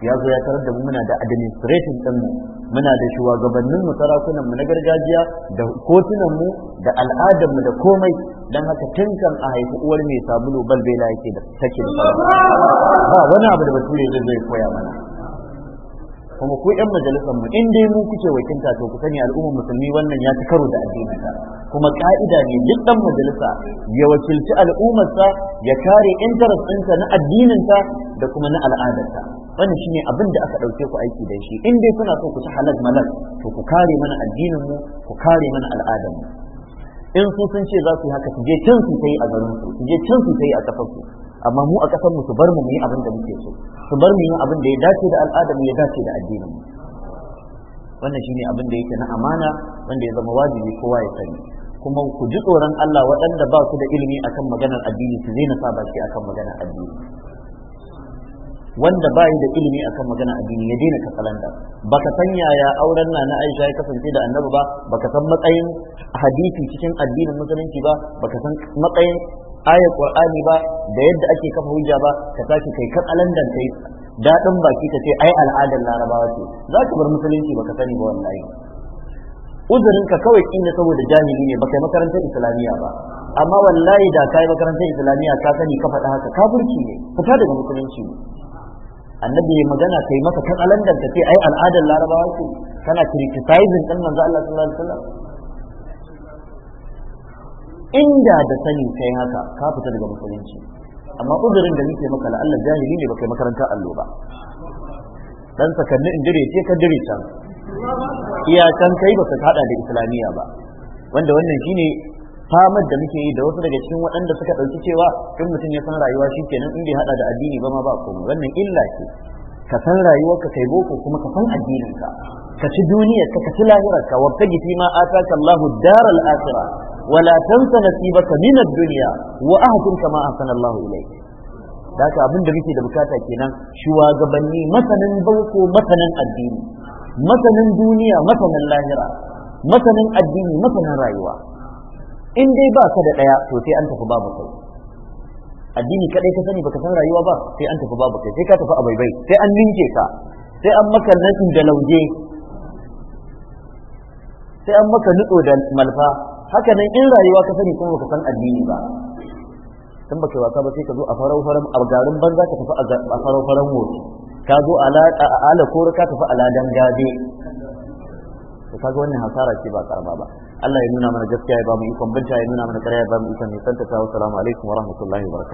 ya zo ya tarar da mu muna da administrative din mu muna da shugabannin mu sarakunan mu na gargajiya da kotunan mu da al'adar mu da komai dan haka tinkan a haifi uwar mai sabulu balbela yake da take da ba wani abu da bature zai koya mana kuma ku yan majalisar mu in dai mu kuke wakilta to ku sani al'ummar musulmi wannan ya ci karo da addinin ta. kuma ka'ida ne duk majalisa ya wakilci al'ummarsa ya kare interest ɗinta na addinin ta da kuma na al'adarta wannan shine abin da aka ɗauke ku aiki da shi in dai kuna so ku ci halal malal to ku kare mana addinin mu ku kare mana al'adar mu in su sun ce za su yi haka su je can su yi a garin su su je can su yi a kafar su amma mu a kasar su bar mu mu yi abin da muke so su bar mu yi abin da ya dace da al'adar mu ya dace da addinin mu wannan shine abin da yake na amana wanda ya zama wajibi kowa ya sani kuma ku ji tsoron Allah waɗanda ba su da ilimi akan maganar addini su zai na sa baki akan maganar addini wanda ba da ilimi akan magana addini ya daina katsalanda baka san yaya auren na na Aisha ya kasance da Annabi ba baka san matsayin hadisi cikin addinin musulunci ba baka san matsayin ayar qur'ani ba da yadda ake kafa hujja ba ka tashi kai katsalandan kai daɗin baki ka ce ai al'adar larabawa ce za ka bar musulunci ba ka sani ba wallahi uzurin ka kawai kinda saboda jahili ne baka yi makarantar islamiyya ba amma wallahi da yi makarantar islamiyya ka sani ka faɗa haka kafirci ne fita daga musulunci ne annabi ya magana kai maka katsalandan ka ce ai al'adar larabawa ce kana criticizing din manzo Allah sallallahu alaihi wasallam inda da sani kai haka ka fita daga musulunci amma udurin da nake maka la'alla jahili ne baka makarantar allo ba dan sakanni in dire ce ka dire can iya can kai baka hada da islamiyya ba wanda wannan shine famar da muke yi da wasu daga cikin waɗanda suka ɗauki cewa in mutum ya san rayuwa shi kenan in bai haɗa da addini ba ma ba komai wannan illa ce ka san ka kai boko kuma ka san addininka ka ci duniyar ka ci lahirar ka warka fi ma ataka Allahu daral akhirah wala tansa nasibaka min ad-dunya wa ahkum kama ahsana da haka abin da muke da bukata kenan shugabanni masanin bauko masanin addini masanin duniya masanin lahira masanin addini masanin rayuwa in dai ba ka da daya to sai an tafi babu kai addini kadai ka sani baka san rayuwa ba sai an tafi babu kai sai ka tafi a sai an ninke ka sai an maka nutsu da lauje sai an maka nutso da malfa haka nan in rayuwa ka sani kuma baka san addini ba san baka wasa ba sai ka zo a farau faran a garin banza ka tafi a farau faran wofi ka zo a ala kore ka tafi a ladan gade to kaga wannan hasara ce ba karama ba Allah ya nuna mana gaskiya ya ba mu ikon binta ya nuna mana ƙarya ya ba mu ikon nisanta ta salamu alaikum wa rahmatullahi wa barakatuh